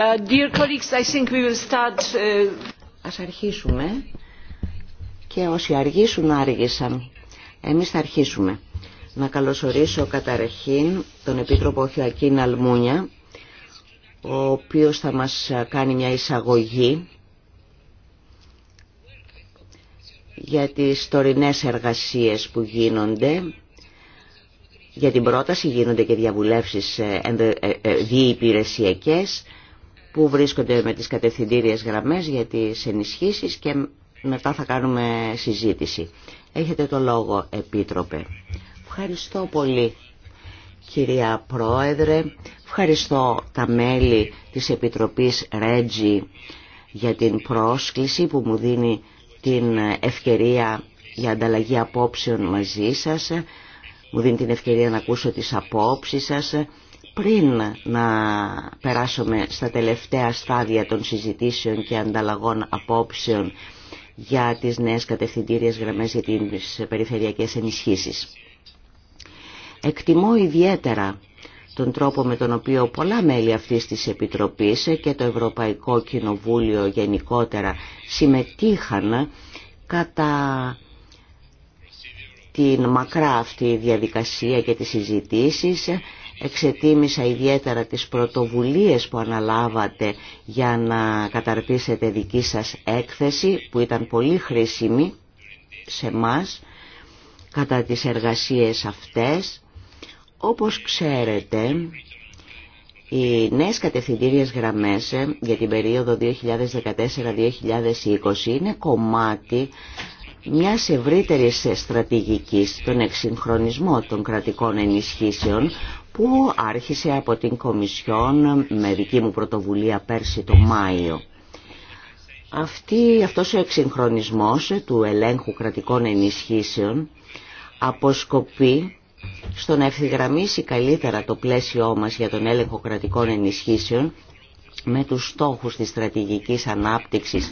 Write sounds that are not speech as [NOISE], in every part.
Uh, uh, Α αρχίσουμε και όσοι αργήσουν άργησαν. Εμείς θα αρχίσουμε. Να καλωσορίσω καταρχήν τον Επίτροπο Χιωακίν Αλμούνια, ο οποίος θα μας κάνει μια εισαγωγή για τις τωρινές εργασίες που γίνονται για την πρόταση γίνονται και διαβουλεύσεις ε, ε, ε, διυπηρεσιακές που βρίσκονται με τις κατευθυντήριες γραμμές για τις ενισχύσεις και μετά θα κάνουμε συζήτηση. Έχετε το λόγο, Επίτροπε. Ευχαριστώ πολύ, κυρία Πρόεδρε. Ευχαριστώ τα μέλη της Επιτροπής Ρέτζι για την πρόσκληση που μου δίνει την ευκαιρία για ανταλλαγή απόψεων μαζί σας. Μου δίνει την ευκαιρία να ακούσω τις απόψεις σας πριν να περάσουμε στα τελευταία στάδια των συζητήσεων και ανταλλαγών απόψεων για τις νέες κατευθυντήριες γραμμές για τις περιφερειακές ενισχύσεις. Εκτιμώ ιδιαίτερα τον τρόπο με τον οποίο πολλά μέλη αυτής της Επιτροπής και το Ευρωπαϊκό Κοινοβούλιο γενικότερα συμμετείχαν κατά την μακρά αυτή διαδικασία και τις συζητήσεις Εξετίμησα ιδιαίτερα τις πρωτοβουλίες που αναλάβατε για να καταρτήσετε δική σας έκθεση που ήταν πολύ χρήσιμη σε μας κατά τις εργασίες αυτές. Όπως ξέρετε, οι νέες κατευθυντήριες γραμμές ε, για την περίοδο 2014-2020 είναι κομμάτι μια ευρύτερη στρατηγικής, των εξυγχρονισμό των κρατικών ενισχύσεων που άρχισε από την Κομισιόν με δική μου πρωτοβουλία πέρσι το Μάιο. Αυτή, αυτός ο εξυγχρονισμός του ελέγχου κρατικών ενισχύσεων αποσκοπεί στο να ευθυγραμμίσει καλύτερα το πλαίσιό μας για τον έλεγχο κρατικών ενισχύσεων με τους στόχους της στρατηγικής ανάπτυξης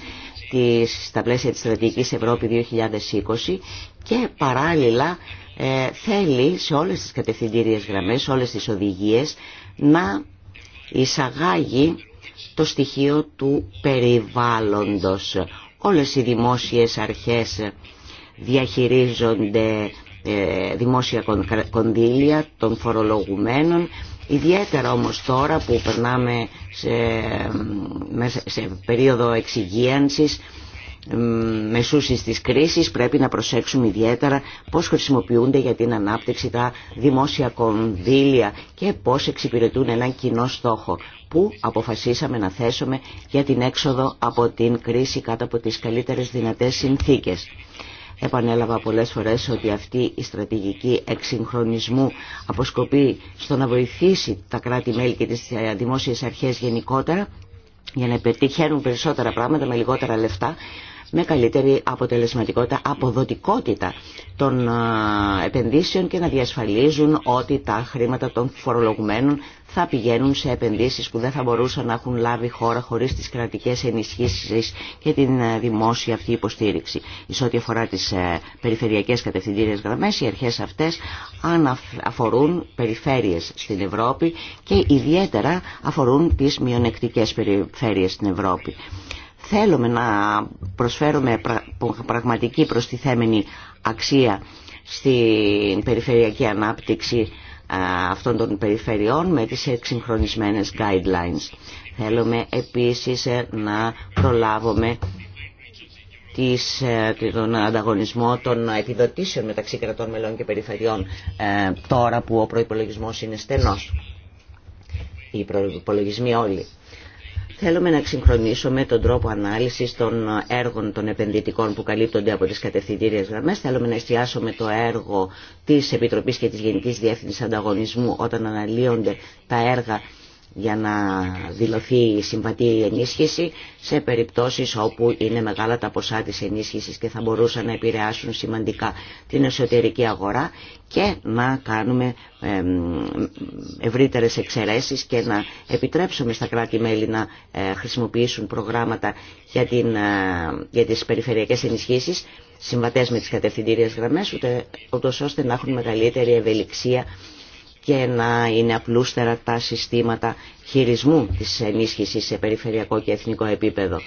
της, στα πλαίσια της στρατηγικής Ευρώπη 2020 και παράλληλα ε, θέλει σε όλες τις κατευθυντήριες γραμμές, σε όλες τις οδηγίες να εισαγάγει το στοιχείο του περιβάλλοντος. Όλες οι δημόσιες αρχές διαχειρίζονται ε, δημόσια κονδύλια των φορολογουμένων Ιδιαίτερα όμως τώρα που περνάμε σε, σε περίοδο εξυγίανσης μεσούσης της κρίσης πρέπει να προσέξουμε ιδιαίτερα πώς χρησιμοποιούνται για την ανάπτυξη τα δημόσια κονδύλια και πώς εξυπηρετούν έναν κοινό στόχο που αποφασίσαμε να θέσουμε για την έξοδο από την κρίση κάτω από τις καλύτερες δυνατές συνθήκες. Επανέλαβα πολλές φορές ότι αυτή η στρατηγική εξυγχρονισμού αποσκοπεί στο να βοηθήσει τα κράτη-μέλη και τις δημόσιες αρχές γενικότερα για να πετυχαίνουν περισσότερα πράγματα με λιγότερα λεφτά με καλύτερη αποτελεσματικότητα, αποδοτικότητα των επενδύσεων και να διασφαλίζουν ότι τα χρήματα των φορολογουμένων θα πηγαίνουν σε επενδύσεις που δεν θα μπορούσαν να έχουν λάβει χώρα χωρίς τις κρατικές ενισχύσεις και την ε, δημόσια αυτή υποστήριξη. Σε ό,τι αφορά τις ε, περιφερειακές κατευθυντήριες γραμμές, οι αρχές αυτές αφορούν περιφέρειες στην Ευρώπη και ιδιαίτερα αφορούν τις μειονεκτικές περιφέρειες στην Ευρώπη. Θέλουμε να προσφέρουμε πραγματική προστιθέμενη αξία στην περιφερειακή ανάπτυξη αυτών των περιφερειών με τις εξυγχρονισμένες guidelines. Θέλουμε επίσης ε, να προλάβουμε ε, τον ανταγωνισμό των επιδοτήσεων μεταξύ κρατών μελών και περιφερειών ε, τώρα που ο προϋπολογισμός είναι στενός. Οι προϋπολογισμοί όλοι. Θέλουμε να ξυγχρονίσουμε τον τρόπο ανάλυση των έργων των επενδυτικών που καλύπτονται από τι κατευθυντήριε γραμμέ. Θέλουμε να εστιάσουμε το έργο τη Επιτροπής και τη Γενική Διεύθυνση Ανταγωνισμού όταν αναλύονται τα έργα για να δηλωθεί η συμβατή ενίσχυση σε περιπτώσεις όπου είναι μεγάλα τα ποσά της ενίσχυσης και θα μπορούσαν να επηρεάσουν σημαντικά την εσωτερική αγορά και να κάνουμε ευρύτερες εξαιρέσεις και να επιτρέψουμε στα κράτη-μέλη να ε, χρησιμοποιήσουν προγράμματα για, την, ε, για τις περιφερειακές ενισχύσεις συμβατές με τις κατευθυντήριες γραμμές, ούτε, ούτως ώστε να έχουν μεγαλύτερη ευελιξία και να είναι απλούστερα τα συστήματα χειρισμού της ενίσχυσης σε περιφερειακό και εθνικό επίπεδο.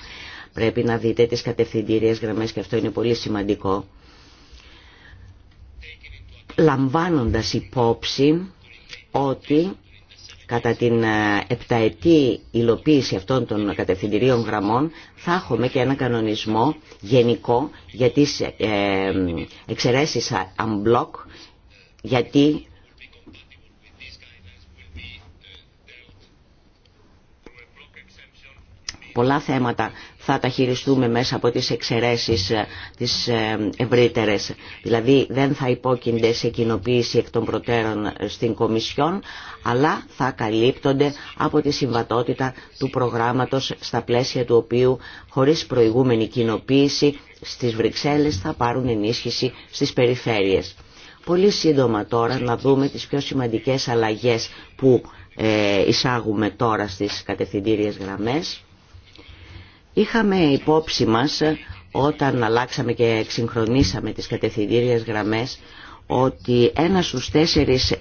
Πρέπει να δείτε τις κατευθυντήριες γραμμές και αυτό είναι πολύ σημαντικό. Λαμβάνοντας υπόψη ότι κατά την ε, επταετή υλοποίηση αυτών των κατευθυντηρίων γραμμών θα έχουμε και ένα κανονισμό γενικό για τις ε, ε, εξαιρέσεις unblock γιατί πολλά θέματα θα τα χειριστούμε μέσα από τις εξαιρέσεις ε, τις ε, ευρύτερε. Δηλαδή δεν θα υπόκεινται σε κοινοποίηση εκ των προτέρων ε, στην Κομισιόν, αλλά θα καλύπτονται από τη συμβατότητα του προγράμματος στα πλαίσια του οποίου χωρίς προηγούμενη κοινοποίηση στις Βρυξέλλες θα πάρουν ενίσχυση στις περιφέρειες. Πολύ σύντομα τώρα να δούμε τις πιο σημαντικές αλλαγές που εισάγουμε τώρα στις κατευθυντήριες γραμμές. Είχαμε υπόψη μας ε, όταν αλλάξαμε και εξυγχρονίσαμε τις κατευθυντήριες γραμμές ότι ένας στους τέσσερις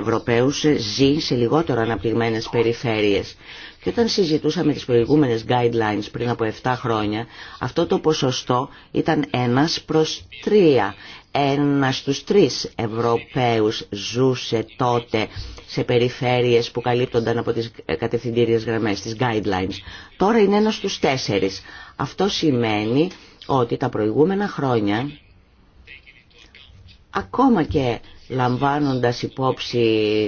Ευρωπαίους ζει σε λιγότερο αναπτυγμένες περιφέρειες. Και όταν συζητούσαμε τις προηγούμενες guidelines πριν από 7 χρόνια, αυτό το ποσοστό ήταν ένας προς τρία. Ένας στους τρεις Ευρωπαίους ζούσε τότε σε περιφέρειες που καλύπτονταν από τις κατευθυντήριες γραμμές, τις guidelines. Τώρα είναι ένας στους τέσσερις. Αυτό σημαίνει ότι τα προηγούμενα χρόνια ακόμα και λαμβάνοντας υπόψη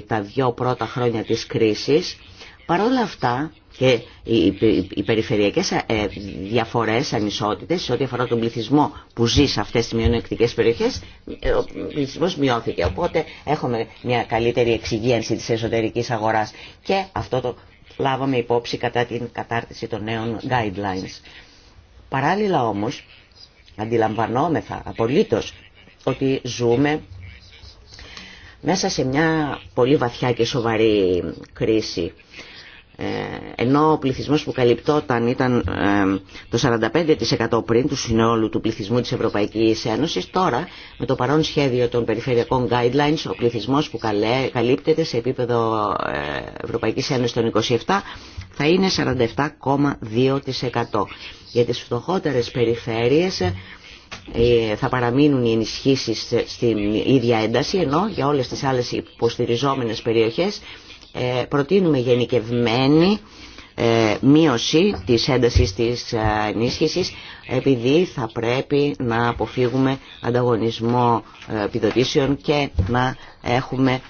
τα δυο πρώτα χρόνια της κρίσης, παρόλα αυτά και οι περιφερειακές ε, διαφορές, ανισότητες σε ό,τι αφορά τον πληθυσμό που ζει σε αυτές τις μειονεκτικές περιοχές ε, ο πληθυσμός μειώθηκε οπότε έχουμε μια καλύτερη εξυγίανση της εσωτερικής αγοράς και αυτό το λάβαμε υπόψη κατά την κατάρτιση των νέων guidelines. Παράλληλα όμως αντιλαμβανόμεθα απολύτως ότι ζούμε μέσα σε μια πολύ βαθιά και σοβαρή κρίση. Ε, ενώ ο πληθυσμός που καλυπτόταν ήταν ε, το 45% πριν του συνόλου του πληθυσμού της Ευρωπαϊκής Ένωσης, τώρα με το παρόν σχέδιο των περιφερειακών guidelines ο πληθυσμός που καλύπτεται σε επίπεδο ε, Ευρωπαϊκής Ένωσης των 27 θα είναι 47,2%. Για τις φτωχότερες περιφέρειες ε, θα παραμείνουν οι ενισχύσεις στην ίδια ένταση, ενώ για όλες τις άλλες υποστηριζόμενες περιοχές ε, προτείνουμε γενικευμένη ε, μείωση της έντασης της ενίσχυσης επειδή θα πρέπει να αποφύγουμε ανταγωνισμό επιδοτήσεων και να, έχουμε,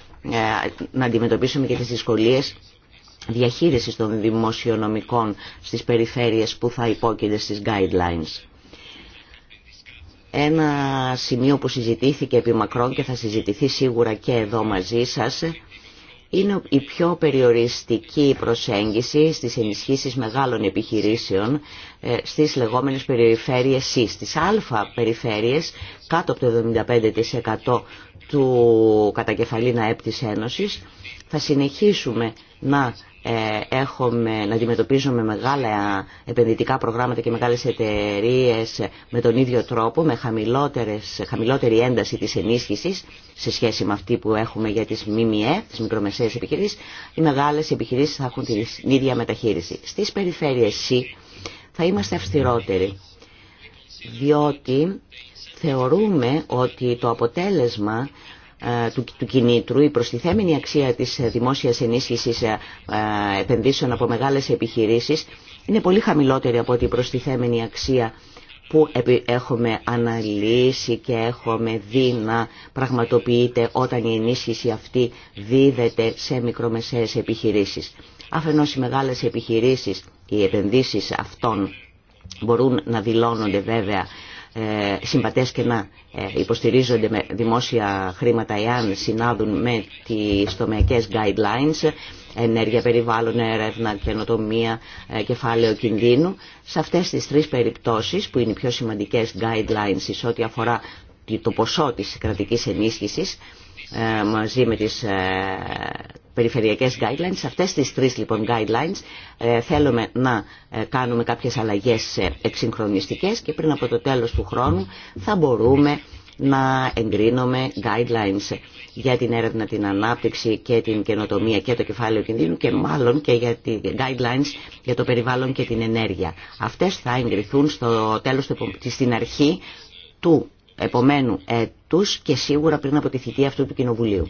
να αντιμετωπίσουμε και τις δυσκολίες διαχείρισης των δημοσιονομικών στις περιφέρειες που θα υπόκεινται στις guidelines. Ένα σημείο που συζητήθηκε επί μακρόν και θα συζητηθεί σίγουρα και εδώ μαζί σας είναι η πιο περιοριστική προσέγγιση στις ενισχύσεις μεγάλων επιχειρήσεων ε, στις λεγόμενες περιφέρειες C. Στις α περιφέρειες, κάτω από το 75% του κατακεφαλήνα έπτυσης Ένωσης, θα συνεχίσουμε να ε, έχουμε, να αντιμετωπίζουμε μεγάλα επενδυτικά προγράμματα και μεγάλες εταιρείες με τον ίδιο τρόπο, με χαμηλότερες, χαμηλότερη ένταση της ενίσχυσης σε σχέση με αυτή που έχουμε για τις ΜΜΕ, τις μικρομεσαίες επιχειρήσεις, οι μεγάλες επιχειρήσεις θα έχουν την ίδια μεταχείριση. Στις περιφέρειες C θα είμαστε αυστηρότεροι, διότι θεωρούμε ότι το αποτέλεσμα ε, του, του κινήτρου, η προστιθέμενη αξία της δημόσιας ενίσχυσης ε, ε, επενδύσεων από μεγάλες επιχειρήσεις είναι πολύ χαμηλότερη από την προστιθέμενη αξία που έχουμε αναλύσει και έχουμε δει να πραγματοποιείται όταν η ενίσχυση αυτή δίδεται σε μικρομεσαίες επιχειρήσεις. Αφενός οι μεγάλες επιχειρήσεις, οι επενδύσεις αυτών μπορούν να δηλώνονται βέβαια ε, Συμπατές και να ε, υποστηρίζονται με δημόσια χρήματα εάν συνάδουν με τις τομεακές guidelines, ενέργεια, περιβάλλον, έρευνα, καινοτομία, ε, κεφάλαιο κινδύνου. Σε αυτές τις τρεις περιπτώσεις που είναι οι πιο σημαντικές guidelines σε ό,τι αφορά το ποσό της κρατικής ενίσχυσης μαζί με τις περιφερειακές guidelines. Σε αυτές τις τρεις λοιπόν guidelines ε, θέλουμε να ε, κάνουμε κάποιες αλλαγές εξυγχρονιστικές και πριν από το τέλος του χρόνου θα μπορούμε να εγκρίνουμε guidelines για την έρευνα, την ανάπτυξη και την καινοτομία και το κεφάλαιο κινδύνου και μάλλον και για τη guidelines για το περιβάλλον και την ενέργεια. Αυτές θα εγκριθούν στο τέλος, στην αρχή του επομένου έτους και σίγουρα πριν από τη θητεία αυτού του Κοινοβουλίου.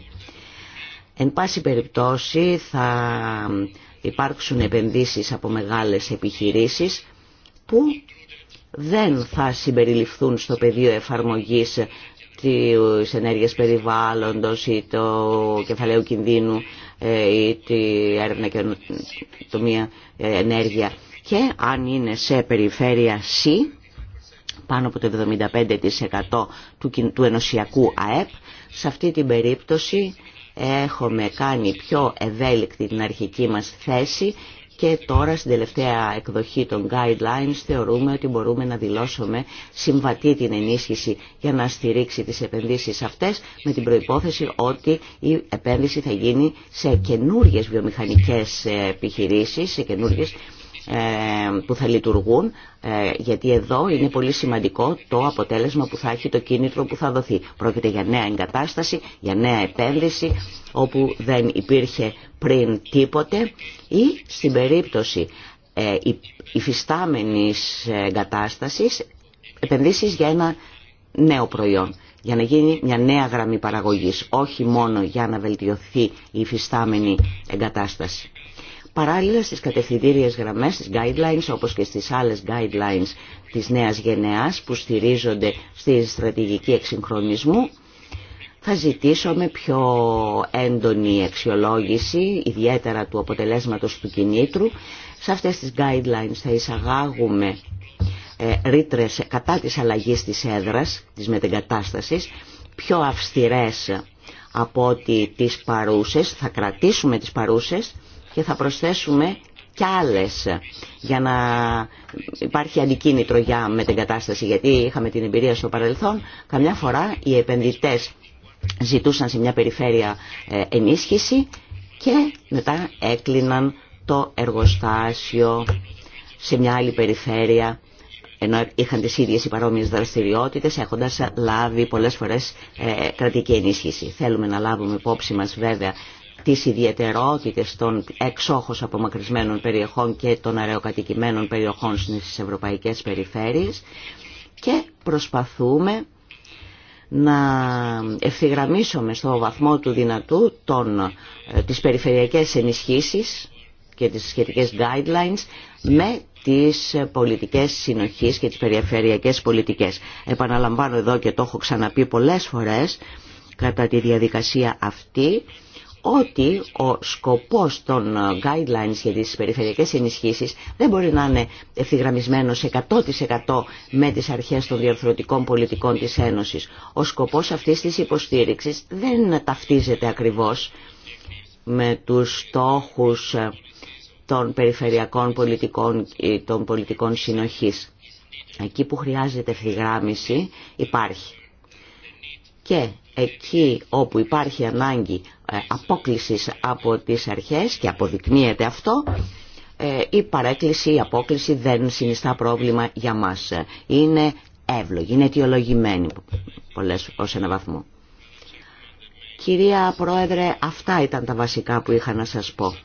Εν πάση περιπτώσει θα υπάρξουν επενδύσεις από μεγάλες επιχειρήσεις που δεν θα συμπεριληφθούν στο πεδίο εφαρμογής της ενέργειας περιβάλλοντος ή το κεφαλαίου κινδύνου ε, ή τη έρευνα και το μία ε, ενέργεια και αν είναι σε περιφέρεια C πάνω από το 75% του ενωσιακού ΑΕΠ σε αυτή την περίπτωση Έχουμε κάνει πιο ευέλικτη την αρχική μας θέση και τώρα στην τελευταία εκδοχή των guidelines θεωρούμε ότι μπορούμε να δηλώσουμε συμβατή την ενίσχυση για να στηρίξει τις επενδύσεις αυτές με την προϋπόθεση ότι η επένδυση θα γίνει σε καινούριε βιομηχανικές επιχειρήσεις, σε ε, που θα λειτουργούν ε, γιατί εδώ είναι πολύ σημαντικό το αποτέλεσμα που θα έχει το κίνητρο που θα δοθεί. Πρόκειται για νέα εγκατάσταση, για νέα επένδυση όπου δεν υπήρχε πριν τίποτε ή στην περίπτωση ε, υφιστάμενης εγκατάστασης επενδύσεις για ένα νέο προϊόν για να γίνει μια νέα γραμμή παραγωγής, όχι μόνο για να βελτιωθεί η υφιστάμενη εγκατάσταση. Παράλληλα στις κατευθυντήριες γραμμές, στις guidelines, όπως και στις άλλες guidelines της νέας γενεάς που στηρίζονται στη στρατηγική εξυγχρονισμού, θα ζητήσουμε πιο έντονη αξιολόγηση, ιδιαίτερα του αποτελέσματος του κινήτρου. Σε αυτές τις guidelines θα εισαγάγουμε ε, ρήτρες κατά της αλλαγής της έδρας, της μετεγκατάστασης, πιο αυστηρές από ότι τις παρούσες, θα κρατήσουμε τις παρούσες, και θα προσθέσουμε κι άλλες για να υπάρχει αντικίνητρο για κατάσταση, γιατί είχαμε την εμπειρία στο παρελθόν καμιά φορά οι επενδυτές ζητούσαν σε μια περιφέρεια ε, ενίσχυση και μετά έκλειναν το εργοστάσιο σε μια άλλη περιφέρεια ενώ είχαν τις ίδιες οι παρόμοιες δραστηριότητες έχοντας λάβει πολλές φορές ε, κρατική ενίσχυση. Θέλουμε να λάβουμε υπόψη μας βέβαια τις ιδιαιτερότητες των εξόχως απομακρυσμένων περιοχών και των αραιοκατοικημένων περιοχών στις ευρωπαϊκές περιφέρειες και προσπαθούμε να ευθυγραμμίσουμε στο βαθμό του δυνατού τον, ε, τις περιφερειακές ενισχύσεις και τις σχετικές guidelines με τις πολιτικές συνοχής και τις περιφερειακές πολιτικές. Επαναλαμβάνω εδώ και το έχω ξαναπεί πολλές φορές κατά τη διαδικασία αυτή ότι ο σκοπός των guidelines για τις περιφερειακές ενισχύσεις δεν μπορεί να είναι ευθυγραμμισμένος 100% με τις αρχές των διαρθρωτικών πολιτικών της Ένωσης. Ο σκοπός αυτής της υποστήριξης δεν ταυτίζεται ακριβώς με τους στόχους των περιφερειακών πολιτικών ή των πολιτικών συνοχής. Εκεί που χρειάζεται ευθυγράμμιση υπάρχει. Και εκεί όπου υπάρχει ανάγκη ε, απόκλησης από τις αρχές και αποδεικνύεται αυτό, ε, η παρέκκληση, η απόκληση δεν συνιστά πρόβλημα για μας. Είναι εύλογη, είναι αιτιολογημένη πολλές ως ένα βαθμό. Κυρία Πρόεδρε, αυτά ήταν τα βασικά που είχα να σας πω.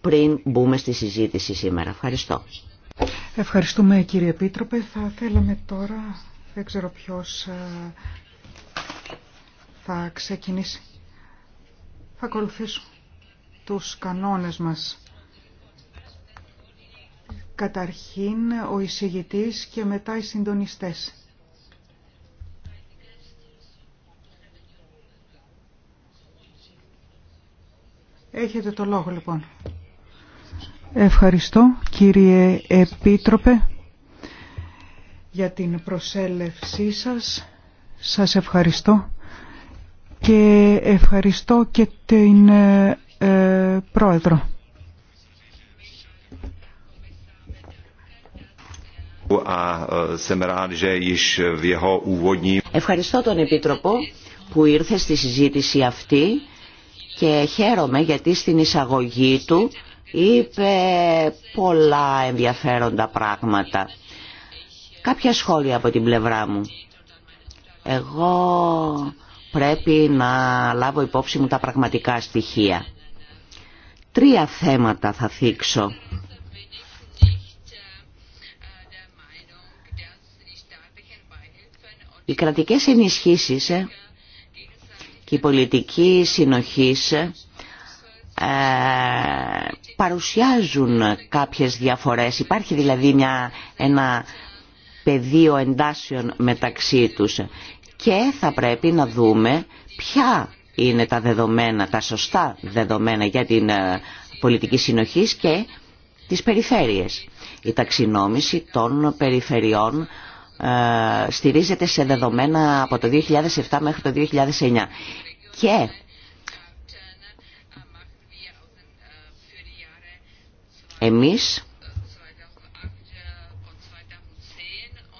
Πριν μπούμε στη συζήτηση σήμερα. Ευχαριστώ. Ευχαριστούμε κύριε Επίτροπε. Θα θέλαμε τώρα δεν ξέρω ποιος ε, θα ξεκινήσει. Θα ακολουθήσω τους κανόνες μας. Καταρχήν ο εισηγητής και μετά οι συντονιστές. Έχετε το λόγο λοιπόν. Ευχαριστώ κύριε Επίτροπε για την προσέλευσή σας. Σας ευχαριστώ και ευχαριστώ και την ε, ε, Πρόεδρο. Ε, ευχαριστώ τον Επίτροπο που ήρθε στη συζήτηση αυτή και χαίρομαι γιατί στην εισαγωγή του είπε πολλά ενδιαφέροντα πράγματα. Κάποια σχόλια από την πλευρά μου. Εγώ πρέπει να λάβω υπόψη μου τα πραγματικά στοιχεία. Τρία θέματα θα θίξω. Οι κρατικές ενισχύσεις ε, και η πολιτική συνοχής ε, παρουσιάζουν κάποιες διαφορές. Υπάρχει δηλαδή μια, ένα πεδίο εντάσεων μεταξύ τους και θα πρέπει να δούμε ποια είναι τα δεδομένα, τα σωστά δεδομένα για την ε, πολιτική συνοχής και τις περιφέρειες. Η ταξινόμηση των περιφερειών ε, στηρίζεται σε δεδομένα από το 2007 μέχρι το 2009 και εμείς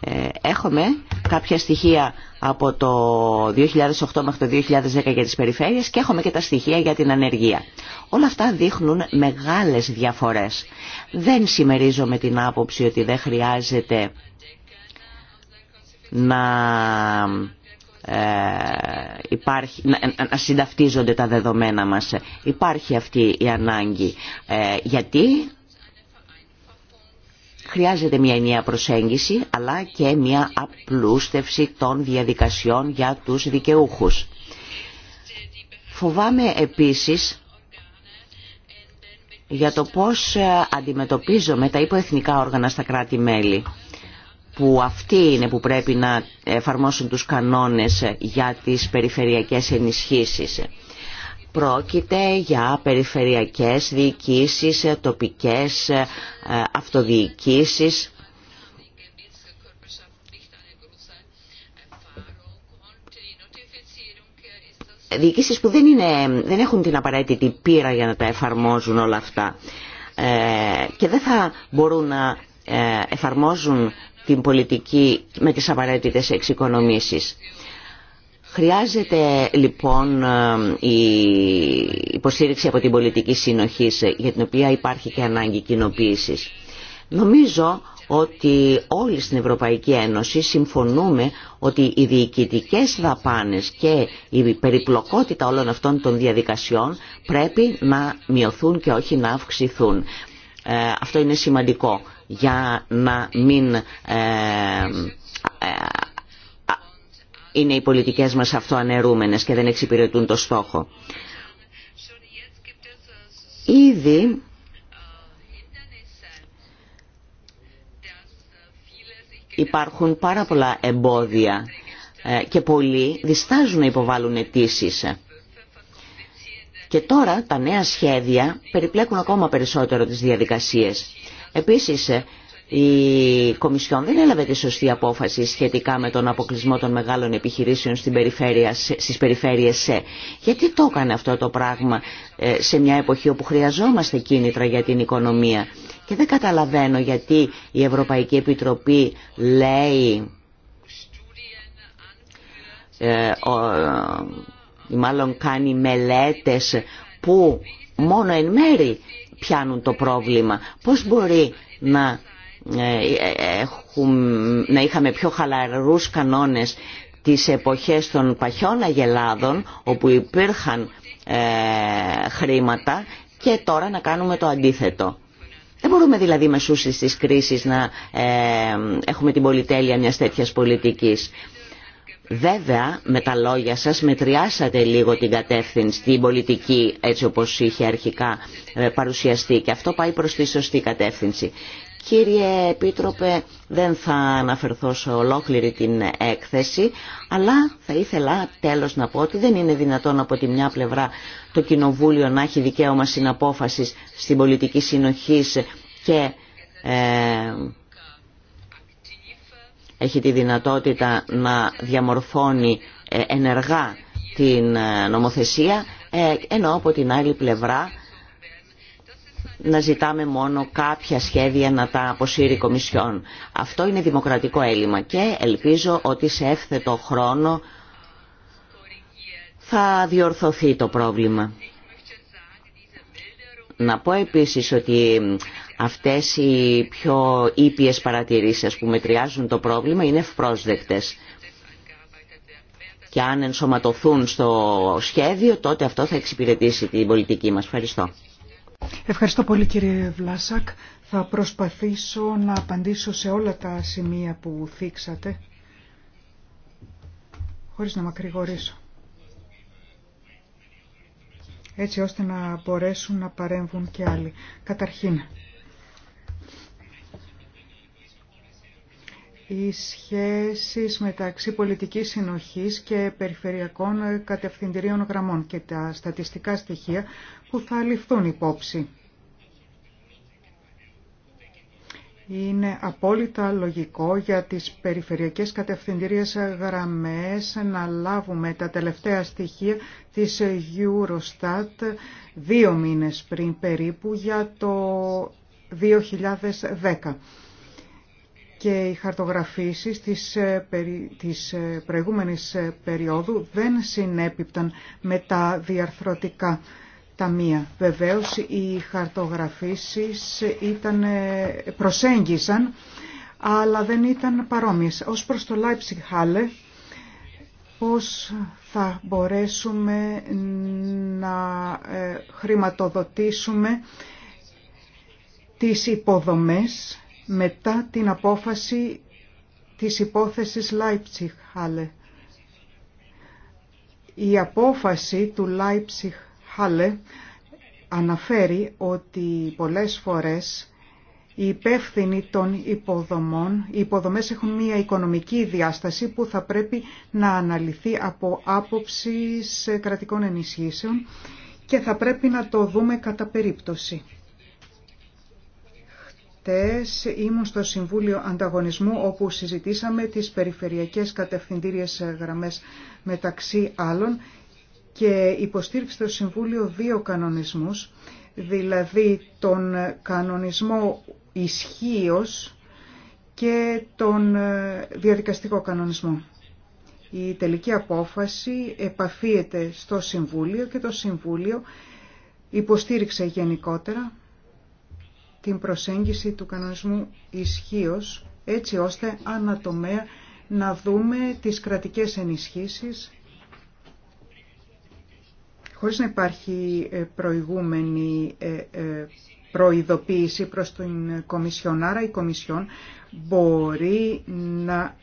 Ε, έχουμε κάποια στοιχεία από το 2008 μέχρι το 2010 για τις περιφέρειες και έχουμε και τα στοιχεία για την ανεργία. Όλα αυτά δείχνουν μεγάλες διαφορές. Δεν συμμερίζομαι την άποψη ότι δεν χρειάζεται να, ε, να, συνταυτίζονται τα δεδομένα μας. Υπάρχει αυτή η ανάγκη. Ε, γιατί Χρειάζεται μια ενιαία προσέγγιση αλλά και μια απλούστευση των διαδικασιών για τους δικαιούχους. Φοβάμαι επίσης για το πώς ε, αντιμετωπίζομαι τα υποεθνικά όργανα στα κράτη-μέλη που αυτοί είναι που πρέπει να εφαρμόσουν τους κανόνες ε, για τις περιφερειακές ενισχύσεις. Πρόκειται για περιφερειακές διοικήσεις, ε, τοπικές ε, αυτοδιοικήσεις. Διοικήσεις που δεν, είναι, έχουν την απαραίτητη πείρα για να τα εφαρμόζουν όλα αυτά ε, και δεν θα μπορούν να εφαρμόζουν την πολιτική με τις απαραίτητες εξοικονομήσεις. Χρειάζεται λοιπόν ε, η υποστήριξη από την πολιτική συνοχή ε, για την οποία υπάρχει και ανάγκη κοινοποίηση. Νομίζω ότι όλοι στην Ευρωπαϊκή Ένωση συμφωνούμε ότι οι διοικητικέ δαπάνες και η περιπλοκότητα όλων αυτών των διαδικασιών πρέπει να μειωθούν και όχι να αυξηθούν. Ε, αυτό είναι σημαντικό για να μην είναι οι πολιτικές μας αυτοανερούμενες και δεν εξυπηρετούν το στόχο. Ήδη υπάρχουν πάρα πολλά εμπόδια ε, και πολλοί διστάζουν να υποβάλουν αιτήσει. Και τώρα τα νέα σχέδια περιπλέκουν ακόμα περισσότερο τις διαδικασίες. Επίσης, ε, η Κομισιόν δεν έλαβε τη σωστή απόφαση σχετικά με τον αποκλεισμό των μεγάλων επιχειρήσεων στην περιφέρεια, στις περιφέρειες ΣΕ. Γιατί το έκανε αυτό το πράγμα ε, σε μια εποχή όπου χρειαζόμαστε κίνητρα για την οικονομία. Και δεν καταλαβαίνω γιατί η Ευρωπαϊκή Επιτροπή λέει ή ε, ε, μάλλον κάνει μελέτες που μόνο εν μέρη πιάνουν το πρόβλημα. Πώς μπορεί να ε, να είχαμε πιο χαλαρούς κανόνες τις εποχές των παχιών αγελάδων όπου υπήρχαν ε, χρήματα και τώρα να κάνουμε το αντίθετο. Δεν μπορούμε δηλαδή με σούσεις της κρίσης να ε, έχουμε την πολυτέλεια μιας τέτοιας πολιτικής. Βέβαια με τα λόγια σας μετριάσατε λίγο την κατεύθυνση, την πολιτική έτσι όπως είχε αρχικά ε, παρουσιαστεί και αυτό πάει προς τη σωστή κατεύθυνση. Κύριε Επίτροπε, δεν θα αναφερθώ σε ολόκληρη την έκθεση, αλλά θα ήθελα τέλος να πω ότι δεν είναι δυνατόν από τη μια πλευρά το Κοινοβούλιο να έχει δικαίωμα συναπόφασης στην πολιτική συνοχή και ε, έχει τη δυνατότητα να διαμορφώνει ε, ενεργά την ε, νομοθεσία, ενώ από την άλλη πλευρά να ζητάμε μόνο κάποια σχέδια να τα αποσύρει η Κομισιόν. Αυτό είναι δημοκρατικό έλλειμμα και ελπίζω ότι σε εύθετο χρόνο θα διορθωθεί το πρόβλημα. Να πω επίσης ότι αυτές οι πιο ήπιες παρατηρήσεις που μετριάζουν το πρόβλημα είναι ευπρόσδεκτες. Και αν ενσωματωθούν στο σχέδιο τότε αυτό θα εξυπηρετήσει την πολιτική μας. Ευχαριστώ. Ευχαριστώ πολύ κύριε Βλάσακ. Θα προσπαθήσω να απαντήσω σε όλα τα σημεία που θίξατε, χωρίς να μακρηγορήσω. Έτσι ώστε να μπορέσουν να παρέμβουν και άλλοι. Καταρχήν, οι σχέσεις μεταξύ πολιτικής συνοχής και περιφερειακών κατευθυντηρίων γραμμών και τα στατιστικά στοιχεία που θα ληφθούν υπόψη. Είναι απόλυτα λογικό για τις περιφερειακές κατευθυντηρίες γραμμές να λάβουμε τα τελευταία στοιχεία της Eurostat δύο μήνες πριν περίπου για το 2010 και οι χαρτογραφήσεις της, ε, της ε, προηγούμενης ε, περίοδου δεν συνέπιπταν με τα διαρθρωτικά ταμεία. Βεβαίως οι χαρτογραφήσεις ήταν, προσέγγισαν αλλά δεν ήταν παρόμοιες. Ως προς το Leipzig Halle, πώς θα μπορέσουμε να χρηματοδοτήσουμε τις υποδομές μετά την απόφαση της υπόθεσης Leipzig Halle. Η απόφαση του Leipzig Halle αναφέρει ότι πολλές φορές οι υπεύθυνοι των υποδομών, οι υποδομές έχουν μια οικονομική διάσταση που θα πρέπει να αναλυθεί από άποψη κρατικών ενισχύσεων και θα πρέπει να το δούμε κατά περίπτωση χτες ήμουν στο Συμβούλιο Ανταγωνισμού όπου συζητήσαμε τις περιφερειακές κατευθυντήριες γραμμές μεταξύ άλλων και υποστήριξε το Συμβούλιο δύο κανονισμούς, δηλαδή τον κανονισμό ισχύως και τον ε, διαδικαστικό κανονισμό. Η τελική απόφαση επαφίεται στο Συμβούλιο και το Συμβούλιο υποστήριξε γενικότερα την προσέγγιση του κανονισμού ισχύω, έτσι ώστε ανατομέα να δούμε τις κρατικές ενισχύσεις χωρίς να υπάρχει ε, προηγούμενη ε, ε, προειδοποίηση προς την Κομισιόν. Άρα η Κομισιόν μπορεί να,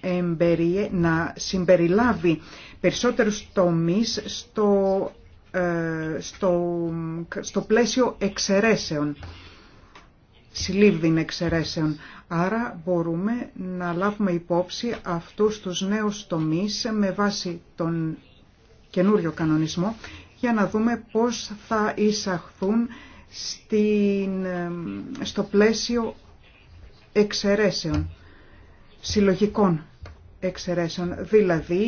να συμπεριλάβει περισσότερους τομείς στο, στο, στο πλαίσιο εξαιρέσεων συλλήβδιν εξαιρέσεων. Άρα μπορούμε να λάβουμε υπόψη αυτούς τους νέους τομείς με βάση τον καινούριο κανονισμό για να δούμε πώς θα εισαχθούν στην, στο πλαίσιο εξαιρέσεων, συλλογικών εξαιρέσεων. Δηλαδή,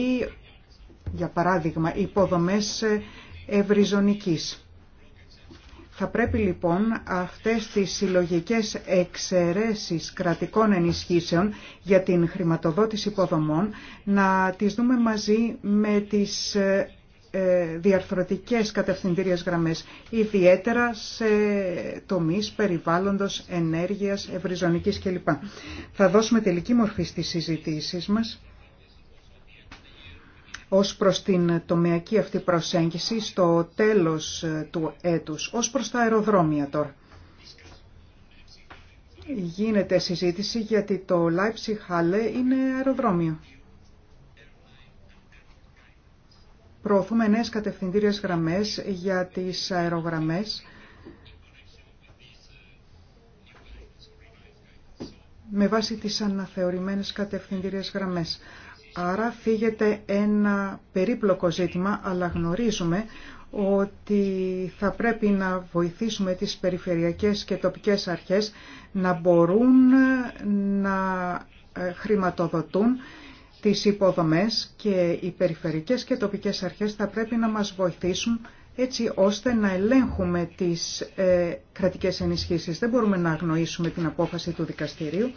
για παράδειγμα, υποδομές ευρυζωνικής. Θα πρέπει λοιπόν αυτές τις συλλογικές εξαιρέσεις κρατικών ενισχύσεων για την χρηματοδότηση υποδομών να τις δούμε μαζί με τις ε, ε, διαρθρωτικές κατευθυντήριες γραμμές, ιδιαίτερα σε τομείς περιβάλλοντος, ενέργειας, ευρυζωνικής κλπ. Θα δώσουμε τελική μορφή στις συζητήσεις μας ως προς την τομεακή αυτή προσέγγιση στο τέλος ε, του έτους, ως προς τα αεροδρόμια τώρα. Γίνεται συζήτηση γιατί το Leipzig Halle είναι αεροδρόμιο. Προωθούμε νέες κατευθυντήριες γραμμές για τις αερογραμμές με βάση τις αναθεωρημένες κατευθυντήριες γραμμές. Άρα φύγεται ένα περίπλοκο ζήτημα, αλλά γνωρίζουμε ότι θα πρέπει να βοηθήσουμε τις περιφερειακές και τοπικές αρχές να μπορούν να ε, χρηματοδοτούν τις υποδομές και οι περιφερειακές και τοπικές αρχές θα πρέπει να μας βοηθήσουν έτσι ώστε να ελέγχουμε τις ε, κρατικές ενισχύσεις. Δεν μπορούμε να αγνοήσουμε την απόφαση του δικαστηρίου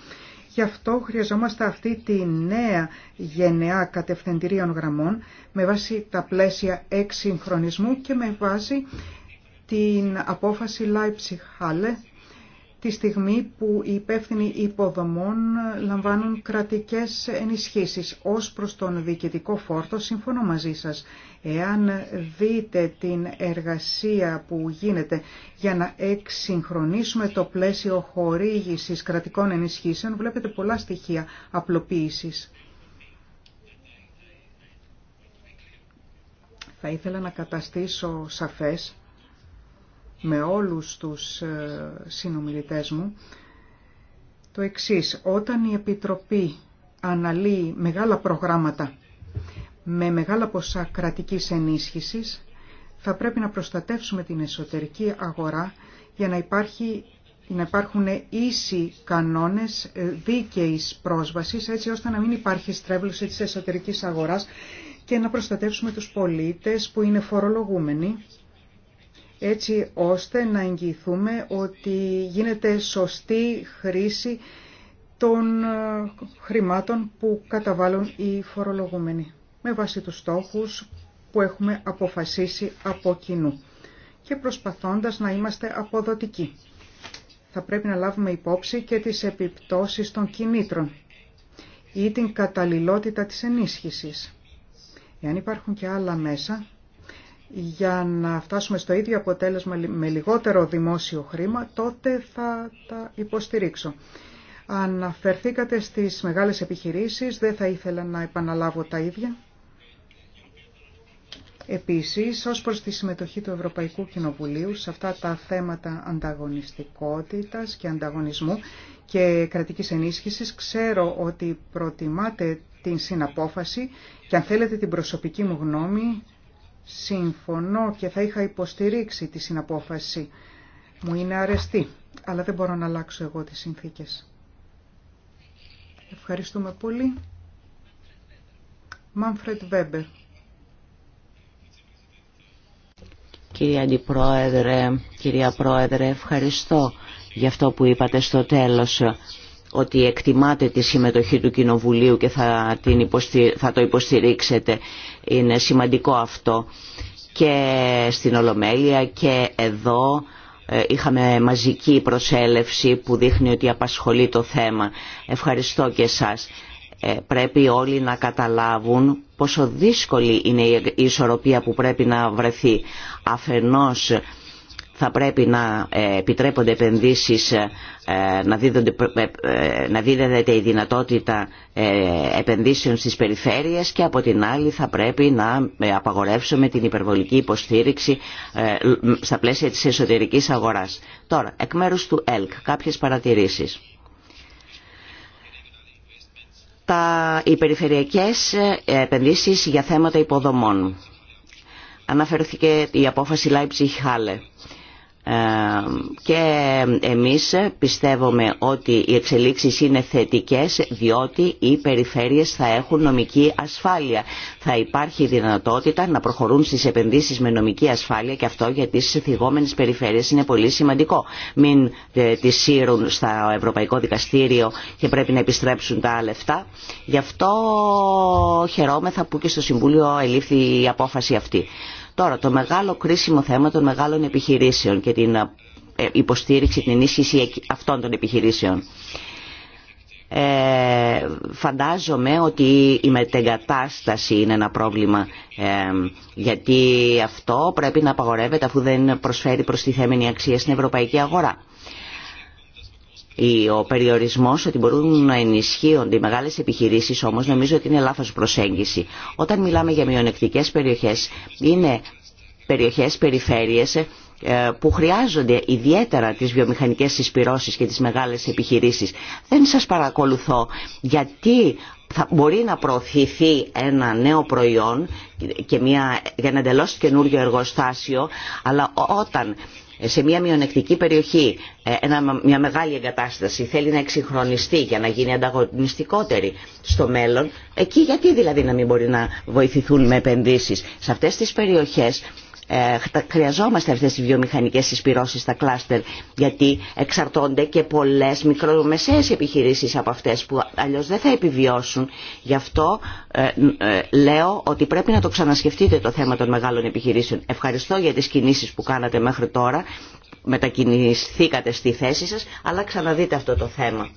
Γι' αυτό χρειαζόμαστε αυτή τη νέα γενεά κατευθυντηρίων γραμμών με βάση τα πλαίσια εξυγχρονισμού και με βάση την απόφαση Leipzig-Halle τη στιγμή που οι υπεύθυνοι υποδομών λαμβάνουν κρατικές ενισχύσεις. Ως προς τον διοικητικό φόρτο, συμφωνώ μαζί σας, εάν δείτε την εργασία που γίνεται για να εξυγχρονίσουμε το πλαίσιο χορήγησης κρατικών ενισχύσεων, βλέπετε πολλά στοιχεία απλοποίησης. Θα ήθελα να καταστήσω σαφές με όλους τους ε, συνομιλητές μου το εξής. Όταν η Επιτροπή αναλύει μεγάλα προγράμματα με μεγάλα ποσά κρατικής ενίσχυσης, θα πρέπει να προστατεύσουμε την εσωτερική αγορά για να, υπάρχει, υπάρχουν ίσοι κανόνες ε, δίκαιης πρόσβασης, έτσι ώστε να μην υπάρχει στρέβλωση της εσωτερικής αγοράς και να προστατεύσουμε τους πολίτες που είναι φορολογούμενοι έτσι ώστε να εγγυηθούμε ότι γίνεται σωστή χρήση των ε, χρημάτων που καταβάλουν οι φορολογούμενοι με βάση τους στόχους που έχουμε αποφασίσει από κοινού και προσπαθώντας να είμαστε αποδοτικοί. Θα πρέπει να λάβουμε υπόψη και τις επιπτώσεις των κινήτρων ή την καταλληλότητα της ενίσχυσης. Εάν υπάρχουν και άλλα μέσα, για να φτάσουμε στο ίδιο αποτέλεσμα με λιγότερο δημόσιο χρήμα, τότε θα τα υποστηρίξω. Αναφερθήκατε στις μεγάλες επιχειρήσεις, δεν θα ήθελα να επαναλάβω τα ίδια. Επίσης, ως προς τη συμμετοχή του Ευρωπαϊκού Κοινοβουλίου σε αυτά τα θέματα ανταγωνιστικότητας και ανταγωνισμού και κρατικής ενίσχυσης, ξέρω ότι προτιμάτε την συναπόφαση και αν θέλετε την προσωπική μου γνώμη, Συμφωνώ και θα είχα υποστηρίξει τη συναπόφαση. Μου είναι αρεστή, αλλά δεν μπορώ να αλλάξω εγώ τις συνθήκες. Ευχαριστούμε πολύ. Μάνφρετ Βέμπερ. Κυρία Αντιπρόεδρε, κυρία Πρόεδρε, ευχαριστώ για αυτό που είπατε στο τέλος ότι εκτιμάτε τη συμμετοχή του Κοινοβουλίου και θα, το υποστηρίξετε. Είναι σημαντικό αυτό. Και στην Ολομέλεια και εδώ ε, είχαμε μαζική προσέλευση που δείχνει ότι απασχολεί το θέμα. Ευχαριστώ και εσάς. Ε, πρέπει όλοι να καταλάβουν πόσο δύσκολη είναι η ε, ισορροπία που πρέπει να βρεθεί. Αφενός θα πρέπει να ε, επιτρέπονται επενδύσεις, ε, να, δίδονται, ε, να δίδεται η δυνατότητα επενδύσεων στις περιφέρειες και από την άλλη θα πρέπει να απαγορεύσουμε την υπερβολική υποστήριξη στα πλαίσια της εσωτερικής αγοράς. Τώρα, εκ μέρους του ΕΛΚ, κάποιες παρατηρήσεις. Τα, οι επενδύσεις για θέματα υποδομών. Αναφέρθηκε η αποφαση Λάιψη Χάλε και εμείς πιστεύουμε ότι οι εξελίξεις είναι θετικές διότι οι περιφέρειες θα έχουν νομική ασφάλεια. Θα υπάρχει δυνατότητα να προχωρούν στις επενδύσεις με νομική ασφάλεια και αυτό για τις θυγόμενες περιφέρειες είναι πολύ σημαντικό. Μην ε, τις σύρουν στο Ευρωπαϊκό Δικαστήριο και πρέπει να επιστρέψουν τα λεφτά. Γι' αυτό χαιρόμεθα που και στο Συμβούλιο ελήφθη η απόφαση αυτή. Τώρα, το μεγάλο κρίσιμο θέμα των μεγάλων επιχειρήσεων και την ε, υποστήριξη, την ενίσχυση αυτών των επιχειρήσεων. Ε, φαντάζομαι ότι η μετεγκατάσταση είναι ένα πρόβλημα ε, γιατί αυτό πρέπει να απαγορεύεται αφού δεν προσφέρει προστιθέμενη αξία στην ευρωπαϊκή αγορά ο περιορισμός ότι μπορούν να ενισχύονται οι μεγάλες επιχειρήσεις όμως νομίζω ότι είναι λάθος προσέγγιση. Όταν μιλάμε για μειονεκτικές περιοχές είναι περιοχές, περιφέρειες ε, που χρειάζονται ιδιαίτερα τις βιομηχανικές συσπυρώσεις και τις μεγάλες επιχειρήσεις. Δεν σας παρακολουθώ γιατί θα μπορεί να προωθηθεί ένα νέο προϊόν και μια, για ένα εντελώ καινούριο εργοστάσιο αλλά όταν σε μια μειονεκτική περιοχή ε, μια μεγάλη εγκατάσταση θέλει να εξυγχρονιστεί για να γίνει ανταγωνιστικότερη στο μέλλον, εκεί γιατί δηλαδή να μην μπορεί να βοηθηθούν με επενδύσεις. Σε αυτές τις περιοχές ε, χρειαζόμαστε αυτές τις βιομηχανικές εισπυρώσεις στα κλάστερ γιατί εξαρτώνται και πολλές μικρομεσαίες επιχειρήσεις από αυτές που αλλιώς δεν θα επιβιώσουν. Γι' αυτό ε, ε, λέω ότι πρέπει να το ξανασκεφτείτε το θέμα των μεγάλων επιχειρήσεων. Ευχαριστώ για τις κινήσεις που κάνατε μέχρι τώρα, μετακινηθήκατε στη θέση σας, αλλά ξαναδείτε αυτό το θέμα.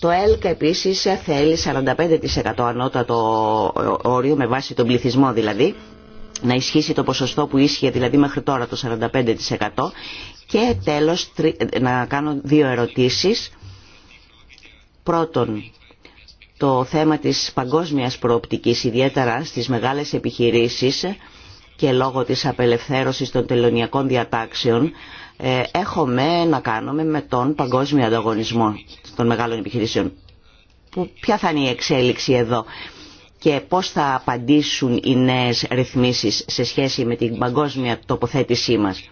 Το ΕΛΚ επίσης θέλει 45% ανώτατο όριο με βάση τον πληθυσμό δηλαδή να ισχύσει το ποσοστό που ίσχυε δηλαδή μέχρι τώρα το 45% και τέλος να κάνω δύο ερωτήσεις. Πρώτον, το θέμα της παγκόσμιας προοπτικής, ιδιαίτερα στις μεγάλες επιχειρήσεις και λόγω της απελευθέρωσης των τελωνιακών διατάξεων, ε, έχουμε να κάνουμε με τον παγκόσμιο ανταγωνισμό των μεγάλων επιχειρήσεων. Ποια θα είναι η εξέλιξη εδώ και πώς θα απαντήσουν οι νέες ρυθμίσεις σε σχέση με την παγκόσμια τοποθέτησή μας.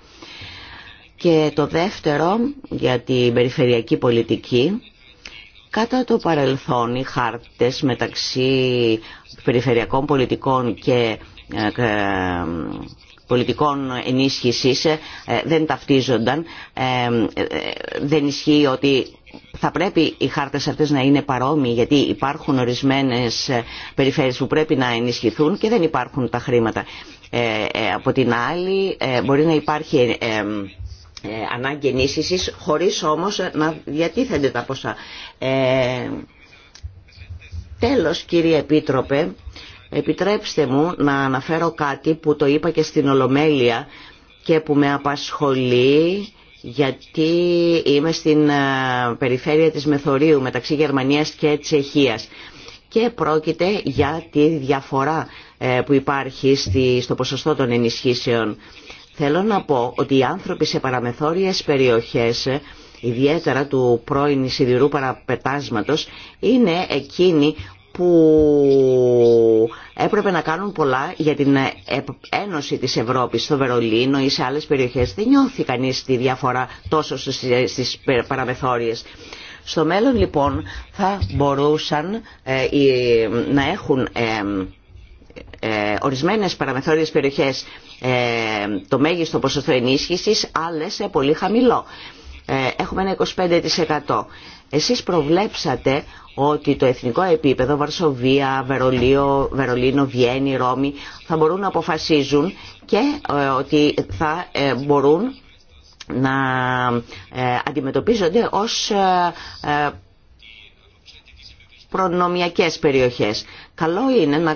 Και το δεύτερο για την περιφερειακή πολιτική, κατά το παρελθόν οι χάρτες μεταξύ περιφερειακών πολιτικών και ε, πολιτικών ενίσχυσης ε, δεν ταυτίζονταν. Ε, δεν ισχύει ότι θα πρέπει οι χάρτες αυτές να είναι παρόμοιοι γιατί υπάρχουν ορισμένες ε, περιφέρειες που πρέπει να ενισχυθούν και δεν υπάρχουν τα χρήματα. Ε, ε, από την άλλη μπορεί να υπάρχει ανάγκη ενίσχυσης χωρίς όμως να διατίθενται τα ποσά. Τέλος κύριε Επίτροπε, επιτρέψτε μου να αναφέρω κάτι που το είπα και στην Ολομέλεια και που με απασχολεί γιατί είμαι στην ε, περιφέρεια της Μεθορίου μεταξύ Γερμανίας και Τσεχίας και πρόκειται για τη διαφορά ε, που υπάρχει στο ποσοστό των ενισχύσεων. Θέλω να πω ότι οι άνθρωποι σε παραμεθόριες περιοχές, ιδιαίτερα του πρώην σιδηρού παραπετάσματος, είναι εκείνοι που έπρεπε να κάνουν πολλά για την ε, ένωση της Ευρώπης στο Βερολίνο ή σε άλλες περιοχές. Δεν νιώθει κανείς τη διαφορά τόσο στις παραμεθόριες. Στο μέλλον λοιπόν θα μπορούσαν ε, να έχουν ε, ε, ορισμένες παραμεθόριες περιοχές ε, το μέγιστο ποσοστό ενίσχυσης, άλλες πολύ χαμηλό. Έχουμε ένα 25%. Εσείς προβλέψατε ότι το εθνικό επίπεδο, Βαρσοβία, Βερολίο, Βερολίνο, Βιέννη, Ρώμη θα μπορούν να αποφασίζουν και ε, ότι θα ε, μπορούν να ε, αντιμετωπίζονται ως προνομιακές περιοχές. Καλό είναι να,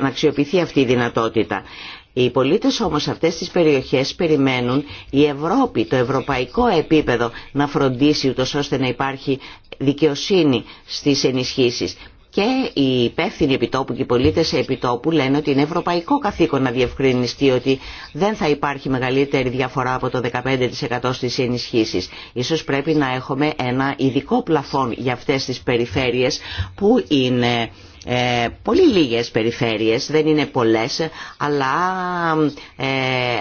να αξιοποιηθεί αυτή η δυνατότητα. Οι πολίτες όμως αυτές τις περιοχές περιμένουν η Ευρώπη, το ευρωπαϊκό επίπεδο να φροντίσει ούτως ώστε να υπάρχει δικαιοσύνη στις ενισχύσεις. Και οι υπεύθυνοι επιτόπου και οι πολίτες επιτόπου λένε ότι είναι ευρωπαϊκό καθήκον να διευκρινιστεί ότι δεν θα υπάρχει μεγαλύτερη διαφορά από το 15% στις ενισχύσεις. Ίσως πρέπει να έχουμε ένα ειδικό πλαφόν για αυτές τις περιφέρειες που είναι ε, πολύ λίγες περιφέρειες, δεν είναι πολλές, αλλά ε,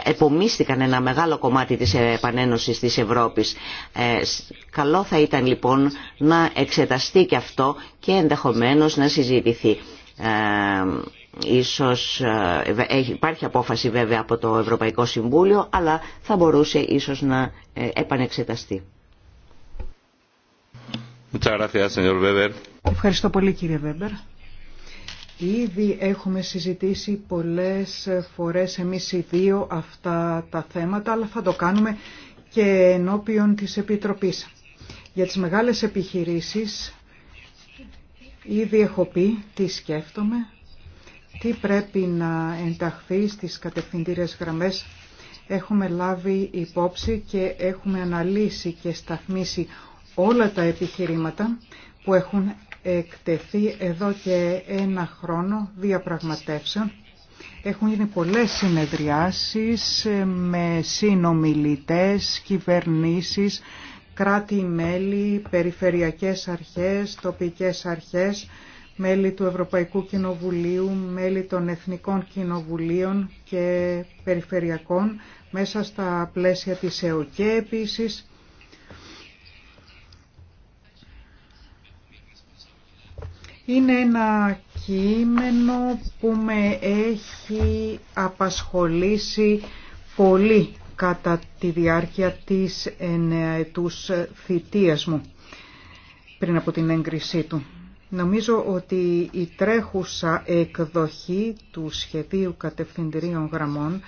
επομίστηκαν ένα μεγάλο κομμάτι της επανένωσης της Ευρώπης. Ε, καλό θα ήταν λοιπόν να εξεταστεί και αυτό και ενδεχομένως να συζητηθεί. Ε, ίσως υπάρχει απόφαση βέβαια από το Ευρωπαϊκό Συμβούλιο, αλλά θα μπορούσε ίσως να επανεξεταστεί. Ευχαριστώ πολύ κύριε Βέμπερ. Ήδη έχουμε συζητήσει πολλές φορές εμείς οι δύο αυτά τα θέματα, αλλά θα το κάνουμε και ενώπιον της Επιτροπής. Για τις μεγάλες επιχειρήσεις ήδη έχω πει τι σκέφτομαι, τι πρέπει να ενταχθεί στις κατευθυντήριες γραμμές. Έχουμε λάβει υπόψη και έχουμε αναλύσει και σταθμίσει όλα τα επιχειρήματα που έχουν εκτεθεί εδώ και ένα χρόνο διαπραγματεύσεων. Έχουν γίνει πολλές συνεδριάσεις ε, με συνομιλητές, κυβερνήσεις, κράτη-μέλη, περιφερειακές αρχές, τοπικές αρχές, μέλη του Ευρωπαϊκού Κοινοβουλίου, μέλη των Εθνικών Κοινοβουλίων και Περιφερειακών μέσα στα πλαίσια της ΕΟΚΕ επίσης Είναι ένα κείμενο που με έχει απασχολήσει πολύ κατά τη διάρκεια της εννεαετούς θητείας μου πριν από την έγκρισή του. Νομίζω ότι η τρέχουσα εκδοχή του σχεδίου κατευθυντηρίων γραμμών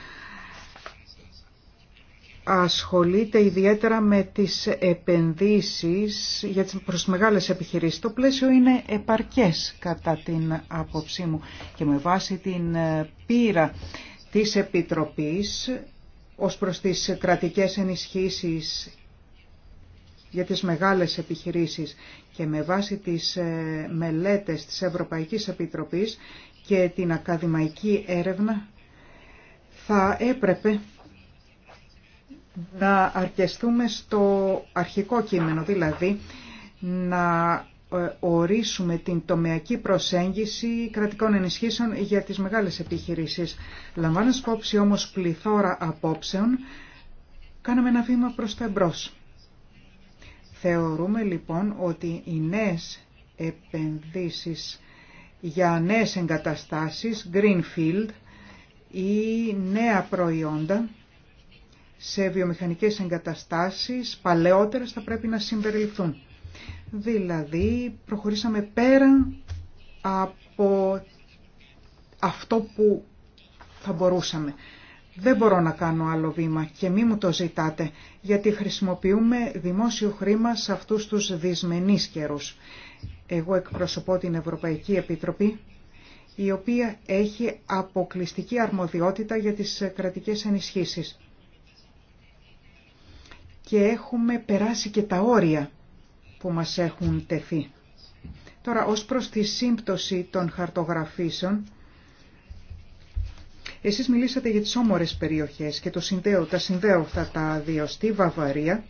ασχολείται ιδιαίτερα με τις επενδύσεις για τις προς μεγάλες επιχειρήσεις. Το πλαίσιο είναι επαρκές κατά την άποψή μου και με βάση την ε, πείρα της Επιτροπής ως προς τις κρατικές ενισχύσεις για τις μεγάλες επιχειρήσεις και με βάση τις ε, μελέτες της Ευρωπαϊκής Επιτροπής και την ακαδημαϊκή έρευνα θα έπρεπε να αρκεστούμε στο αρχικό κείμενο, δηλαδή να ε, ορίσουμε την τομεακή προσέγγιση κρατικών ενισχύσεων για τις μεγάλες επιχειρήσεις. Λαμβάνοντας υπόψη όμως πληθώρα απόψεων, κάναμε ένα βήμα προς τα εμπρός. Θεωρούμε λοιπόν ότι οι νέες επενδύσεις για νέες εγκαταστάσεις, greenfield ή νέα προϊόντα σε βιομηχανικές εγκαταστάσεις παλαιότερες θα πρέπει να συμπεριληφθούν. Δηλαδή προχωρήσαμε πέρα από αυτό που θα μπορούσαμε. Δεν μπορώ να κάνω άλλο βήμα και μη μου το ζητάτε, γιατί χρησιμοποιούμε δημόσιο χρήμα σε αυτούς τους δυσμενείς καιρούς. Εγώ εκπροσωπώ την Ευρωπαϊκή Επίτροπη, η οποία έχει αποκλειστική αρμοδιότητα για τις κρατικές ενισχύσεις και έχουμε περάσει και τα όρια που μας έχουν τεθεί. Τώρα, ως προς τη σύμπτωση των χαρτογραφήσεων, εσείς μιλήσατε για τις όμορες περιοχές και το συνδέω, τα συνδέω αυτά τα δύο στη Βαβαρία.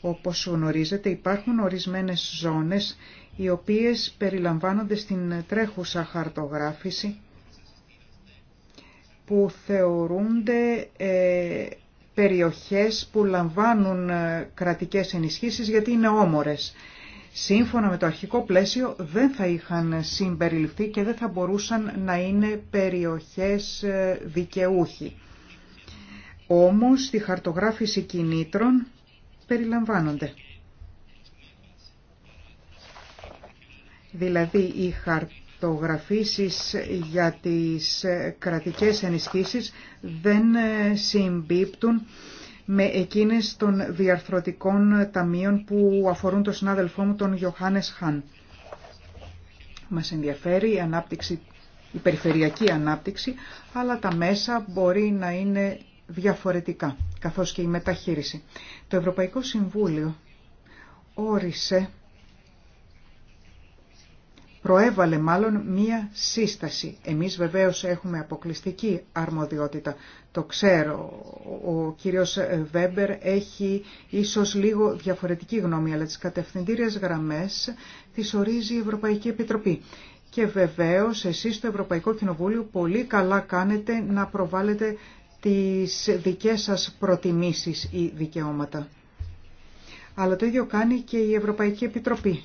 Όπως γνωρίζετε υπάρχουν ορισμένες ζώνες οι οποίες περιλαμβάνονται στην τρέχουσα χαρτογράφηση που θεωρούνται ε, περιοχές που λαμβάνουν ε, κρατικές ενισχύσεις γιατί είναι όμορες. Σύμφωνα με το αρχικό πλαίσιο δεν θα είχαν συμπεριληφθεί και δεν θα μπορούσαν να είναι περιοχές ε, δικαιούχοι. Όμως στη χαρτογράφηση κινήτρων περιλαμβάνονται. Δηλαδή η χαρτογράφηση... Αυτογραφήσεις για τις κρατικές ενισχύσεις δεν συμπίπτουν με εκείνες των διαρθρωτικών ταμείων που αφορούν τον συνάδελφό μου τον Γιωχάνες Χάν. Μας ενδιαφέρει η ανάπτυξη, η περιφερειακή ανάπτυξη, αλλά τα μέσα μπορεί να είναι διαφορετικά, καθώς και η μεταχείριση. Το Ευρωπαϊκό Συμβούλιο όρισε προέβαλε μάλλον μία σύσταση. Εμείς βεβαίως έχουμε αποκλειστική αρμοδιότητα. Το ξέρω, ο κύριος Βέμπερ έχει ίσως λίγο διαφορετική γνώμη, αλλά τις κατευθυντήριες γραμμές τις ορίζει η Ευρωπαϊκή Επιτροπή. Και βεβαίως εσείς στο Ευρωπαϊκό Κοινοβούλιο πολύ καλά κάνετε να προβάλλετε τις δικές σας προτιμήσεις ή δικαιώματα. Αλλά το ίδιο κάνει και η Ευρωπαϊκή Επιτροπή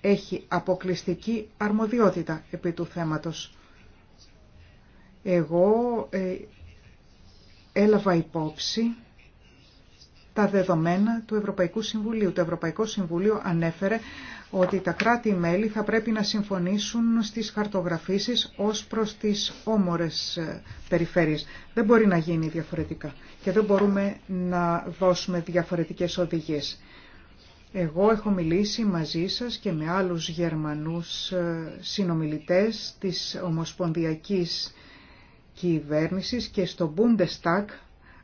έχει αποκλειστική αρμοδιότητα επί του θέματος. Εγώ ε, έλαβα υπόψη τα δεδομένα του Ευρωπαϊκού Συμβουλίου. Το Ευρωπαϊκό Συμβουλίο ανέφερε ότι τα κράτη-μέλη θα πρέπει να συμφωνήσουν στις χαρτογραφήσεις ως προς τις όμορες ε, περιφέρειες. Δεν μπορεί να γίνει διαφορετικά και δεν μπορούμε να δώσουμε διαφορετικές οδηγίες. Εγώ έχω μιλήσει μαζί σας και με άλλους Γερμανούς ε, συνομιλητές της Ομοσπονδιακής Κυβέρνησης και στο Bundestag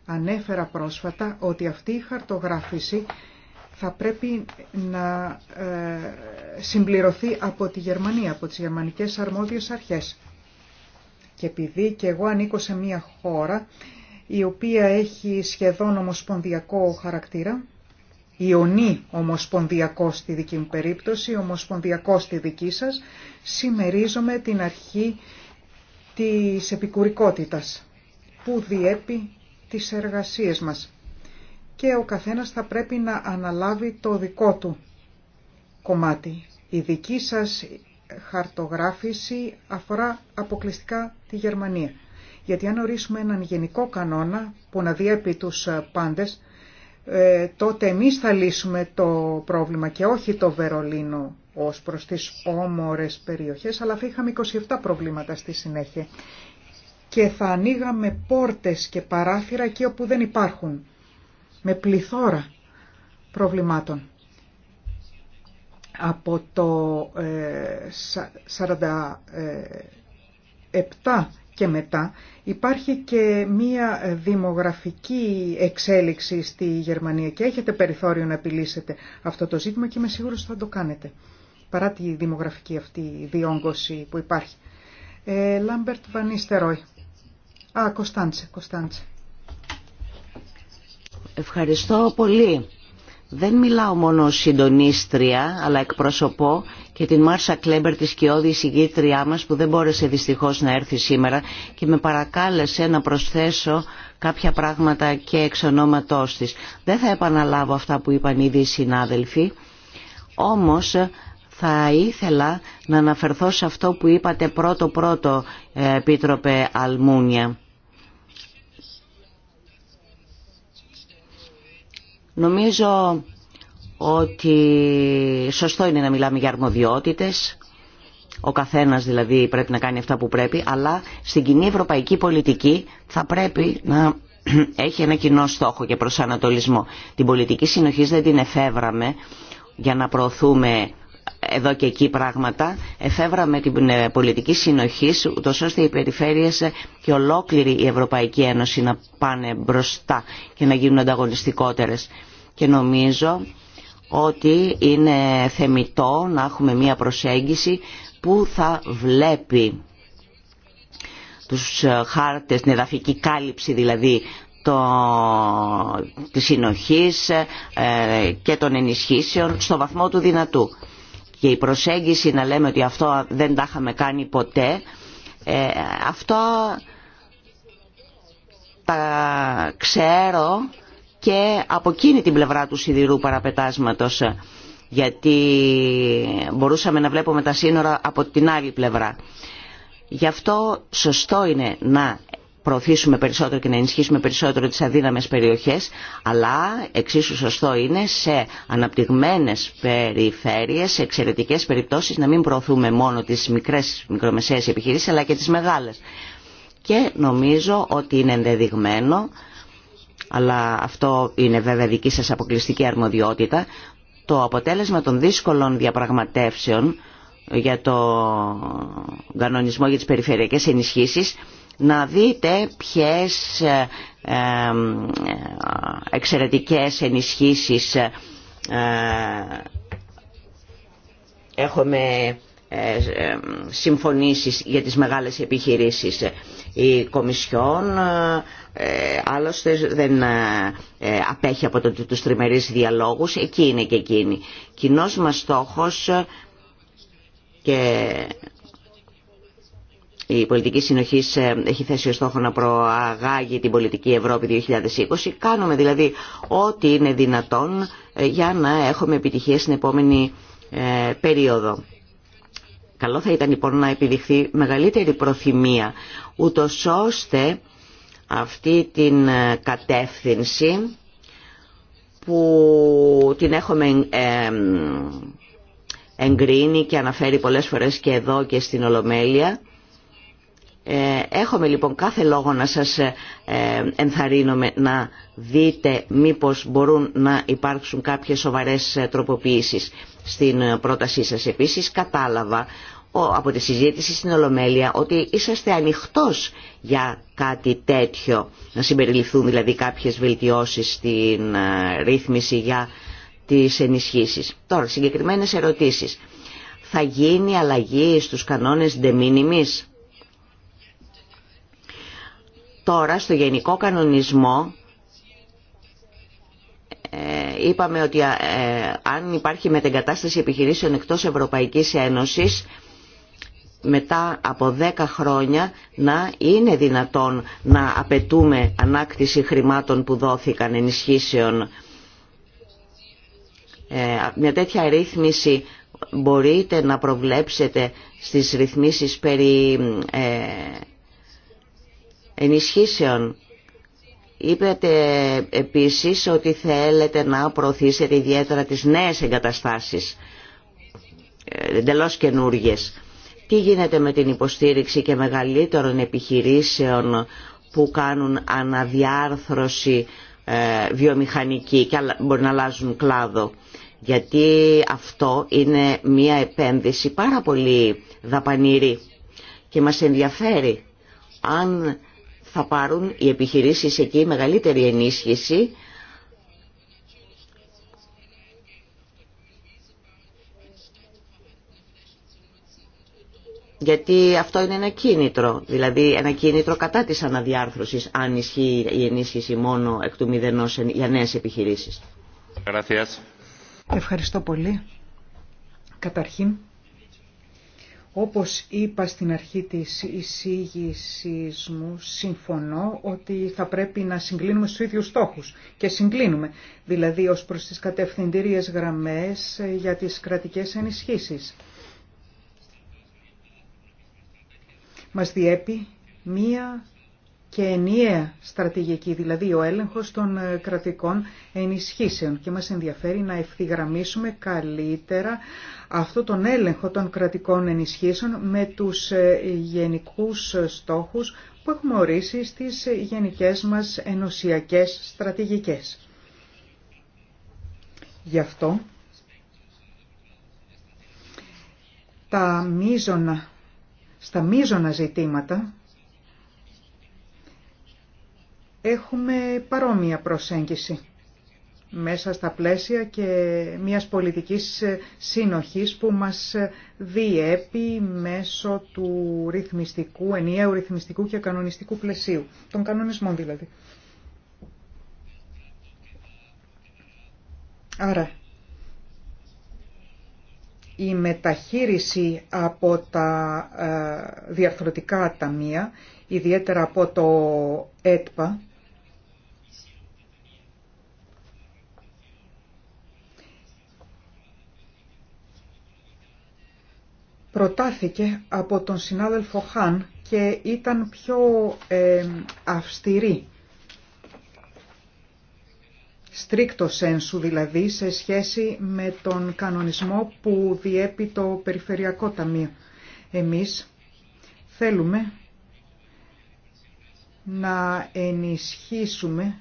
ανέφερα πρόσφατα ότι αυτή η χαρτογράφηση θα πρέπει να ε, συμπληρωθεί από τη Γερμανία, από τις γερμανικές αρμόδιες αρχές. Και επειδή και εγώ ανήκω σε μια χώρα η οποία έχει σχεδόν ομοσπονδιακό χαρακτήρα, Ιωνί ομοσπονδιακό στη δική μου περίπτωση, ομοσπονδιακό στη δική σας, συμμερίζομαι την αρχή της επικουρικότητας που διέπει τις εργασίες μας και ο καθένας θα πρέπει να αναλάβει το δικό του κομμάτι. Η δική σας χαρτογράφηση αφορά αποκλειστικά τη Γερμανία. Γιατί αν ορίσουμε έναν γενικό κανόνα που να διέπει τους πάντες, ε, τότε εμείς θα λύσουμε το πρόβλημα και όχι το Βερολίνο ως προς τις όμορες περιοχές, αλλά θα είχαμε 27 προβλήματα στη συνέχεια. Και θα ανοίγαμε πόρτες και παράθυρα εκεί όπου δεν υπάρχουν, με πληθώρα προβλημάτων. Από το 47 ε, και μετά υπάρχει και μία δημογραφική εξέλιξη στη Γερμανία και έχετε περιθώριο να επιλύσετε αυτό το ζήτημα και είμαι σίγουρος ότι θα το κάνετε παρά τη δημογραφική αυτή διόγκωση που υπάρχει. Ε, Λάμπερτ Βανίστερόι. Α, Κωνσταντσε, Κωνσταντσε. Ευχαριστώ πολύ. Δεν μιλάω μόνο συντονίστρια, αλλά εκπροσωπώ και την Μάρσα Κλέμπερ τη Σκιώδη συγκίτριά μας που δεν μπόρεσε δυστυχώς να έρθει σήμερα και με παρακάλεσε να προσθέσω κάποια πράγματα και εξ ονόματός της. Δεν θα επαναλάβω αυτά που είπαν ήδη οι συνάδελφοι, όμως θα ήθελα να αναφερθώ σε αυτό που είπατε πρώτο-πρώτο, ε, Επίτροπε Αλμούνια. Νομίζω ότι σωστό είναι να μιλάμε για αρμοδιότητες, ο καθένας δηλαδή πρέπει να κάνει αυτά που πρέπει, αλλά στην κοινή ευρωπαϊκή πολιτική θα πρέπει να [CLEARS THROAT] έχει ένα κοινό στόχο και προσανατολισμό. Την πολιτική συνοχής δεν την εφεύραμε για να προωθούμε εδώ και εκεί πράγματα. Εφεύραμε την ε, πολιτική συνοχή, ούτως ώστε οι περιφέρειες και ολόκληρη η Ευρωπαϊκή Ένωση να πάνε μπροστά και να γίνουν ανταγωνιστικότερες. Και νομίζω ότι είναι θεμητό να έχουμε μία προσέγγιση που θα βλέπει τους χάρτες, την εδαφική κάλυψη δηλαδή το, της συνοχής ε, και των ενισχύσεων στο βαθμό του δυνατού. Και η προσέγγιση να λέμε ότι αυτό δεν τα είχαμε κάνει ποτέ, ε, αυτό τα ξέρω και από εκείνη την πλευρά του σιδηρού παραπετάσματος γιατί μπορούσαμε να βλέπουμε τα σύνορα από την άλλη πλευρά. Γι' αυτό σωστό είναι να προωθήσουμε περισσότερο και να ενισχύσουμε περισσότερο τις αδύναμες περιοχές, αλλά εξίσου σωστό είναι σε αναπτυγμένες περιφέρειες, σε εξαιρετικές περιπτώσεις, να μην προωθούμε μόνο τις μικρές μικρομεσαίες επιχειρήσεις, αλλά και τις μεγάλες. Και νομίζω ότι είναι ενδεδειγμένο αλλά αυτό είναι βέβαια δική σας αποκλειστική αρμοδιότητα, το αποτέλεσμα των δύσκολων διαπραγματεύσεων για το κανονισμό για τις περιφερειακές ενισχύσεις να δείτε ποιες ε, ε, εξαιρετικές ενισχύσεις ε, έχουμε συμφωνήσει για τις μεγάλες επιχειρήσεις. Η Κομισιόν ε, άλλωστε δεν ε, ε, απέχει από το, τους τριμερείς διαλόγους, εκεί είναι και εκείνη. Κοινός μας στόχος και η πολιτική συνοχή έχει θέσει ως στόχο να προαγάγει την πολιτική Ευρώπη 2020. Κάνουμε δηλαδή ό,τι είναι δυνατόν για να έχουμε επιτυχίες στην επόμενη περίοδο. Καλό θα ήταν λοιπόν να επιδειχθεί μεγαλύτερη προθυμία, ούτως ώστε αυτή την ε, κατεύθυνση που την έχουμε ε, εγκρίνει και αναφέρει πολλές φορές και εδώ και στην Ολομέλεια. Ε, έχουμε λοιπόν κάθε λόγο να σας ενθαρρύνουμε να δείτε μήπως μπορούν να υπάρξουν κάποιες σοβαρές τροποποιήσεις στην πρότασή σας. Επίσης κατάλαβα από τη συζήτηση στην Ολομέλεια ότι είσαστε ανοιχτός για κάτι τέτοιο, να συμπεριληφθούν δηλαδή κάποιες βελτιώσεις στην ε, ρύθμιση για τις ενισχύσεις. Τώρα, συγκεκριμένες ερωτήσεις. Θα γίνει αλλαγή στους κανόνες de minimis? Τώρα, στο γενικό κανονισμό, ε, είπαμε ότι ε, αν υπάρχει μετεγκατάσταση επιχειρήσεων εκτός Ευρωπαϊκής Ένωσης, μετά από 10 χρόνια να είναι δυνατόν να απαιτούμε ανάκτηση χρημάτων που δόθηκαν ενισχύσεων. Ε, μια τέτοια ρύθμιση μπορείτε να προβλέψετε στις ρυθμίσεις περί ε, ενισχύσεων. Είπατε επίσης ότι θέλετε να προωθήσετε ιδιαίτερα τις νέες εγκαταστάσεις, ε, εντελώ καινούργιες. Τι γίνεται με την υποστήριξη και μεγαλύτερων επιχειρήσεων που κάνουν αναδιάρθρωση ε, βιομηχανική και μπορεί να αλλάζουν κλάδο. Γιατί αυτό είναι μία επένδυση πάρα πολύ δαπανηρή και μας ενδιαφέρει αν θα πάρουν οι επιχειρήσεις εκεί μεγαλύτερη ενίσχυση γιατί αυτό είναι ένα κίνητρο, δηλαδή ένα κίνητρο κατά της αναδιάρθρωσης, αν ισχύει η ενίσχυση μόνο εκ του μηδενός για νέες επιχειρήσεις. Ευχαριστώ πολύ. Καταρχήν, όπως είπα στην αρχή της εισήγησης μου, συμφωνώ ότι θα πρέπει να συγκλίνουμε στους ίδιους στόχους και συγκλίνουμε, δηλαδή ως προς τις κατευθυντήριες γραμμές ε, για τις κρατικές ενισχύσεις. Μας διέπει μία και ενιαία στρατηγική, δηλαδή ο έλεγχος των ε, κρατικών ενισχύσεων και μας ενδιαφέρει να ευθυγραμμίσουμε καλύτερα αυτό τον έλεγχο των κρατικών ενισχύσεων με τους ε, γενικούς στόχους που έχουμε ορίσει στις γενικές μας ενωσιακές στρατηγικές. Γι' αυτό τα μείζωνα στα μείζωνα ζητήματα έχουμε παρόμοια προσέγγιση μέσα στα πλαίσια και μιας πολιτικής συνοχής που μας διέπει μέσω του ρυθμιστικού, ενιαίου ρυθμιστικού και κανονιστικού πλαισίου, των κανονισμών δηλαδή. Άρα, η μεταχείριση από τα ε, διαρθρωτικά ταμεία, ιδιαίτερα από το ΕΤΠΑ, προτάθηκε από τον συνάδελφο Χάν και ήταν πιο ε, αυστηρή στρίκτο σένσου δηλαδή σε σχέση με τον κανονισμό που διέπει το Περιφερειακό Ταμείο. Εμείς θέλουμε να ενισχύσουμε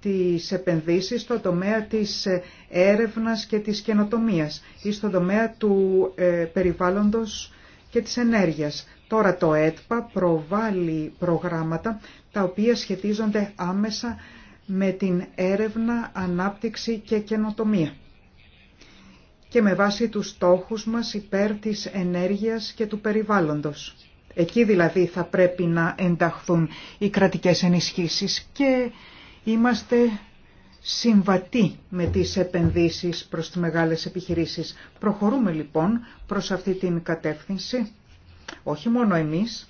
τις επενδύσεις στο τομέα της έρευνας και της καινοτομίας ή στον τομέα του ε, περιβάλλοντος και της ενέργειας. Τώρα το ΕΤΠΑ προβάλλει προγράμματα τα οποία σχετίζονται άμεσα με την έρευνα, ανάπτυξη και καινοτομία και με βάση τους στόχους μας υπέρ της ενέργειας και του περιβάλλοντος. Εκεί δηλαδή θα πρέπει να ενταχθούν οι κρατικές ενισχύσεις και είμαστε συμβατοί με τις επενδύσεις προς τις μεγάλες επιχειρήσεις. Προχωρούμε λοιπόν προς αυτή την κατεύθυνση, όχι μόνο εμείς,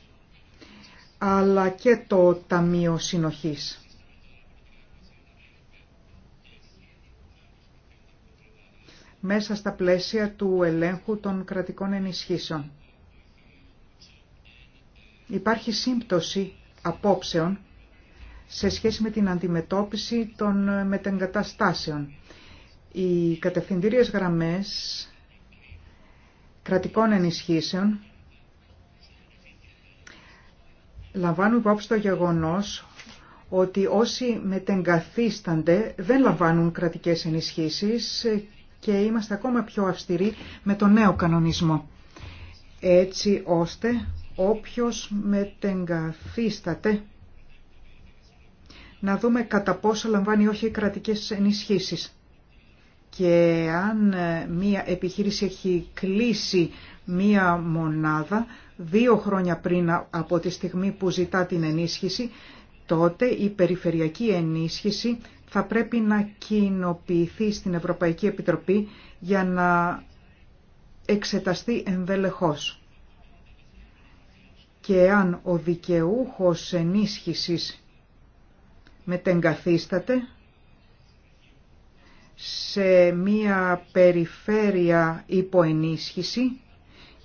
αλλά και το Ταμείο Συνοχής. μέσα στα πλαίσια του ελέγχου των κρατικών ενισχύσεων. Υπάρχει σύμπτωση απόψεων σε σχέση με την αντιμετώπιση των μετεγκαταστάσεων. Οι κατευθυντήριες γραμμές κρατικών ενισχύσεων λαμβάνουν υπόψη το γεγονός ότι όσοι μετεγκαθίστανται δεν λαμβάνουν κρατικές ενισχύσεις και είμαστε ακόμα πιο αυστηροί με τον νέο κανονισμό. Έτσι ώστε όποιος μετεγκαθίσταται να δούμε κατά πόσο λαμβάνει όχι οι κρατικές ενισχύσεις. Και αν ε, μία επιχείρηση έχει κλείσει μία μονάδα δύο χρόνια πριν από τη στιγμή που ζητά την ενίσχυση, τότε η περιφερειακή ενίσχυση θα πρέπει να κοινοποιηθεί στην Ευρωπαϊκή Επιτροπή για να εξεταστεί ενδελεχώς. Και αν ο δικαιούχος ενίσχυσης μετεγκαθίσταται σε μία περιφέρεια υποενίσχυση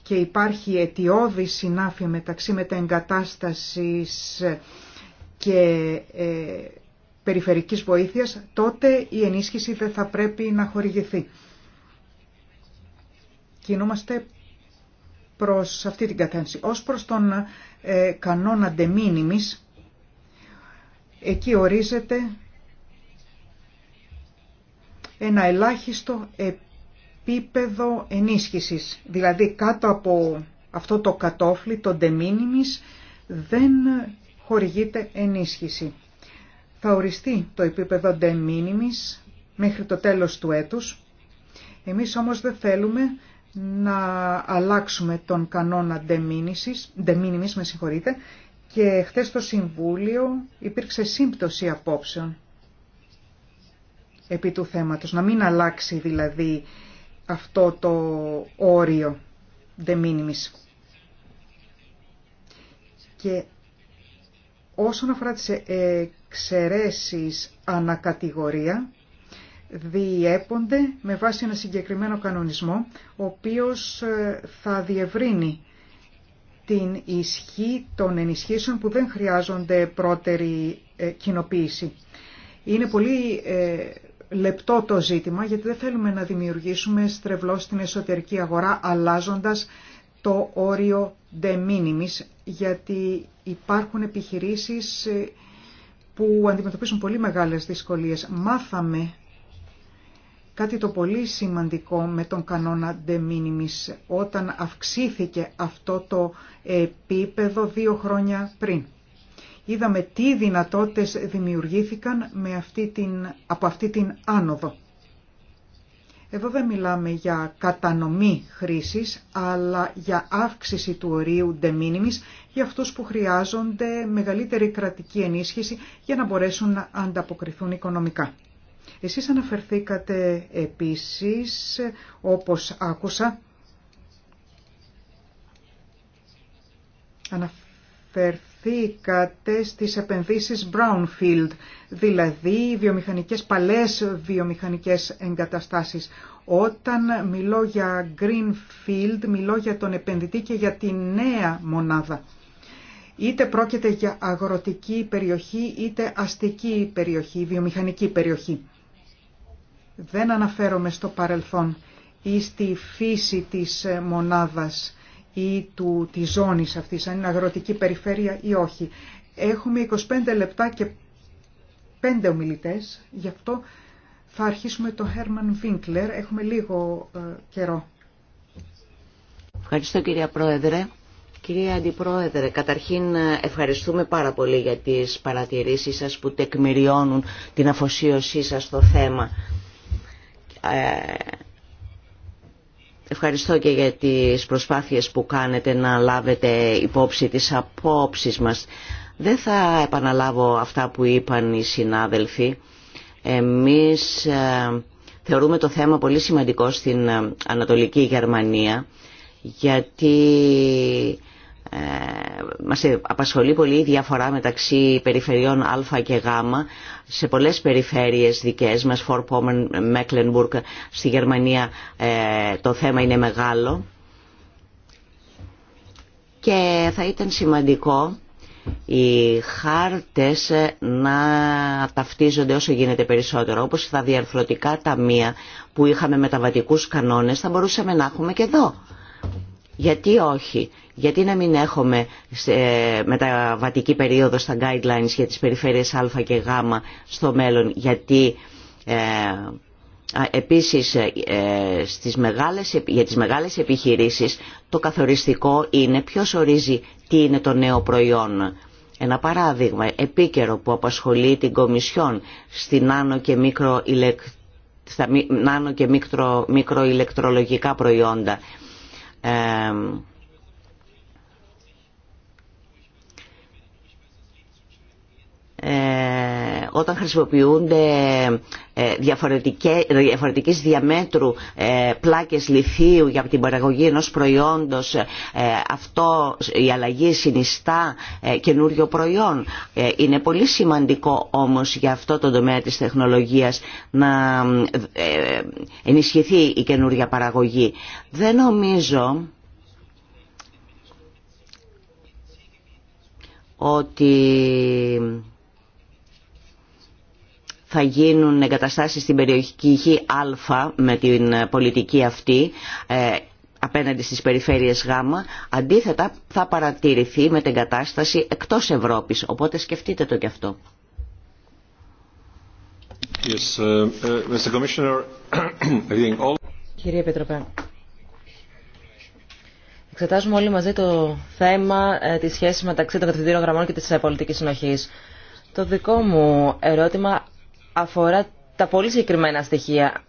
και υπάρχει αιτιώδη συνάφεια μεταξύ μεταγκατάστασης και ε, περιφερικής βοήθειας, τότε η ενίσχυση δεν θα πρέπει να χορηγηθεί. Κινούμαστε προς αυτή την κατεύθυνση. Ως προς τον ε, κανόνα de εκεί ορίζεται ένα ελάχιστο επίπεδο ενίσχυσης. Δηλαδή κάτω από αυτό το κατόφλι, το de δεν χορηγείται ενίσχυση θα οριστεί το επίπεδο de μέχρι το τέλος του έτους. Εμείς όμως δεν θέλουμε να αλλάξουμε τον κανόνα de minimis, με συγχωρείτε, και χθες στο Συμβούλιο υπήρξε σύμπτωση απόψεων επί του θέματος. Να μην αλλάξει δηλαδή αυτό το όριο de Και όσον αφορά τις ε, ξερέσεις ανακατηγορία διέπονται με βάση ένα συγκεκριμένο κανονισμό, ο οποίος ε, θα διευρύνει την ισχύ των ενισχύσεων που δεν χρειάζονται πρώτερη ε, κοινοποίηση. Είναι πολύ ε, λεπτό το ζήτημα, γιατί δεν θέλουμε να δημιουργήσουμε στρεβλό στην εσωτερική αγορά, αλλάζοντας το όριο de minimis, γιατί υπάρχουν επιχειρήσεις που αντιμετωπίσουν πολύ μεγάλες δυσκολίες. Μάθαμε κάτι το πολύ σημαντικό με τον κανόνα de minimis, όταν αυξήθηκε αυτό το επίπεδο δύο χρόνια πριν. Είδαμε τι δυνατότητες δημιουργήθηκαν με αυτή την, από αυτή την άνοδο. Εδώ δεν μιλάμε για κατανομή χρήσης, αλλά για αύξηση του ορίου de minimis για αυτούς που χρειάζονται μεγαλύτερη κρατική ενίσχυση για να μπορέσουν να ανταποκριθούν οικονομικά. Εσείς αναφερθήκατε επίσης, όπως άκουσα, αναφερθήκατε στις επενδύσεις brownfield, δηλαδή βιομηχανικές, παλές βιομηχανικές εγκαταστάσεις. Όταν μιλώ για greenfield, μιλώ για τον επενδυτή και για τη νέα μονάδα. Είτε πρόκειται για αγροτική περιοχή, είτε αστική περιοχή, βιομηχανική περιοχή. Δεν αναφέρομαι στο παρελθόν ή στη φύση της μονάδας ή του, της ζώνης αυτής, αν είναι αγροτική περιφέρεια ή όχι. Έχουμε 25 λεπτά και 5 ομιλητές, γι' αυτό θα αρχίσουμε το Herman Winkler. Έχουμε λίγο ε, καιρό. Ευχαριστώ κυρία Πρόεδρε. Κυρία Αντιπρόεδρε, καταρχήν ε, ευχαριστούμε πάρα πολύ για τις παρατηρήσεις σας που τεκμηριώνουν την αφοσίωσή σας στο θέμα. Ε, Ευχαριστώ και για τις προσπάθειες που κάνετε να λάβετε υπόψη τις απόψεις μας. Δεν θα επαναλάβω αυτά που είπαν οι συνάδελφοι. Εμείς ε, θεωρούμε το θέμα πολύ σημαντικό στην ε, Ανατολική Γερμανία γιατί ε, μας απασχολεί πολύ η διαφορά μεταξύ περιφερειών Α και Γ σε πολλές περιφέρειες δικές μας, Πόμεν, Μέκλενμπουργκ, στη Γερμανία ε, το θέμα είναι μεγάλο και θα ήταν σημαντικό οι χάρτες να ταυτίζονται όσο γίνεται περισσότερο. Όπως τα διαρθρωτικά ταμεία που είχαμε μεταβατικούς κανόνες θα μπορούσαμε να έχουμε και εδώ. Γιατί όχι. Γιατί να μην έχουμε σε μεταβατική περίοδο στα guidelines για τις περιφέρειες α και γ στο μέλλον, γιατί ε, επίσης ε, στις μεγάλες, για τις μεγάλες επιχειρήσεις το καθοριστικό είναι ποιος ορίζει τι είναι το νέο προϊόν. Ένα παράδειγμα επίκαιρο που απασχολεί την Κομισιόν στη νάνο και στα νάνο και μικρο, μικροηλεκτρολογικά προϊόντα. Ε, Ε, όταν χρησιμοποιούνται ε, διαφορετικής διαμέτρου ε, πλάκες λιθίου για την παραγωγή ενός προϊόντος αυτό η αλλαγή συνιστά καινούριο προϊόν. Είναι πολύ σημαντικό όμως για αυτό το τομέα της τεχνολογίας να ενισχυθεί η καινούρια παραγωγή. Δεν νομίζω ότι θα γίνουν εγκαταστάσεις στην περιοχή Α με την πολιτική αυτή ε, απέναντι στις περιφέρειες Γ, αντίθετα θα παρατηρηθεί με την κατάσταση εκτός Ευρώπης. Οπότε σκεφτείτε το κι αυτό. Yes, uh, uh [CLEARS THROAT] Κύριε εξετάζουμε όλοι μαζί το θέμα ε, της σχέσης μεταξύ των κατευθυντήρων γραμμών και της ε, πολιτικής συνοχής. Το δικό μου ερώτημα αφορά τα πολύ συγκεκριμένα στοιχεία.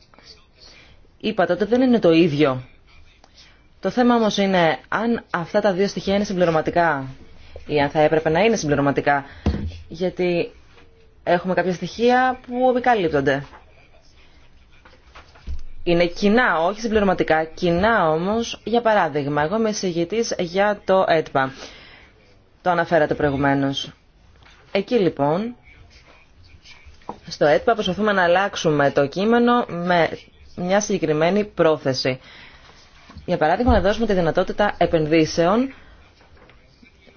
Είπατε ότι δεν είναι το ίδιο. Το θέμα όμως είναι αν αυτά τα δύο στοιχεία είναι συμπληρωματικά ή αν θα έπρεπε να είναι συμπληρωματικά. Γιατί έχουμε κάποια στοιχεία που επικαλύπτονται. Είναι κοινά, όχι συμπληρωματικά. Κοινά όμως, για παράδειγμα, εγώ είμαι για το ΕΤΠΑ. Το αναφέρατε προηγουμένως. Εκεί λοιπόν στο ΕΤΠΑ προσπαθούμε να αλλάξουμε το κείμενο με μια συγκεκριμένη πρόθεση. Για παράδειγμα, να δώσουμε τη δυνατότητα επενδύσεων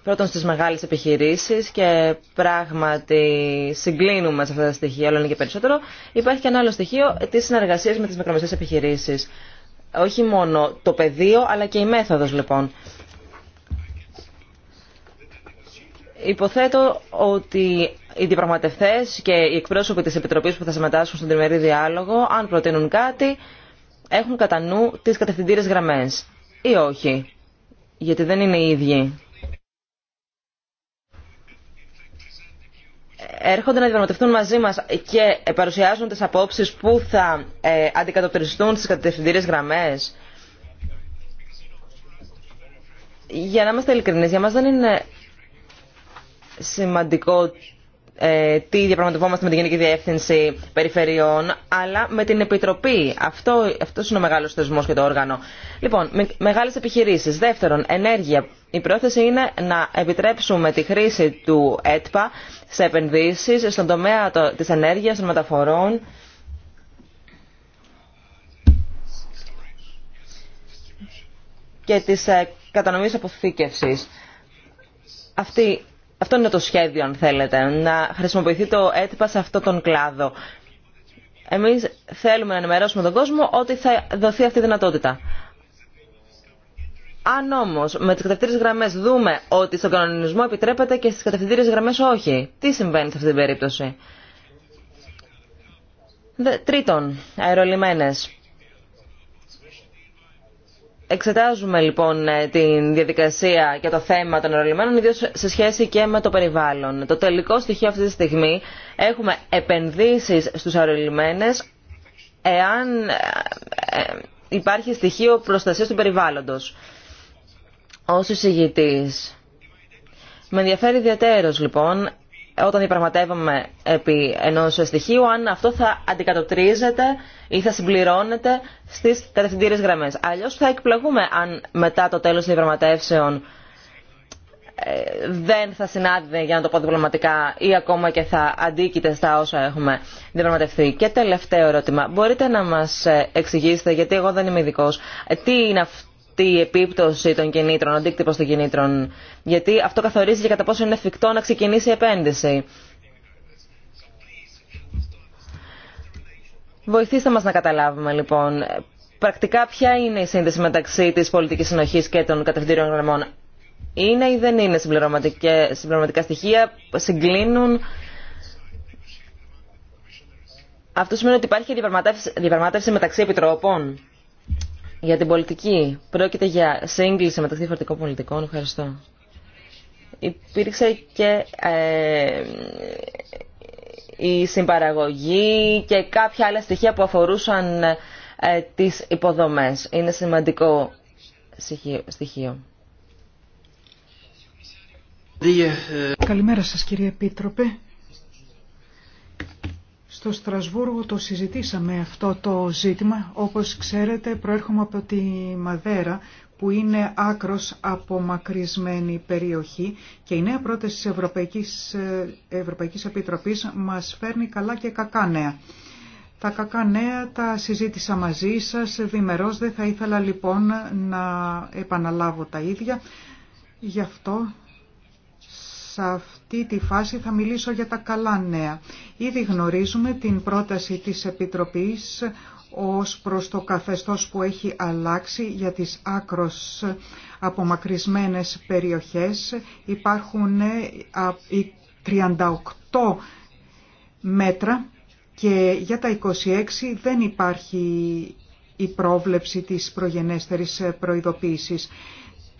πρώτον στις μεγάλες επιχειρήσεις και πράγματι συγκλίνουμε σε αυτά τα στοιχεία, όλο και περισσότερο. Υπάρχει και ένα άλλο στοιχείο της συνεργασίας με τις μικρομεσαίες επιχειρήσεις. Όχι μόνο το πεδίο, αλλά και η μέθοδος λοιπόν. Υποθέτω ότι οι διαπραγματευτέ και οι εκπρόσωποι τη Επιτροπή που θα συμμετάσχουν στον τριμερή διάλογο, αν προτείνουν κάτι, έχουν κατά νου τι κατευθυντήρε γραμμέ. Ή όχι. Γιατί δεν είναι οι ίδιοι. έρχονται να διαπραγματευτούν μαζί μα και παρουσιάζουν τι απόψει που θα ε, αντικατοπτριστούν στι κατευθυντήρε γραμμέ. Για να είμαστε ειλικρινεί, για μα δεν είναι σημαντικό ε, τι διαπραγματευόμαστε με την Γενική Διεύθυνση Περιφερειών, αλλά με την Επιτροπή. Αυτό αυτός είναι ο μεγάλο θεσμό και το όργανο. Λοιπόν, με, μεγάλε επιχειρήσει. Δεύτερον, ενέργεια. Η πρόθεση είναι να επιτρέψουμε τη χρήση του ΕΤΠΑ σε επενδύσει στον τομέα τη ενέργεια, των μεταφορών. και της ε, κατανομής αποθήκευσης. Αυτή αυτό είναι το σχέδιο, αν θέλετε, να χρησιμοποιηθεί το έτυπα σε αυτόν τον κλάδο. Εμείς θέλουμε να ενημερώσουμε τον κόσμο ότι θα δοθεί αυτή η δυνατότητα. Αν όμω με τι κατευθυντήριε γραμμέ δούμε ότι στον κανονισμό επιτρέπεται και στι κατευθυντήριε γραμμέ όχι, τι συμβαίνει σε αυτή την περίπτωση. Τρίτον, αερολιμένες. Εξετάζουμε λοιπόν ε, τη διαδικασία και το θέμα των ερωλημένων, ιδίω σε σχέση και με το περιβάλλον. Το τελικό στοιχείο αυτή τη στιγμή έχουμε επενδύσεις στους αερολιμένες εάν ε, ε, υπάρχει στοιχείο προστασίας του περιβάλλοντος. Ως εισηγητή. Με ενδιαφέρει ιδιαίτερο, λοιπόν όταν διαπραγματεύομαι επί ενός στοιχείου αν αυτό θα αντικατοπτρίζεται ή θα συμπληρώνεται στις κατευθυντήριε γραμμές. Αλλιώς θα εκπλαγούμε αν μετά το τέλος των διαπραγματεύσεων ε, δεν θα συνάδει, για να το πω διπλωματικά, ή ακόμα και θα αντίκειται στα όσα έχουμε διαπραγματευτεί. Και τελευταίο ερώτημα. Μπορείτε να μας ε, εξηγήσετε, γιατί εγώ δεν είμαι ειδικό, ε, τι είναι αυτό Τη επίπτωση των κινήτρων, ο αντίκτυπο των κινήτρων. Γιατί αυτό καθορίζει για κατά πόσο είναι εφικτό να ξεκινήσει η επένδυση. Βοηθήστε μας να καταλάβουμε λοιπόν πρακτικά ποια είναι η σύνδεση μεταξύ της πολιτικής συνοχής και των κατευθυντήριων γραμμών. Είναι ή δεν είναι συμπληρωματικά στοιχεία, συγκλίνουν. Αυτό σημαίνει ότι υπάρχει διαπραγμάτευση μεταξύ επιτροπών για την πολιτική. Πρόκειται για σύγκληση μεταξύ φορτικών πολιτικών. Ευχαριστώ. Υπήρξε και ε, η συμπαραγωγή και κάποια άλλα στοιχεία που αφορούσαν ε, τις υποδομές. Είναι σημαντικό στοιχείο. Καλημέρα σας κύριε Επίτροπε. Στο Στρασβούργο το συζητήσαμε αυτό το ζήτημα. Όπως ξέρετε προέρχομαι από τη Μαδέρα που είναι άκρος απομακρυσμένη περιοχή και η νέα πρόταση της Ευρωπαϊκής, ε, Ευρωπαϊκής Επιτροπής μας φέρνει καλά και κακά νέα. Τα κακά νέα τα συζήτησα μαζί σας διμερώς, δεν θα ήθελα λοιπόν να επαναλάβω τα ίδια. Γι' αυτό σε αυτή τη φάση θα μιλήσω για τα καλά νέα. Ήδη γνωρίζουμε την πρόταση της Επιτροπής ως προς το καθεστώς που έχει αλλάξει για τις άκρος απομακρυσμένες περιοχές. Υπάρχουν 38 ε, μέτρα και για τα 26 δεν υπάρχει η πρόβλεψη της προγενέστερης προειδοποίησης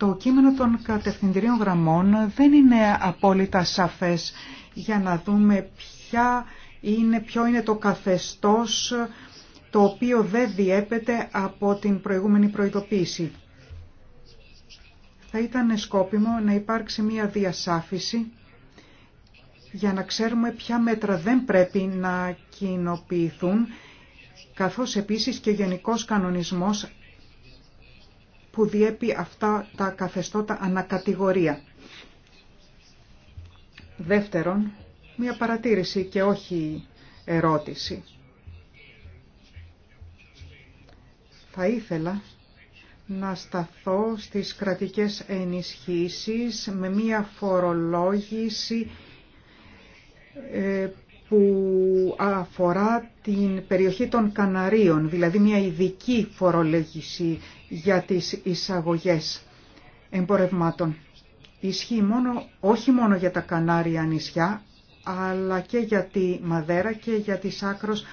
το κείμενο των κατευθυντηρίων γραμμών δεν είναι απόλυτα σαφές για να δούμε ποια είναι, ποιο είναι το καθεστώς το οποίο δεν διέπεται από την προηγούμενη προειδοποίηση. Θα ήταν σκόπιμο να υπάρξει μία διασάφηση για να ξέρουμε ποια μέτρα δεν πρέπει να κοινοποιηθούν, καθώς επίσης και Γενικός Κανονισμός που διέπει αυτά τα καθεστώτα ανακατηγορία. Δεύτερον, μία παρατήρηση και όχι ερώτηση. Θα ήθελα να σταθώ στις κρατικές ενισχύσεις με μία φορολόγηση ε, που αφορά την περιοχή των Καναρίων, δηλαδή μια ειδική φορολόγηση για τις εισαγωγές εμπορευμάτων. Ισχύει μόνο, όχι μόνο για τα Κανάρια νησιά, αλλά και για τη Μαδέρα και για τις άκρος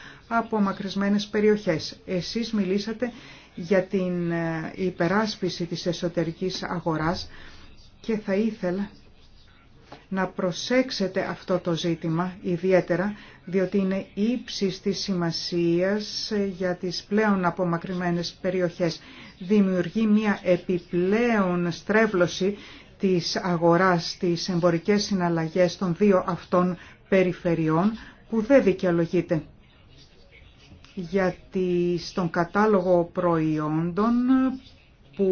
μακρισμένες περιοχές. Εσείς μιλήσατε για την ε, υπεράσπιση της εσωτερικής αγοράς και θα ήθελα να προσέξετε αυτό το ζήτημα ιδιαίτερα, διότι είναι ύψης της σημασίας ε, για τις πλέον απομακρυσμένες περιοχές δημιουργεί μια επιπλέον στρέβλωση της αγοράς στις εμπορικές συναλλαγές των δύο αυτών περιφερειών που δεν δικαιολογείται. Γιατί στον κατάλογο προϊόντων που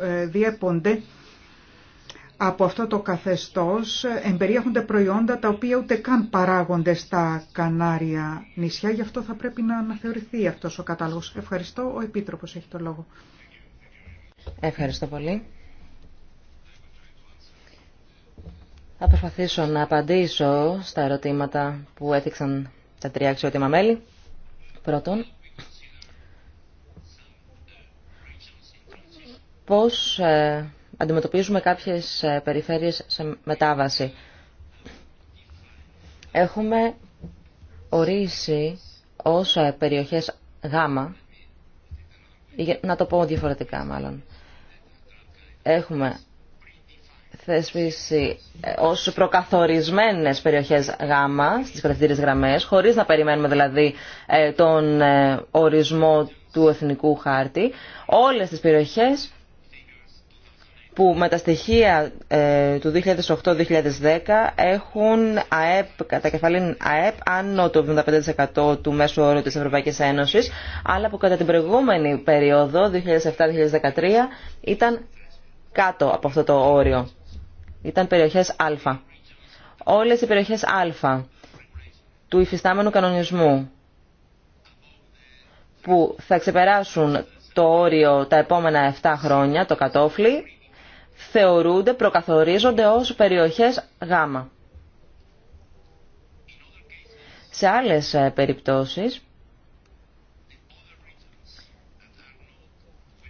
ε, διέπονται από αυτό το καθεστώς εμπεριέχονται προϊόντα τα οποία ούτε καν παράγονται στα Κανάρια νησιά, γι' αυτό θα πρέπει να αναθεωρηθεί αυτός ο κατάλογος. Ευχαριστώ, ο Επίτροπος έχει το λόγο. Ευχαριστώ πολύ. Θα προσπαθήσω να απαντήσω στα ερωτήματα που έθιξαν τα τρία αξιότιμα μέλη. Πρώτον, πώς ε, αντιμετωπίζουμε κάποιες ε, περιφέρειες σε μετάβαση. Έχουμε ορίσει ως ε, περιοχές γάμα, να το πω διαφορετικά μάλλον. Έχουμε θεσπίσει ως προκαθορισμένες περιοχές γάμα στις κρατητήρες γραμμές, χωρίς να περιμένουμε δηλαδή ε, τον ορισμό του εθνικού χάρτη, όλες τις περιοχές που με τα στοιχεία ε, του 2008-2010 έχουν ΑΕΠ, κατά κεφαλήν ΑΕΠ άνω του 75% του μέσου όρου της Ευρωπαϊκής Ένωσης, αλλά που κατά την προηγούμενη περίοδο, 2007-2013, ήταν κάτω από αυτό το όριο. Ήταν περιοχές Α. Όλες οι περιοχές Α του υφιστάμενου κανονισμού που θα ξεπεράσουν το όριο τα επόμενα 7 χρόνια, το κατόφλι, θεωρούνται, προκαθορίζονται ως περιοχές γάμα. Σε άλλες ε, περιπτώσεις,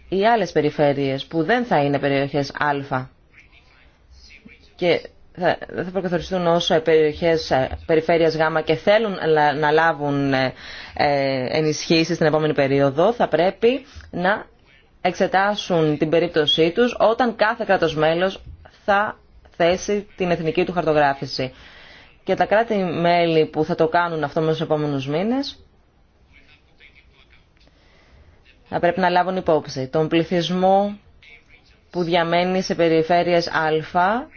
οι άλλες περιφέρειες που δεν θα είναι περιοχές α και δεν θα προκαθοριστούν ως ε, περιοχές ε, περιφέρειας Γ και θέλουν να λάβουν ενισχύσεις στην επόμενη περίοδο, θα πρέπει να εξετάσουν την περίπτωσή τους όταν κάθε κράτος μέλος θα θέσει την εθνική του χαρτογράφηση. Και τα κράτη-μέλη που θα το κάνουν αυτό μέσα στους επόμενους μήνες θα πρέπει να λάβουν υπόψη τον πληθυσμό που διαμένει σε περιφέρειες Α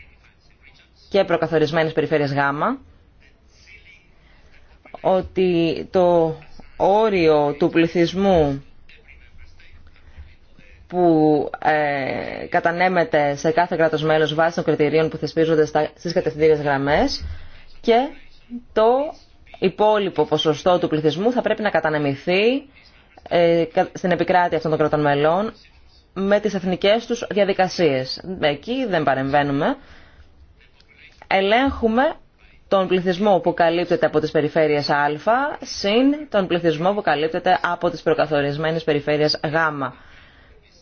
και προκαθορισμένες περιφέρειες Γ ότι το όριο του πληθυσμού που ε, κατανέμεται σε κάθε κράτος μέλος βάσει των κριτηρίων που θεσπίζονται στα, στις κατευθυντήριες γραμμές και το υπόλοιπο ποσοστό του πληθυσμού θα πρέπει να κατανεμηθεί ε, στην επικράτεια αυτών των κρατών μελών με τις εθνικές τους διαδικασίες. Εκεί δεν παρεμβαίνουμε. Ελέγχουμε τον πληθυσμό που καλύπτεται από τις περιφέρειες Α συν τον πληθυσμό που καλύπτεται από τις προκαθορισμένες περιφέρειες Γ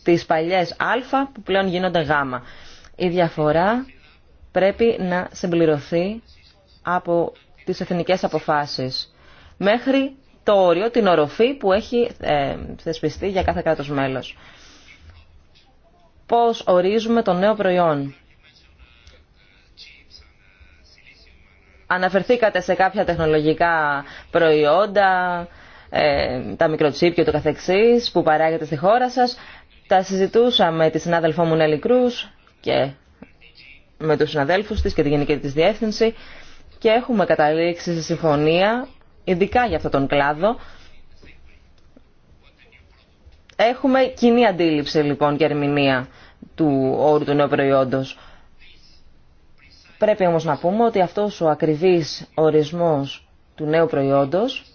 τις παλιές α που πλέον γίνονται γ. Η διαφορά πρέπει να συμπληρωθεί από τις εθνικές αποφάσεις μέχρι το όριο, την οροφή που έχει ε, θεσπιστεί για κάθε κράτος μέλος. Πώς ορίζουμε το νέο προϊόν. Αναφερθήκατε σε κάποια τεχνολογικά προϊόντα, ε, τα μικροτσίπια του που παράγεται στη χώρα σας. Τα συζητούσα με τη συνάδελφό μου Νέλη Κρούς και με τους συναδέλφους της και τη Γενική της Διεύθυνση και έχουμε καταλήξει σε συμφωνία, ειδικά για αυτόν τον κλάδο. Έχουμε κοινή αντίληψη λοιπόν και ερμηνεία του όρου του νέου προϊόντος. Πρέπει όμως να πούμε ότι αυτός ο ακριβής ορισμός του νέου προϊόντος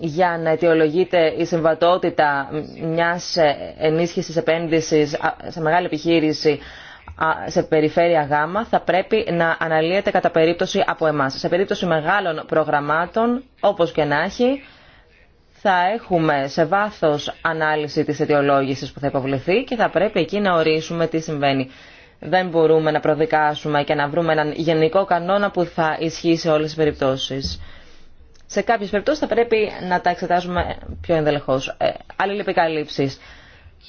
για να αιτιολογείται η συμβατότητα μιας ενίσχυσης επένδυσης σε μεγάλη επιχείρηση σε περιφέρεια Γ θα πρέπει να αναλύεται κατά περίπτωση από εμάς. Σε περίπτωση μεγάλων προγραμμάτων, όπως και να έχει, θα έχουμε σε βάθος ανάλυση της αιτιολόγησης που θα υποβληθεί και θα πρέπει εκεί να ορίσουμε τι συμβαίνει. Δεν μπορούμε να προδικάσουμε και να βρούμε έναν γενικό κανόνα που θα ισχύει σε όλες τις περιπτώσεις σε κάποιε περιπτώσει θα πρέπει να τα εξετάζουμε πιο ενδελεχώς. Ε, Αλληλεπικαλύψεις.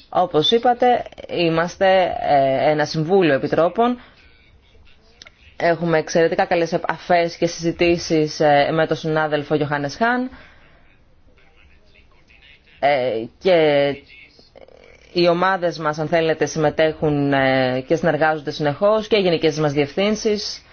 Όπως είπατε, είμαστε ε, ένα συμβούλιο επιτρόπων. Έχουμε εξαιρετικά καλές επαφές και συζητήσεις ε, με τον συνάδελφο Γιωχάνες Χάν και οι ομάδες μας, αν θέλετε, συμμετέχουν ε, και συνεργάζονται συνεχώς και οι γενικές μας διευθύνσεις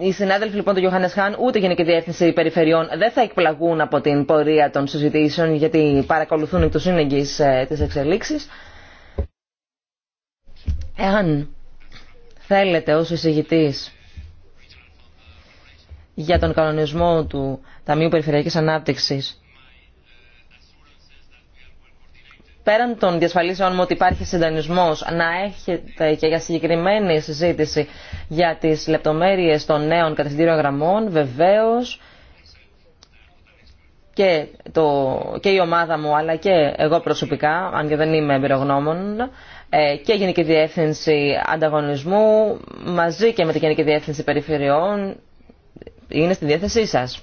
Οι συνάδελφοι λοιπόν του Γιώχανες Χάν ούτε Γενική Διεύθυνση Περιφερειών δεν θα εκπλαγούν από την πορεία των συζητήσεων γιατί παρακολουθούν εκ του σύνεγγυ ε, τις Εάν θέλετε ως εισηγητή για τον κανονισμό του Ταμείου Περιφερειακής Ανάπτυξης πέραν των διασφαλίσεων μου ότι υπάρχει συντονισμό, να έχετε και για συγκεκριμένη συζήτηση για τις λεπτομέρειες των νέων κατευθυντήριων γραμμών βεβαίω, και, το, και η ομάδα μου αλλά και εγώ προσωπικά αν και δεν είμαι εμπειρογνώμων ε, και η Γενική Διεύθυνση Ανταγωνισμού μαζί και με τη Γενική Διεύθυνση Περιφερειών είναι στη διάθεσή σας.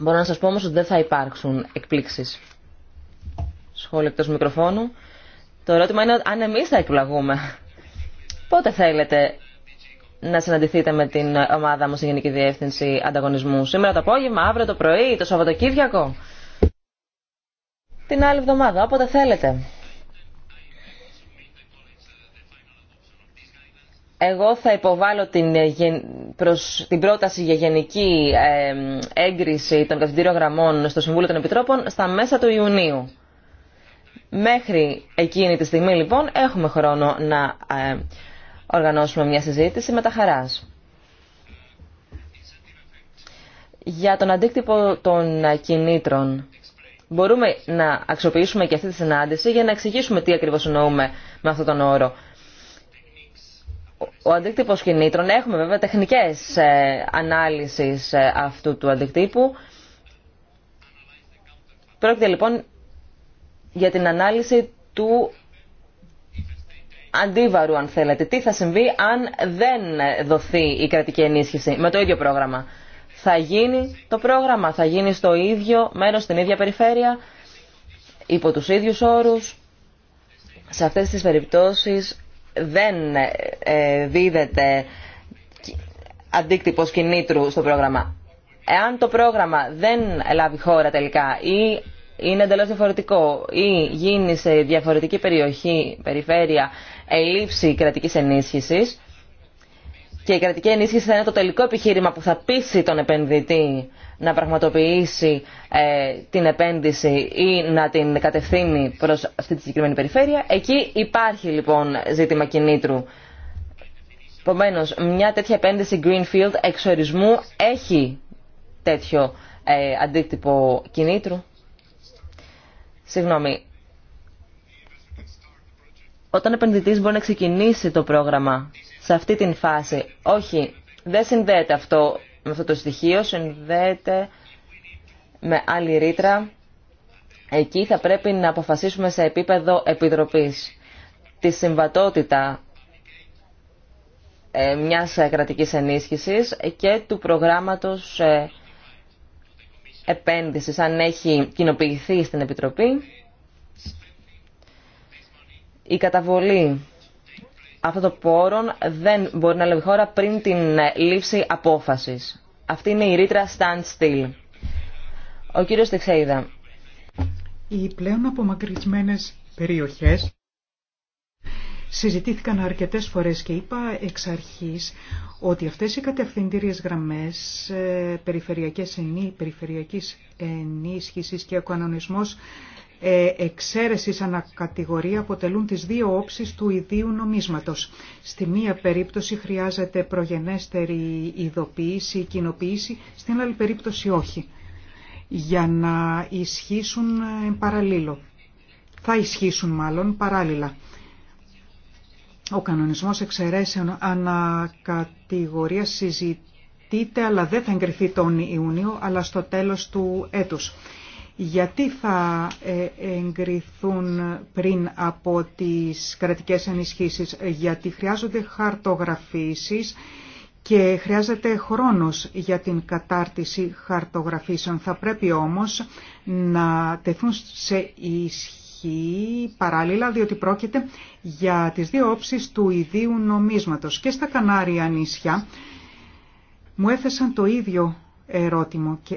Μπορώ να σας πω όμως ότι δεν θα υπάρξουν εκπλήξεις. Σχόλιο εκτός μικροφώνου. Το ερώτημα είναι αν εμείς θα εκπλαγούμε. Πότε θέλετε να συναντηθείτε με την ομάδα μου στη Γενική Διεύθυνση Ανταγωνισμού. Σήμερα το απόγευμα, αύριο το πρωί, το Σαββατοκύριακο. Την άλλη εβδομάδα, όποτε θέλετε. Εγώ θα υποβάλω την, ε, την πρόταση για γενική ε, έγκριση των καθητήριων γραμμών στο Συμβούλιο των Επιτρόπων στα μέσα του Ιουνίου. Μέχρι εκείνη τη στιγμή λοιπόν έχουμε χρόνο να ε, οργανώσουμε μια συζήτηση με τα χαράς. Για τον αντίκτυπο των κινήτρων μπορούμε να αξιοποιήσουμε και αυτή τη συνάντηση για να εξηγήσουμε τι ακριβώς εννοούμε με αυτόν τον όρο ο αντίκτυπος κινήτρων. Έχουμε βέβαια τεχνικές ε, ανάλυσης ε, αυτού του αντικτύπου. Πρόκειται λοιπόν για την ανάλυση του αντίβαρου, αν θέλετε. Τι θα συμβεί αν δεν δοθεί η κρατική ενίσχυση με το ίδιο πρόγραμμα. Θα γίνει το πρόγραμμα, θα γίνει στο ίδιο μέρος, στην ίδια περιφέρεια, υπό τους ίδιους όρους. Σε αυτές τις περιπτώσεις δεν ε, δίδεται αντίκτυπος κινήτρου στο πρόγραμμα. Εάν το πρόγραμμα δεν λάβει χώρα τελικά ή είναι εντελώ διαφορετικό ή γίνει σε διαφορετική περιοχή, περιφέρεια, ελλείψη κρατικής ενίσχυσης, και η κρατική ενίσχυση θα είναι το τελικό επιχείρημα που θα πείσει τον επενδυτή να πραγματοποιήσει ε, την επένδυση ή να την κατευθύνει προς αυτή τη συγκεκριμένη περιφέρεια. Εκεί υπάρχει λοιπόν ζήτημα κινήτρου. Επομένω, μια τέτοια επένδυση Greenfield εξορισμού έχει τέτοιο ε, αντίκτυπο κινήτρου. Συγγνώμη. Όταν ο επενδυτής μπορεί να ξεκινήσει το πρόγραμμα σε αυτή την φάση. Όχι, δεν συνδέεται αυτό με αυτό το στοιχείο, συνδέεται με άλλη ρήτρα. Εκεί θα πρέπει να αποφασίσουμε σε επίπεδο επιτροπής τη συμβατότητα ε, μιας κρατικής ενίσχυσης και του προγράμματος ε, επένδυσης, αν έχει κοινοποιηθεί στην Επιτροπή. Η καταβολή αυτό το πόρον δεν μπορεί να λάβει χώρα πριν την ε, λήψη απόφασης. Αυτή είναι η ρήτρα standstill. Ο κύριος Τεξέιδα. Οι πλέον απομακρυσμένες περιοχές συζητήθηκαν αρκετές φορές και είπα εξ αρχής ότι αυτές οι κατευθυντήριες γραμμές ε, περιφερειακής ενίσχυσης και ο ε, εξαίρεσης ανακατηγορία αποτελούν τις δύο όψεις του ιδίου νομίσματος. Στη μία περίπτωση χρειάζεται προγενέστερη ειδοποίηση ή κοινοποίηση, στην άλλη περίπτωση όχι, για να ισχύσουν ε, παραλλήλο. Θα ισχύσουν μάλλον παράλληλα. Ο κανονισμός εξαιρέσεων ανακατηγορία συζητείται, αλλά δεν θα εγκριθεί τον Ιούνιο, αλλά στο τέλος του έτους γιατί θα ε, εγκριθούν πριν από τις κρατικές ενισχύσεις, γιατί χρειάζονται χαρτογραφήσεις και χρειάζεται χρόνος για την κατάρτιση χαρτογραφήσεων. Θα πρέπει όμως να τεθούν σε ισχύ παράλληλα, διότι πρόκειται για τις δύο όψεις του ιδίου νομίσματος. Και στα Κανάρια νησιά μου έθεσαν το ίδιο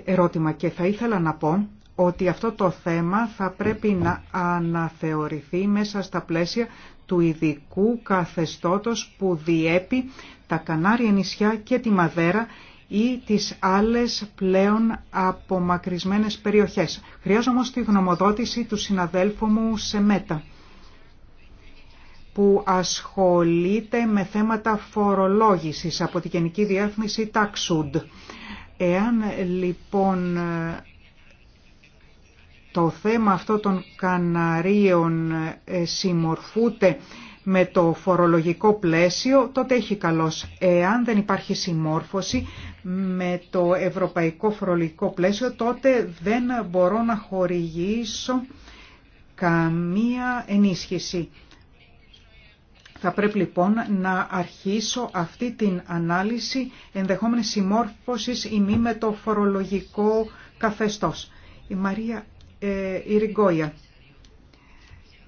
ερώτημα και θα ήθελα να πω ότι αυτό το θέμα θα πρέπει να αναθεωρηθεί μέσα στα πλαίσια του ειδικού καθεστώτος που διέπει τα Κανάρια νησιά και τη Μαδέρα ή τις άλλες πλέον απομακρυσμένες περιοχές. Χρειάζομαι όμως τη γνωμοδότηση του συναδέλφου μου Σεμέτα που ασχολείται με θέματα φορολόγησης από τη Γενική Διεύθυνση Ταξούντ. Εάν λοιπόν το θέμα αυτό των Καναρίων ε, συμμορφούται με το φορολογικό πλαίσιο, τότε έχει καλώς. Εάν δεν υπάρχει συμμόρφωση με το ευρωπαϊκό φορολογικό πλαίσιο, τότε δεν μπορώ να χορηγήσω καμία ενίσχυση. Θα πρέπει λοιπόν να αρχίσω αυτή την ανάλυση ενδεχόμενης συμμόρφωσης ή μη με το φορολογικό καθεστώς. Η Μαρία ε, Ριγκόια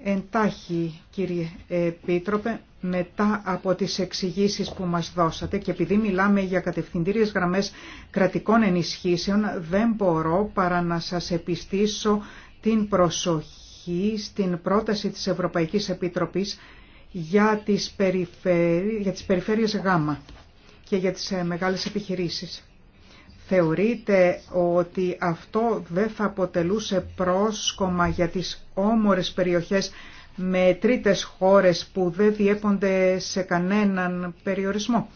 Εντάχει, κύριε Επίτροπε, μετά από τις εξηγήσεις που μας δώσατε και επειδή μιλάμε για κατευθυντήριες γραμμές κρατικών ενισχύσεων, δεν μπορώ παρά να σας επιστήσω την προσοχή στην πρόταση της Ευρωπαϊκής Επιτροπής για τις, περιφέρει... για τις περιφέρειες γάμα και για τις ε, μεγάλες επιχειρήσεις. Θεωρείτε ότι αυτό δεν θα αποτελούσε πρόσκομα για τις όμορες περιοχές με τρίτες χώρες που δεν διέπονται σε κανέναν περιορισμό.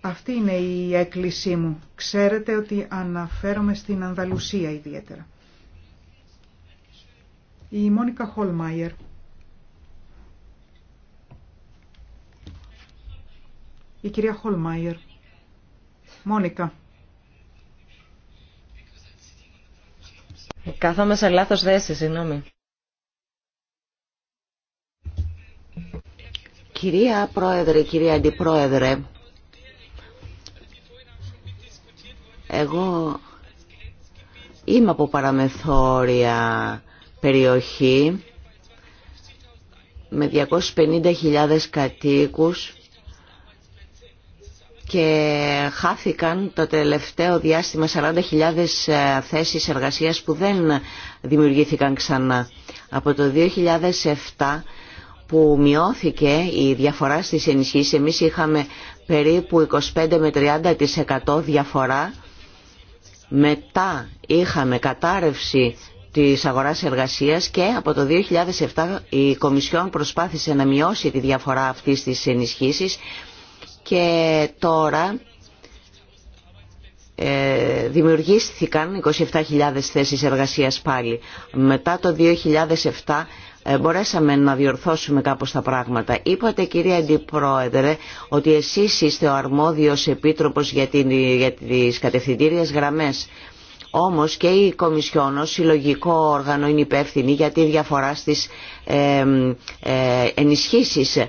Αυτή είναι η έκκλησή μου. Ξέρετε ότι αναφέρομαι στην Ανδαλουσία ιδιαίτερα. Η Μόνικα Χολμάιερ. Η κυρία Χολμάιερ. Μόνικα. Κάθομαι σε λάθος θέση, συγγνώμη. Κυρία Πρόεδρε, κυρία Αντιπρόεδρε, εγώ είμαι από παραμεθόρια περιοχή με 250.000 κατοίκους και χάθηκαν το τελευταίο διάστημα 40.000 ε, θέσεις εργασίας που δεν δημιουργήθηκαν ξανά. Από το 2007 που μειώθηκε η διαφορά στις ενισχύσεις, εμείς είχαμε περίπου 25 με 30% διαφορά. Μετά είχαμε κατάρρευση της αγοράς εργασίας και από το 2007 η Κομισιόν προσπάθησε να μειώσει τη διαφορά αυτής της ενισχύσης και τώρα ε, δημιουργήθηκαν 27.000 θέσεις εργασίας πάλι. Μετά το 2007 ε, μπορέσαμε να διορθώσουμε κάπως τα πράγματα. Είπατε κυρία Αντιπρόεδρε ότι εσείς είστε ο αρμόδιος επίτροπος για, την, για τις κατευθυντήριες γραμμές. Όμως και η Κομισιόν συλλογικό όργανο είναι υπεύθυνη για τη διαφορά στις ε, ε, ενισχύσεις. Ε,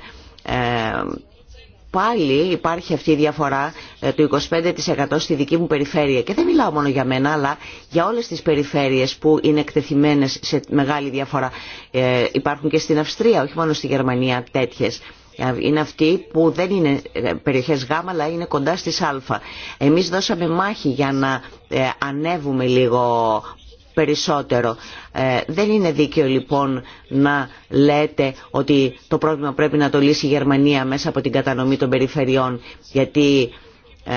πάλι υπάρχει αυτή η διαφορά ε, του 25% στη δική μου περιφέρεια. Και δεν μιλάω μόνο για μένα, αλλά για όλες τις περιφέρειες που είναι εκτεθειμένες σε μεγάλη διαφορά. Ε, υπάρχουν και στην Αυστρία, όχι μόνο στη Γερμανία τέτοιες. Ε, είναι αυτοί που δεν είναι περιοχές Γ, αλλά είναι κοντά στις Α. Εμείς δώσαμε μάχη για να ανέβουμε λίγο περισσότερο. Ε, δεν είναι δίκαιο λοιπόν να λέτε ότι το πρόβλημα πρέπει να το λύσει η Γερμανία μέσα από την κατανομή των περιφερειών γιατί ε,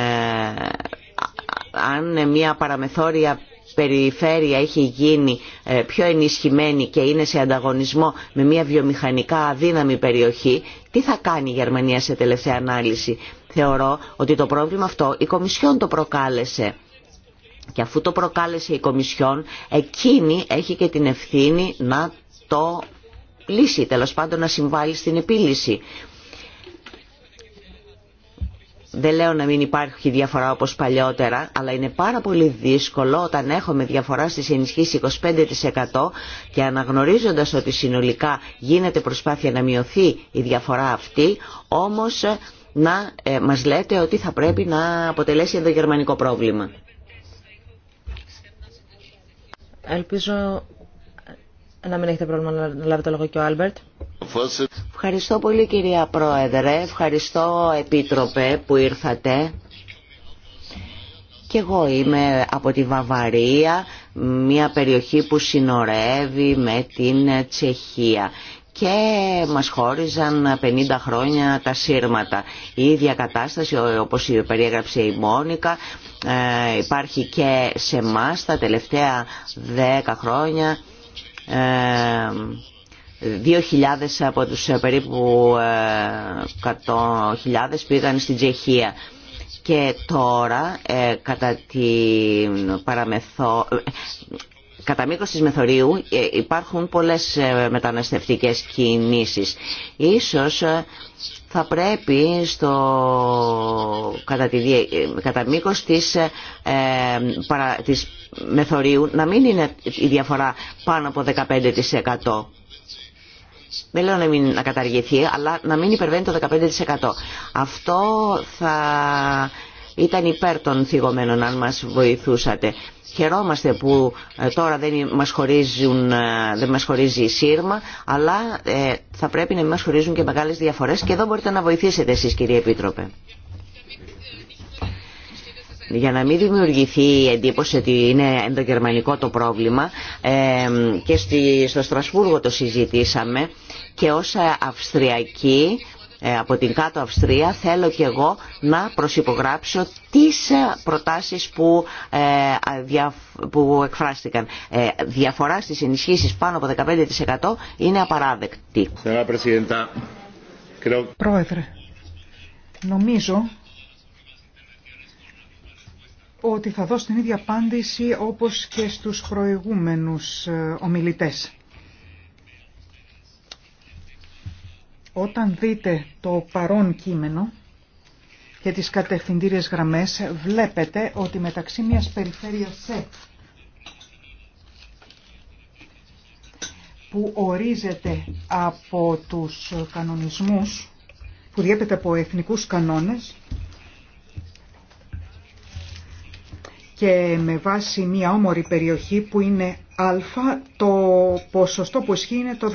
αν μια παραμεθόρια περιφέρεια έχει γίνει ε, πιο ενισχυμένη και είναι σε ανταγωνισμό με μια βιομηχανικά αδύναμη περιοχή, τι θα κάνει η Γερμανία σε τελευταία ανάλυση. Θεωρώ ότι το πρόβλημα αυτό η Κομισιόν το προκάλεσε και αφού το προκάλεσε η Κομισιόν, εκείνη έχει και την ευθύνη να το λύσει, τέλος πάντων να συμβάλλει στην επίλυση. Δεν λέω να μην υπάρχει διαφορά όπως παλιότερα, αλλά είναι πάρα πολύ δύσκολο όταν έχουμε διαφορά στις ενισχύσεις 25% και αναγνωρίζοντας ότι συνολικά γίνεται προσπάθεια να μειωθεί η διαφορά αυτή, όμως να ε, μας λέτε ότι θα πρέπει να αποτελέσει γερμανικό πρόβλημα. Ελπίζω να μην έχετε πρόβλημα να λάβετε λόγο και ο Άλμπερτ. Ευχαριστώ πολύ κυρία Πρόεδρε, ευχαριστώ Επίτροπε που ήρθατε. Και εγώ είμαι από τη Βαβαρία, μια περιοχή που συνορεύει με την Τσεχία και μας χώριζαν 50 χρόνια τα σύρματα. Η ίδια κατάσταση όπως περιέγραψε η Μόνικα ε, υπάρχει και σε μας τα τελευταία 10 χρόνια 2.000 ε, από τους ε, περίπου 100.000 πήγαν στην Τσεχία. Και τώρα κατά την παραμεθό κατά μήκος της Μεθορίου ε, υπάρχουν πολλές ε, μεταναστευτικές κινήσεις. Ίσως ε, θα πρέπει στο, κατά, τη, κατά μήκος της, της Μεθορίου να μην είναι η διαφορά πάνω από 15%. Δεν λέω να, μην, να καταργηθεί, αλλά να μην υπερβαίνει το 15%. Αυτό θα ήταν υπέρ των θυγωμένων αν μας βοηθούσατε. Χαιρόμαστε που ε, τώρα δεν μας, χωρίζουν, ε, δεν χωρίζει η σύρμα, αλλά ε, θα πρέπει να μας χωρίζουν και μεγάλες διαφορές και εδώ μπορείτε να βοηθήσετε εσείς κύριε Επίτροπε. Για να μην δημιουργηθεί η εντύπωση ότι είναι ενδογερμανικό το πρόβλημα και στο Στρασβούργο το συζητήσαμε και όσα Αυστριακή ε, από την κάτω Αυστρία θέλω και εγώ να προσυπογράψω τις ε, προτάσεις που, ε, που εκφράστηκαν. Διαφορά στις ενισχύσεις πάνω από 15% είναι απαράδεκτη. Πρόεδρε, νομίζω ότι θα δώσω την ίδια απάντηση όπως και στους προηγούμενους ομιλητές. Όταν δείτε το παρόν κείμενο και τις κατευθυντήριες γραμμές, βλέπετε ότι μεταξύ μιας περιφέρειας ΣΕ που ορίζεται από τους κανονισμούς, που διέπεται από εθνικούς κανόνες, και με βάση μια όμορη περιοχή που είναι α, το ποσοστό που ισχύει είναι το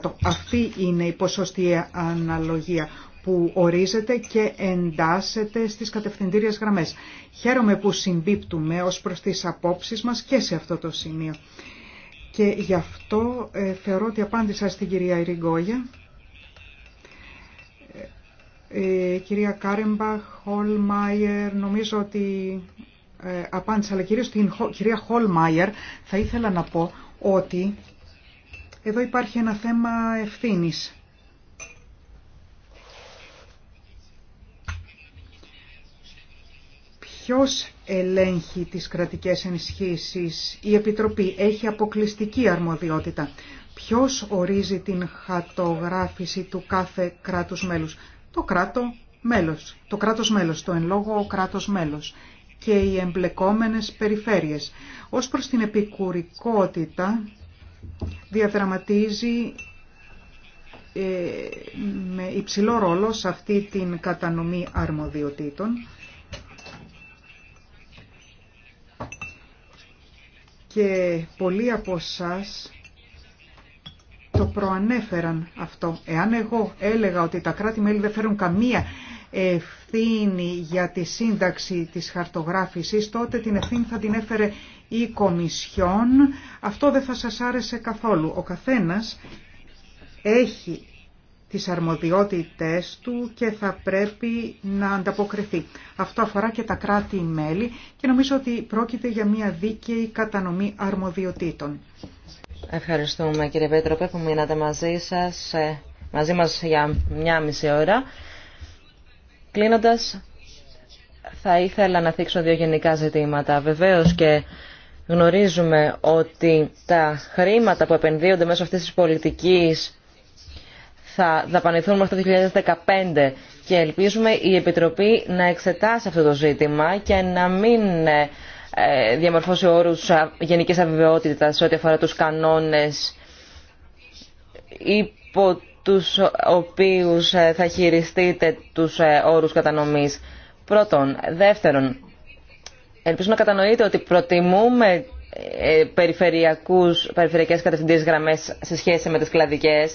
15%. Αυτή είναι η ποσοστή αναλογία που ορίζεται και εντάσσεται στις κατευθυντήριες γραμμές. Χαίρομαι που συμπίπτουμε ως προς τις απόψεις μας και σε αυτό το σημείο. Και γι' αυτό ε, θεωρώ ότι απάντησα στην κυρία Ιριγκόγια. Ε, ε, κυρία Κάρεμπαχ, Χολμάιερ, νομίζω ότι ε, απάντηση, αλλά κυρίως την κυρία Χολμάιερ θα ήθελα να πω ότι εδώ υπάρχει ένα θέμα ευθύνης. Ποιος ελέγχει τις κρατικές ενισχύσεις. Η Επιτροπή έχει αποκλειστική αρμοδιότητα. Ποιος ορίζει την χατογράφηση του κάθε κράτους μέλους. Το κράτο μέλος. Το κράτος μέλος. Το εν λόγω κράτος μέλος και οι εμπλεκόμενες περιφέρειες. Ως προς την επικουρικότητα διαδραματίζει ε, με υψηλό ρόλο σε αυτή την κατανομή αρμοδιοτήτων και πολλοί από εσά το προανέφεραν αυτό. Εάν εγώ έλεγα ότι τα κράτη-μέλη δεν φέρουν καμία ευθύνη για τη σύνταξη της χαρτογράφησης, τότε την ευθύνη θα την έφερε η Κομισιόν. Αυτό δεν θα σας άρεσε καθόλου. Ο καθένας έχει τις αρμοδιότητές του και θα πρέπει να ανταποκριθεί. Αυτό αφορά και τα κράτη-μέλη και νομίζω ότι πρόκειται για μια δίκαιη κατανομή αρμοδιοτήτων. Ευχαριστούμε κύριε Πέτροπε που μείνατε μαζί σας, ε, μαζί μας για μια μισή ώρα. Κλείνοντας, θα ήθελα να θίξω δύο γενικά ζητήματα. Βεβαίως και γνωρίζουμε ότι τα χρήματα που επενδύονται μέσω αυτής της πολιτικής θα δαπανηθούν μέχρι το 2015 και ελπίζουμε η Επιτροπή να εξετάσει αυτό το ζήτημα και να μην ε, διαμορφώσει όρους γενικής αβεβαιότητας σε ό,τι αφορά τους κανόνες υπό τους οποίους ε, θα χειριστείτε τους ε, όρους κατανομής. Πρώτον. Δεύτερον, ελπίζω να κατανοείτε ότι προτιμούμε ε, περιφερειακούς, περιφερειακές κατευθυντήριες γραμμές σε σχέση με τις κλαδικές,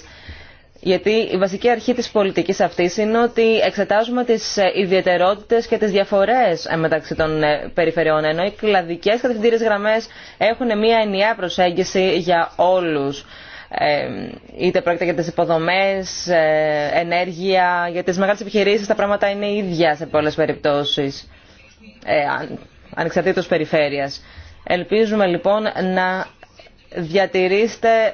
γιατί η βασική αρχή της πολιτικής αυτής είναι ότι εξετάζουμε τις ιδιαιτερότητες και τις διαφορές μεταξύ των περιφερειών, ενώ οι κλαδικές κατευθυντήριες γραμμές έχουν μια ενιαία προσέγγιση για όλους είτε πρόκειται για τις υποδομές, ε, ενέργεια, για τις μεγάλες επιχειρήσεις τα πράγματα είναι ίδια σε πολλές περιπτώσεις, ε, ανεξαρτήτως περιφέρειας. Ελπίζουμε λοιπόν να διατηρήσετε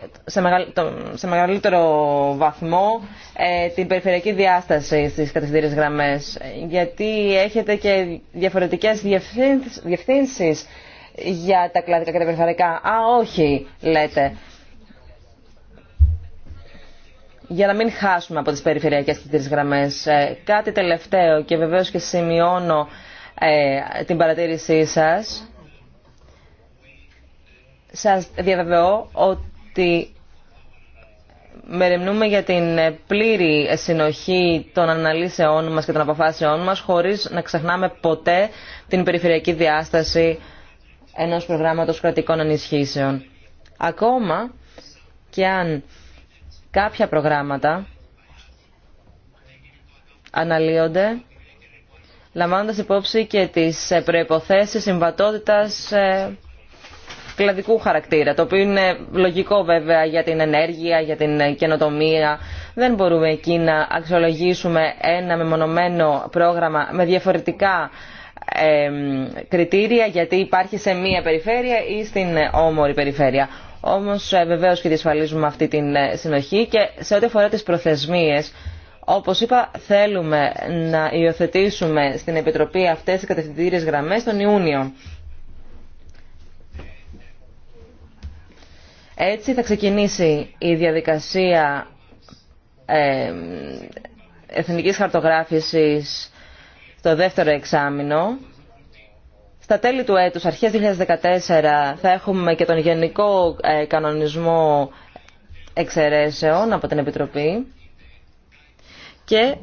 σε μεγαλύτερο βαθμό ε, την περιφερειακή διάσταση στις κατευθυντήριες γραμμές γιατί έχετε και διαφορετικές διευθύνσεις για τα κλαδικά και τα περιφερειακά. Α, όχι, λέτε για να μην χάσουμε από τις περιφερειακές και τις γραμμές. Ε, κάτι τελευταίο και βεβαίως και σημειώνω ε, την παρατήρησή σας. Σας διαβεβαιώ ότι μερεμνούμε για την πλήρη συνοχή των αναλύσεών μας και των αποφάσεών μας χωρίς να ξεχνάμε ποτέ την περιφερειακή διάσταση ενός προγράμματος κρατικών ενισχύσεων. Ακόμα και αν Κάποια προγράμματα αναλύονται λαμβάνοντας υπόψη και τις ε, προϋποθέσεις συμβατότητας ε, κλαδικού χαρακτήρα, το οποίο είναι λογικό βέβαια για την ενέργεια, για την ε, καινοτομία. Δεν μπορούμε εκεί να αξιολογήσουμε ένα μεμονωμένο πρόγραμμα με διαφορετικά κριτήρια γιατί υπάρχει σε μία περιφέρεια ή στην όμορη περιφέρεια. Όμω, ε, βεβαίω και διασφαλίζουμε αυτή την ε, συνοχή και σε ό,τι αφορά τι προθεσμίε, όπως είπα θέλουμε να υιοθετήσουμε στην Επιτροπή αυτές τι κατευθυντήριες γραμμέ τον Ιούνιο. Έτσι θα ξεκινήσει η διαδικασία ε, εθνικής χαρτογράφησης το δεύτερο εξάμεινο στα τέλη του έτους, αρχές 2014, θα έχουμε και τον Γενικό ε, Κανονισμό Εξαιρέσεων από την Επιτροπή και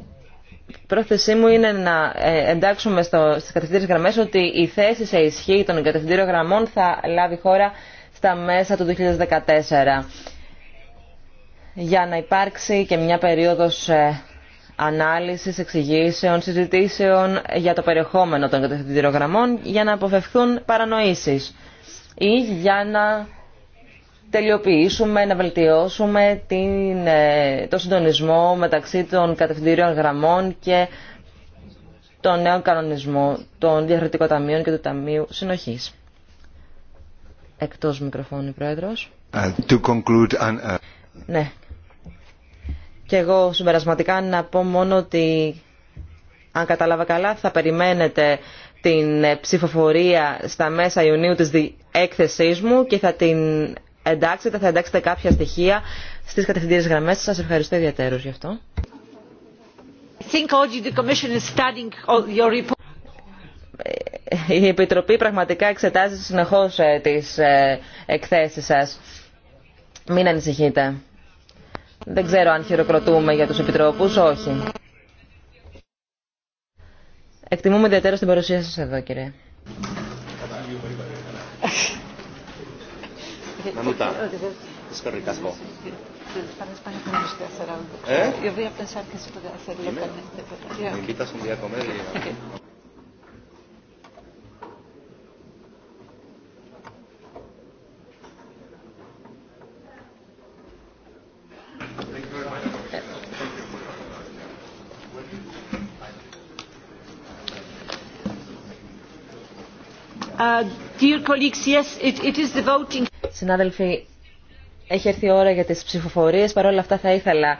η πρόθεσή μου είναι να ε, εντάξουμε στο, στις κατευθυντήριες γραμμές ότι η θέση σε ισχύ των κατευθυντήριων γραμμών θα λάβει χώρα στα μέσα του 2014 για να υπάρξει και μια περίοδος ε, Ανάλυση εξηγήσεων, συζητήσεων για το περιεχόμενο των γραμμών για να αποφευθούν παρανοήσει ή για να τελειοποιήσουμε, να βελτιώσουμε την, ε, το συντονισμό μεταξύ των κατευθυντήριων γραμμών και των νέων κανονισμών των διαχρητικών ταμείων και του Ταμείου Συνοχής. Εκτός μικροφώνου, Πρόεδρος. Uh, to uh, ναι. Και εγώ συμπερασματικά να πω μόνο ότι αν κατάλαβα καλά θα περιμένετε την ψηφοφορία στα μέσα Ιουνίου της έκθεσής μου και θα την εντάξετε, θα εντάξετε κάποια στοιχεία στις κατευθυντήριες γραμμές. Σας ευχαριστώ ιδιαίτερως γι' αυτό. Η Επιτροπή πραγματικά εξετάζει συνεχώς ε, τις ε, εκθέσεις σας. Μην ανησυχείτε. Δεν ξέρω αν χειροκροτούμε για τους επιτρόπους, όχι. Εκτιμούμε ιδιαίτερα στην παρουσία σας εδώ, κύριε. Ε? ε? Uh, Συνάδελφοι, έχει έρθει η ώρα για τις ψηφοφορίες. Παρ' όλα αυτά θα ήθελα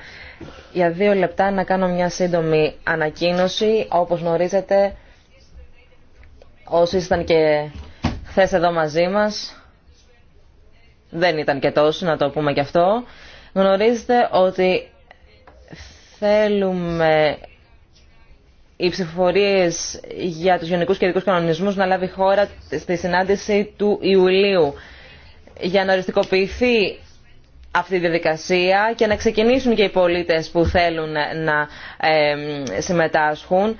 για δύο λεπτά να κάνω μια σύντομη ανακοίνωση. Όπως γνωρίζετε, όσοι ήταν και χθε εδώ μαζί μας, δεν ήταν και τόσο, να το πούμε και αυτό. Γνωρίζετε ότι θέλουμε οι ψηφοφορίε για τους γενικούς και ειδικούς κανονισμούς να λάβει χώρα στη συνάντηση του Ιουλίου για να οριστικοποιηθεί αυτή η διαδικασία και να ξεκινήσουν και οι πολίτες που θέλουν να συμμετάσχουν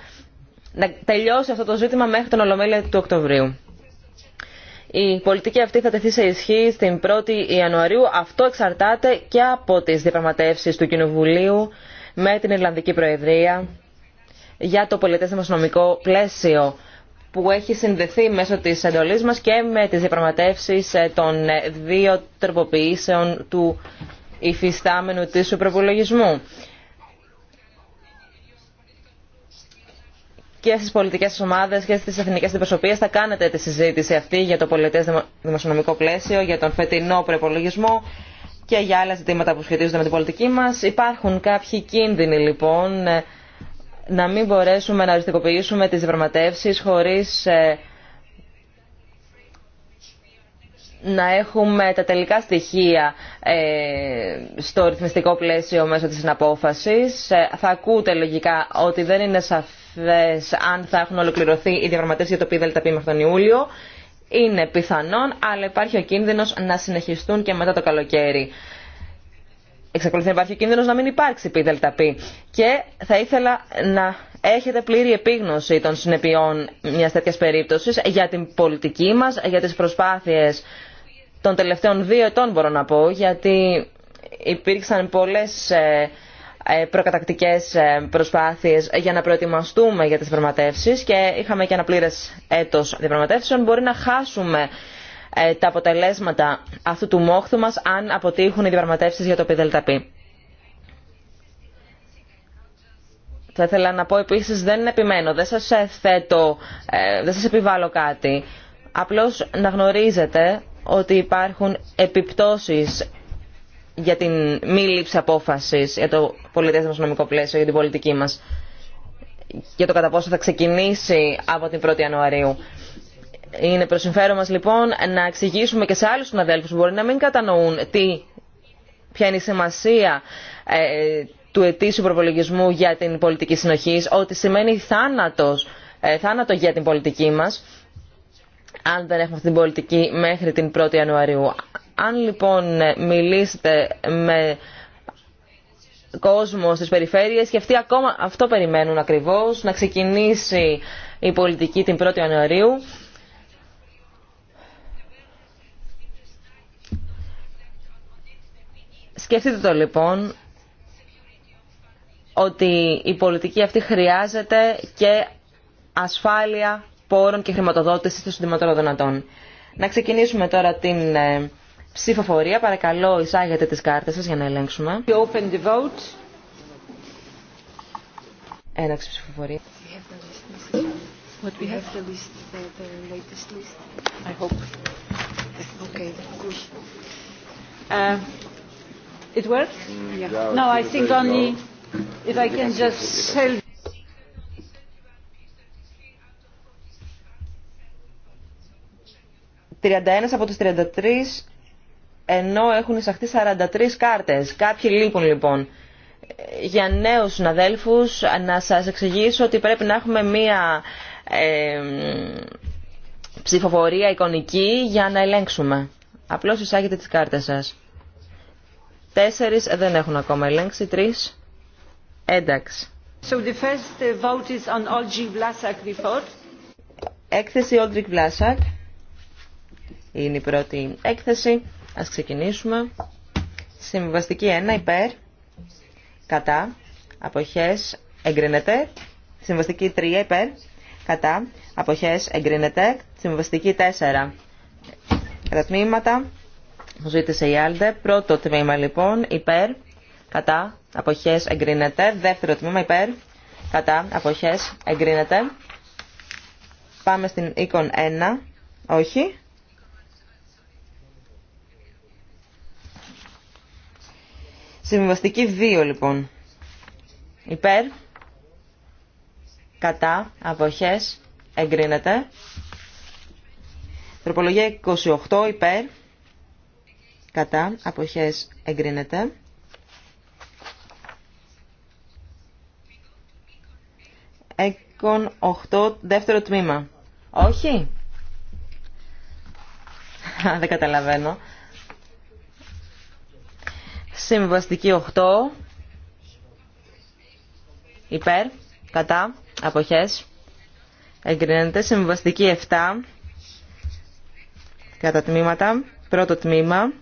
να τελειώσει αυτό το ζήτημα μέχρι τον Ολομέλεια του Οκτωβρίου. Η πολιτική αυτή θα τεθεί σε ισχύ στην 1η Ιανουαρίου. Αυτό εξαρτάται και από τις διαπραγματεύσεις του Κοινοβουλίου με την Ιρλανδική Προεδρία για το πολιτές δημοσιονομικό πλαίσιο που έχει συνδεθεί μέσω της εντολής μας και με τις διαπραγματεύσεις ε, των ε, δύο τροποποιήσεων του υφιστάμενου τίσου προπολογισμού. και στι πολιτικέ ομάδε και στι εθνικέ αντιπροσωπείε θα κάνετε τη συζήτηση αυτή για το πολιτέ δημοσιονομικό πλαίσιο, για τον φετινό προπολογισμό και για άλλα ζητήματα που σχετίζονται με την πολιτική μα. Υπάρχουν κάποιοι κίνδυνοι λοιπόν ε, να μην μπορέσουμε να οριστικοποιήσουμε τι διαπραγματεύσει χωρί ε, να έχουμε τα τελικά στοιχεία ε, στο ρυθμιστικό πλαίσιο μέσω της συναπόφασης. Θα ακούτε λογικά ότι δεν είναι σαφή αν θα έχουν ολοκληρωθεί οι διαπραγματεύσει για το ΠΔΠ μέχρι τον Ιούλιο. Είναι πιθανόν, αλλά υπάρχει ο κίνδυνος να συνεχιστούν και μετά το καλοκαίρι. Εξακολουθεί να υπάρχει ο κίνδυνο να μην υπάρξει ΠΔΠ. Και θα ήθελα να έχετε πλήρη επίγνωση των συνεπειών μιας τέτοια περίπτωση για την πολιτική μα για τι προσπάθειες των τελευταίων δύο ετών μπορώ να πω, γιατί υπήρξαν πολλές ε, ε, προκατακτικές ε, προσπάθειες για να προετοιμαστούμε για τις διαπραγματεύσεις και είχαμε και ένα πλήρες έτος διαπραγματεύσεων. Μπορεί να χάσουμε ε, τα αποτελέσματα αυτού του μόχθου μας αν αποτύχουν οι διαπραγματεύσεις για το ΠΔΛΤΑΠΗ. Θα ήθελα να πω επίσης δεν επιμένω, δεν σας θέτω, δεν σας επιβάλλω κάτι. Απλώς να γνωρίζετε ότι υπάρχουν επιπτώσεις για την μη λήψη απόφασης για το πολιτεύθυνο νομικό πλαίσιο, για την πολιτική μα για το κατά πόσο θα ξεκινήσει από την 1η Ιανουαρίου. Είναι προ συμφέρον λοιπόν να εξηγήσουμε και σε άλλου συναδέλφου που μπορεί να μην κατανοούν τι, ποια είναι η σημασία ε, του ετήσιου προπολογισμού για την πολιτική συνοχή, ότι σημαίνει θάνατος, ε, θάνατο για την πολιτική μα αν δεν έχουμε αυτή την πολιτική μέχρι την 1η Ιανουαρίου. Αν λοιπόν μιλήσετε με κόσμο στις περιφέρειες και αυτοί ακόμα αυτό περιμένουν ακριβώς, να ξεκινήσει η πολιτική την 1η Ιανουαρίου. Σκεφτείτε το λοιπόν ότι η πολιτική αυτή χρειάζεται και ασφάλεια πόρων και χρηματοδότηση των συντηματών. Να ξεκινήσουμε τώρα την ε, ψηφοφορία. Παρακαλώ, εισάγετε τις κάρτες σας για να ελέγξουμε. Open the vote. Έναξη ψηφοφορία. What we have the list, the, the latest list. I hope. Okay, good. Uh, it works? Yeah. No, I think only if I can just sell. Τριάντα από τους 33 ενώ έχουν εισαχθεί 43 κάρτες. Κάποιοι λείπουν λοιπόν. Για νέους συναδέλφους να σας εξηγήσω ότι πρέπει να έχουμε μία ψηφοφορία εικονική για να ελέγξουμε. Απλώς εισάγετε τις κάρτες σας. Τέσσερις δεν έχουν ακόμα ελέγξει, τρεις. Ένταξη. Uh, on Έκθεση Ολτρικ Vlasak. Είναι η πρώτη έκθεση. Ας ξεκινήσουμε. Συμβαστική 1 υπέρ, κατά, αποχές, εγκρίνεται. Συμβαστική 3 υπέρ, κατά, αποχές, εγκρίνεται. Συμβαστική 4. Κατά τμήματα, ζήτησε η Άλντε. Πρώτο τμήμα λοιπόν, υπέρ, κατά, αποχές, εγκρίνεται. Δεύτερο τμήμα υπέρ, κατά, αποχές, εγκρίνεται. Πάμε στην οίκον 1. Όχι. Συμβιβαστική 2 λοιπόν. Υπέρ. Κατά. Αποχές. Εγκρίνεται. Τροπολογία 28. Υπέρ. Κατά. Αποχές. Εγκρίνεται. Έκον 8. Δεύτερο τμήμα. Όχι. Δεν καταλαβαίνω. Συμβαστική 8. Υπέρ. Κατά. Αποχές. Εγκρίνεται. Συμβαστική 7. Κατά τμήματα. Πρώτο τμήμα.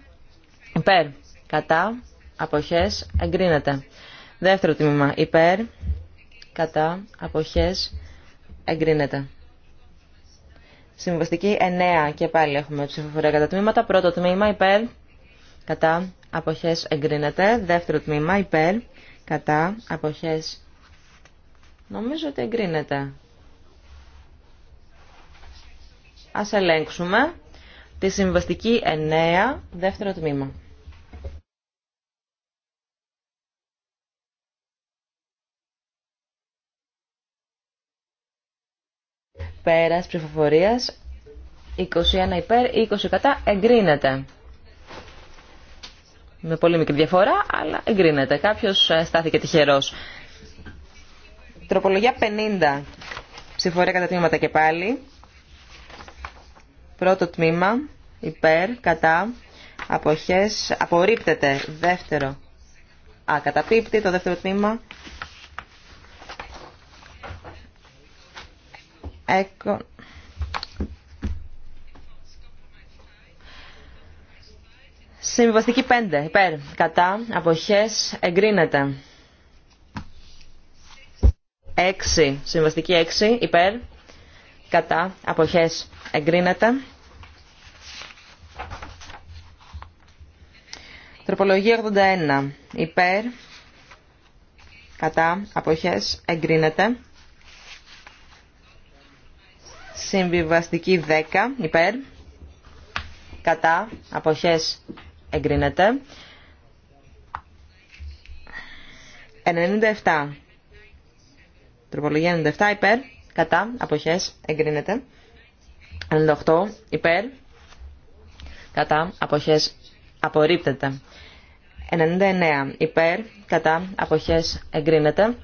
Υπέρ. Κατά. Αποχές. Εγκρίνεται. Δεύτερο τμήμα. Υπέρ. Κατά. Αποχές. Εγκρίνεται. Συμβαστική 9 και πάλι έχουμε ψηφοφορία κατά τμήματα. Πρώτο τμήμα υπέρ, κατά, αποχές εγκρίνεται. Δεύτερο τμήμα υπέρ, κατά, αποχές νομίζω ότι εγκρίνεται. Ας ελέγξουμε τη συμβαστική 9, δεύτερο τμήμα. Πέρας ψηφοφορίας, 21 υπέρ, 20 κατά, εγκρίνεται με πολύ μικρή διαφορά, αλλά εγκρίνεται. Κάποιος ε, στάθηκε τυχερός. Τροπολογία 50. Ψηφορία κατά τμήματα και πάλι. Πρώτο τμήμα, υπέρ, κατά, αποχές, απορρίπτεται. Δεύτερο, α, καταπίπτει το δεύτερο τμήμα. Έκο, Συμβιβαστική 5. Υπέρ. Κατά. Αποχές. Εγκρίνεται. 6. Συμβαστική 6. Υπέρ. Κατά. Αποχές. Εγκρίνεται. Τροπολογία 81. Υπέρ. Κατά. Αποχές. Εγκρίνεται. Συμβιβαστική 10. Υπέρ. Κατά. Αποχές εγκρίνεται. 97. Τροπολογία 97 υπέρ, κατά, αποχές, εγκρίνεται. 98 υπέρ, κατά, αποχές, απορρίπτεται. 99 υπέρ, κατά, αποχές, εγκρίνεται.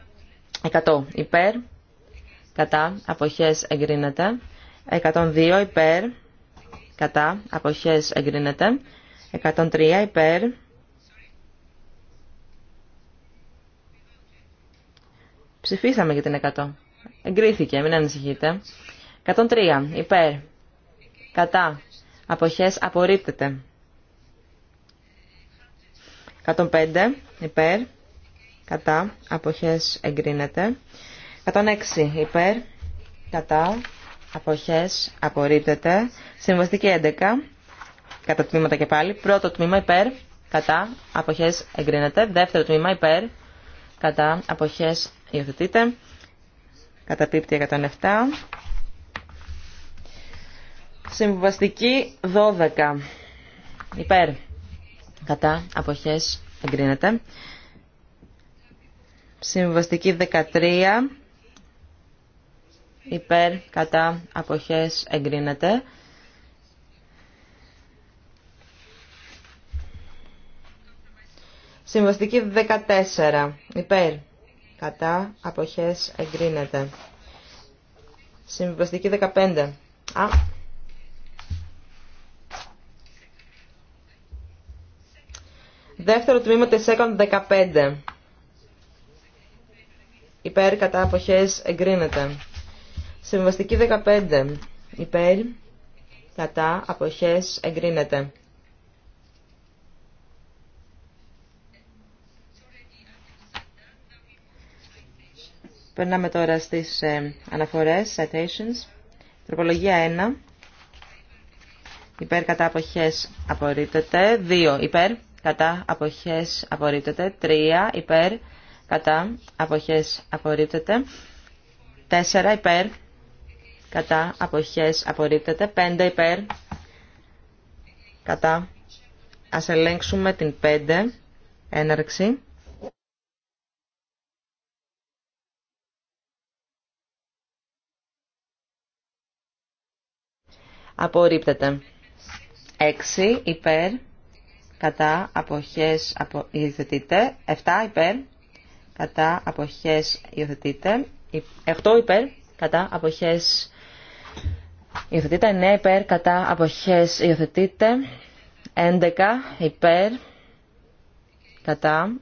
100 υπέρ, κατά, αποχές, εγκρίνεται. 102 υπέρ, κατά, αποχές, εγκρίνεται. 103 υπέρ. Ψηφίσαμε για την 100. Εγκρίθηκε, μην ανησυχείτε. 103 υπέρ. Κατά. Αποχές απορρίπτεται. 105 υπέρ. Κατά. Αποχές εγκρίνεται. 106 υπέρ. Κατά. Αποχές απορρίπτεται. Συμβαστική 11 κατά τμήματα και πάλι. Πρώτο τμήμα υπέρ, κατά, αποχές εγκρίνεται. Δεύτερο τμήμα υπέρ, κατά, αποχές υιοθετείται. Καταπίπτει 107. Συμβουβαστική 12. Υπέρ. Κατά. Αποχές. Εγκρίνεται. Συμβουβαστική 13. Υπέρ. Κατά. Αποχές. Εγκρίνεται. Συμβαστική 14. Υπέρ. Κατά. Αποχές εγκρίνεται. Συμβαστική 15. Α. Δεύτερο τμήμα της 15. Υπέρ. Κατά. Αποχές εγκρίνεται. Συμβαστική 15. Υπέρ. Κατά. Αποχές εγκρίνεται. Περνάμε τώρα στις ε, αναφορές, citations. Τροπολογία 1. Υπέρ κατά αποχές απορρίπτεται. 2. Υπέρ κατά αποχές απορρίπτεται. 3. Υπέρ κατά αποχές απορρίπτεται. 4. Υπέρ κατά αποχές απορρίπτεται. 5. Υπέρ κατά. Ας ελέγξουμε την 5. Έναρξη. απορρίπτεται. 6 υπέρ, κατά αποχές απο... υιοθετείται. 7 υπέρ, κατά αποχές υιοθετείται. 8 υπέρ, κατά αποχές υιοθετείται. 9 υπέρ, κατά αποχές υιοθετείται. 11 υπέρ, κατά.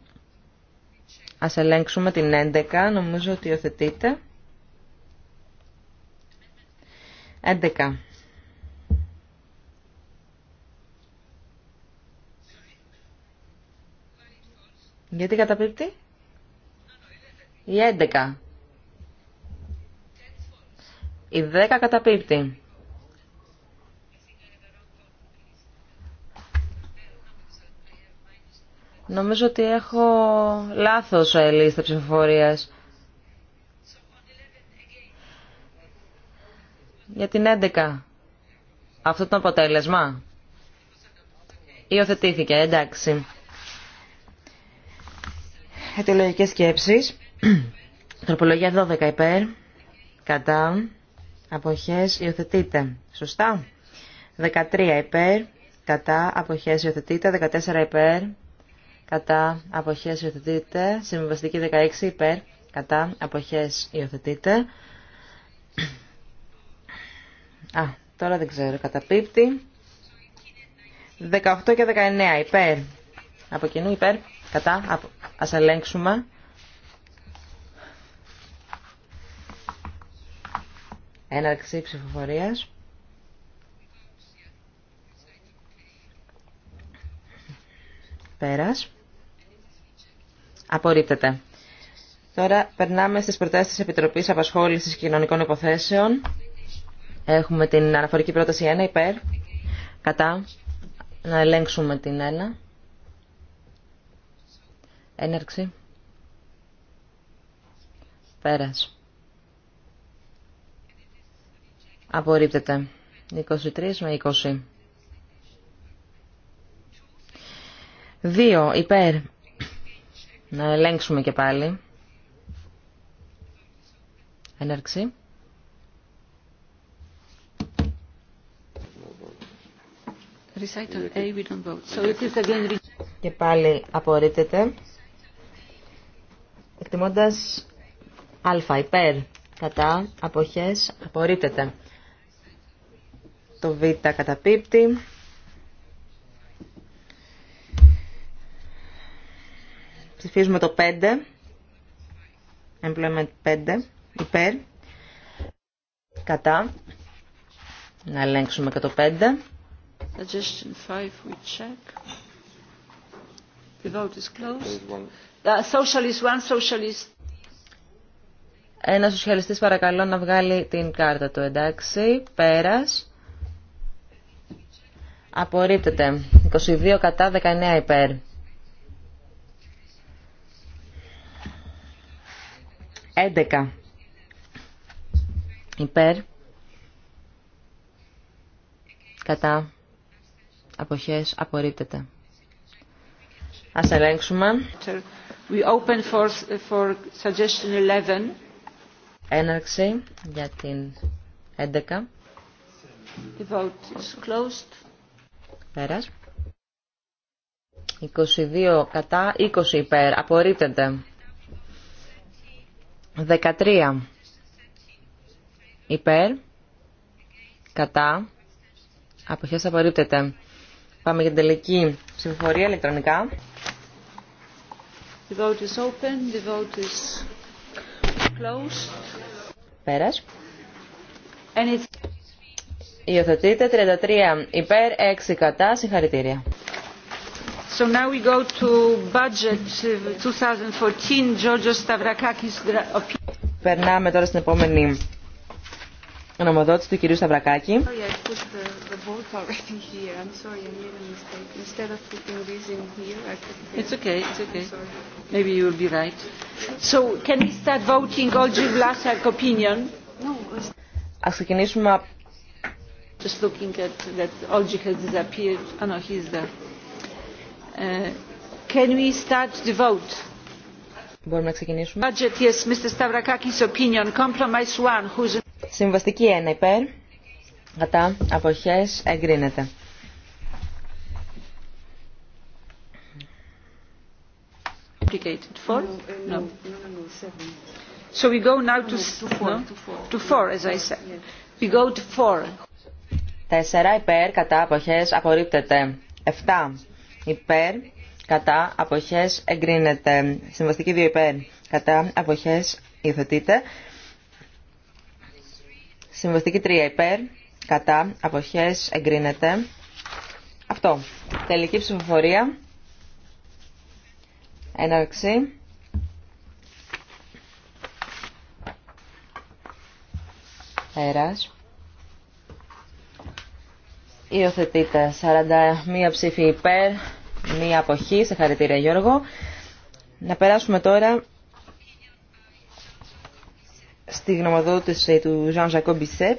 Ας ελέγξουμε την 11, νομίζω ότι υιοθετείται. 11. Γιατί καταπίπτει? Η 11. Η 10 καταπίπτει. Νομίζω ότι έχω λάθος ε, λίστα ψηφοφορίας. Για την 11. Αυτό το αποτέλεσμα. Υιοθετήθηκε, εντάξει. Αιτιολογικές σκέψεις. [CLEARS THROAT] Τροπολογία 12 υπέρ. Κατά. Αποχές υιοθετείται. Σωστά. 13 υπέρ. Κατά. Αποχές υιοθετείται. 14 υπέρ. Κατά. Αποχές υιοθετείται. Συμβαστική 16 υπέρ. Κατά. Αποχές υιοθετείται. Α, τώρα δεν ξέρω. Καταπίπτει. 18 και 19 υπέρ. Από κοινού υπέρ. Κατά. Ας ελέγξουμε. Έναρξη ψηφοφορίας. Πέρας. Απορρίπτεται. Τώρα περνάμε στις προτάσεις της Επιτροπής Απασχόλησης Κοινωνικών Υποθέσεων. Έχουμε την αναφορική πρόταση 1 υπέρ. Κατά. Να ελέγξουμε την 1. Έναρξη. Πέρας. Απορρίπτεται. 23 με 20. 2 υπέρ. Να ελέγξουμε και πάλι. Έναρξη. Και πάλι απορρίπτεται. Εκτιμώντας α υπέρ κατά αποχές απορρίπτεται. Το β καταπίπτει. Ψηφίζουμε το 5. Employment 5 υπέρ. Κατά. Να ελέγξουμε και το 5. Suggestion 5 we check. The vote is closed. Ε, Ένα σοσιαλιστή παρακαλώ να βγάλει την κάρτα του, εντάξει, πέρας. Απορρίπτεται. 22 κατά 19 υπέρ. 11 υπέρ. Κατά. Αποχές. Απορρίπτεται. Ας ελέγξουμε. We open for, suggestion 11. Έναρξη για την 11. The vote is closed. Πέρας. 22 κατά, 20 υπέρ. Απορρίπτεται. 13 υπέρ, κατά, αποχές απορρίπτεται. Πάμε για την τελική ψηφοφορία ηλεκτρονικά. The vote is open. The vote is closed. Πέρας. And it's... Υιοθετείτε 33 υπέρ 6 κατά. Συγχαρητήρια. So now we go to budget 2014, Georgios Stavrakakis. Περνάμε τώρα στην επόμενη Γνωμοδότης του κυρίου Σταυρακάκη. Ας ξεκινήσουμε Just looking at that Olgi has disappeared. Oh no, he's there. Uh, can we start the vote? Budget, yes, Mr. Stavrakakis' opinion, compromise one, who's Συμβαστική 1 υπέρ. Κατά αποχές εγκρίνεται. So we go now to, no, to four, as I said. We go to four. Τέσσερα υπέρ κατά αποχές απορρίπτεται. Εφτά υπέρ κατά αποχές εγκρίνεται. Συμβαστική δύο υπέρ κατά αποχές υιοθετείται. Συμβαστική 3 υπέρ, κατά, αποχές, εγκρίνεται. Αυτό. Τελική ψηφοφορία. Έναρξη. Έρας. Υιοθετείται 41 ψήφοι υπέρ, μία αποχή. Σε χαρακτήρια Γιώργο. Να περάσουμε τώρα στη γνωμοδότηση του Ζαν Jacques ΣΕΠ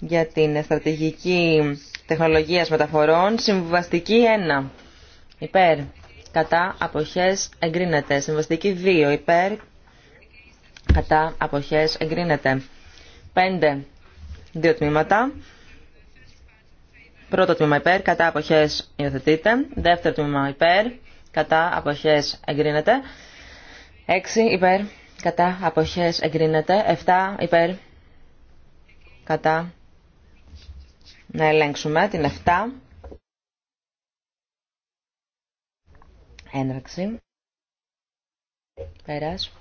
για την στρατηγική τεχνολογία μεταφορών, συμβαστική 1, υπέρ, κατά, απόχέ, εγκρίνεται. Συμβαστική 2, υπέρ, κατά, αποχές, εγκρίνεται. 5, δύο τμήματα. Πρώτο τμήμα υπέρ, κατά, αποχέ, υιοθετείται. Δεύτερο τμήμα υπέρ, κατά, απόχέ, εγκρίνεται. 6, υπέρ, Κατά αποχές εγκρίνεται. 7 υπέρ. Κατά. Να ελέγξουμε την 7. Έναρξη. Πέρας.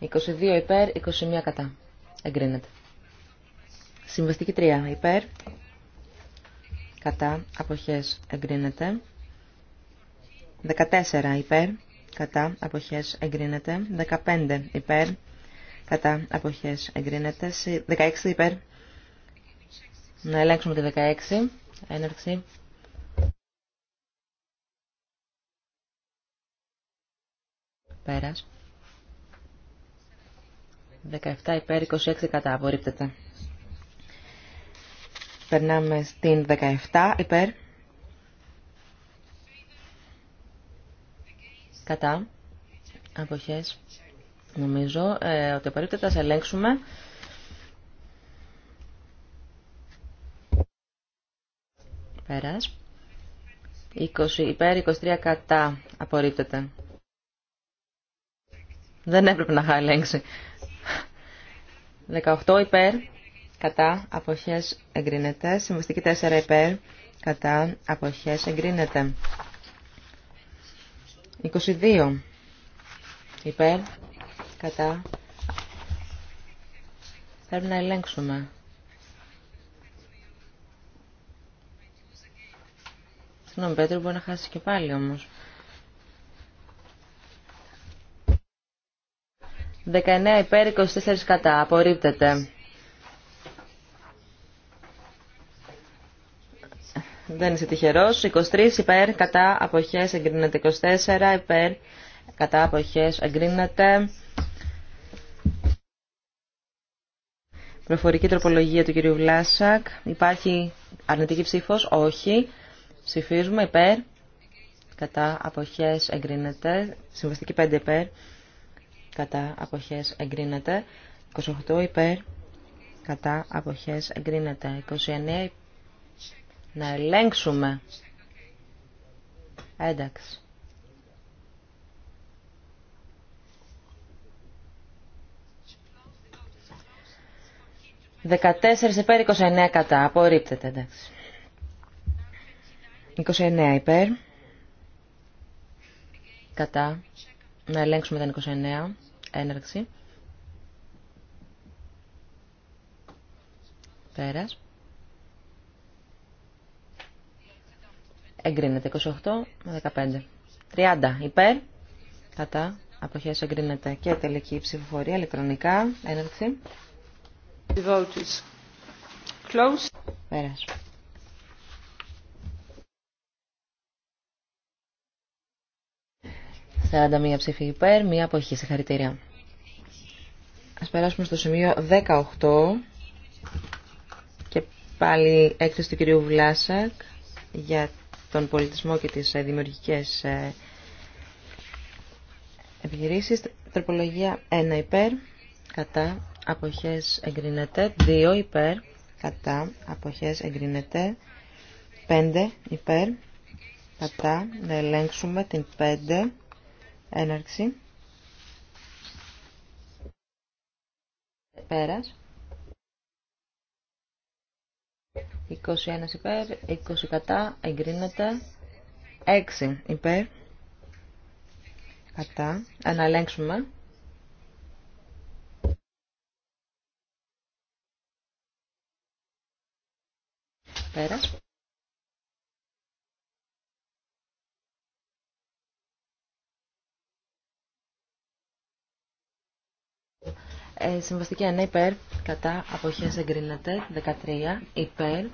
22 υπέρ, 21 κατά. Εγκρίνεται. Συμβαστική 3 υπέρ. Κατά αποχές εγκρίνεται. 14 υπέρ κατά αποχές εγκρίνεται, 15 υπέρ, κατά αποχές εγκρίνεται, 16 υπέρ, να ελέγξουμε τη 16, έναρξη. Πέρας. 17 υπέρ, 26 κατά, απορρίπτεται. Περνάμε στην 17 υπέρ, Κατά. Αποχές. Νομίζω ε, ότι απαραίτητα θα σε ελέγξουμε. Πέρας. 20 υπέρ, 23 κατά. Απορρίπτεται. Δεν έπρεπε να είχα ελέγξει. 18 υπέρ, κατά, αποχές εγκρίνεται. Συμβαστική 4 υπέρ, κατά, αποχές εγκρίνεται. 22 υπέρ, κατά. Πρέπει να ελέγξουμε. Συγγνώμη, Πέτρο, μπορεί να χάσει και πάλι όμως. 19 υπέρ, 24 κατά. Απορρίπτεται. δεν είσαι τυχερό. 23 υπέρ, κατά αποχέ εγκρίνεται. 24 υπέρ, κατά αποχέ, εγκρίνεται. Προφορική τροπολογία του κυρίου Βλάσακ. Υπάρχει αρνητική ψήφο, Όχι. Ψηφίζουμε υπέρ. Κατά αποχέ εγκρίνεται. Συμβαστική 5 υπέρ. Κατά αποχέ εγκρίνεται. 28 υπέρ. Κατά αποχέ εγκρίνεται. 29 υπέρ να ελέγξουμε. Εντάξει. 14 υπέρ, 29 κατά. Απορρίπτεται, εντάξει. 29 υπέρ. Κατά. Να ελέγξουμε τα 29. Έναρξη. Πέρας. Εγκρίνεται. 28 με 15. 30 υπέρ. Κατά. Αποχές εγκρίνεται και τελική ψηφοφορία ηλεκτρονικά. Έναρξη. The vote is closed. Σαράντα μία ψήφι υπέρ, μία αποχή. Συγχαρητήρια. Ας περάσουμε στο σημείο 18 και πάλι έκθεση του κυρίου Βλάσακ για τον πολιτισμό και τις ε, δημιουργικές ε, επιχειρήσεις. Τροπολογία 1 υπέρ, κατά, αποχές εγκρίνεται. 2 υπέρ, κατά, αποχές εγκρίνεται. 5 υπέρ, κατά, να ελέγξουμε την 5 έναρξη. Πέρας. 21 υπέρ, 20 κατά, εγκρίνεται. 6 υπέρ, κατά, αναλέξουμε. πέρα. Ε, συμβαστική 1 υπέρ, κατά, αποχές εγκρίνεται. 13 υπέρ.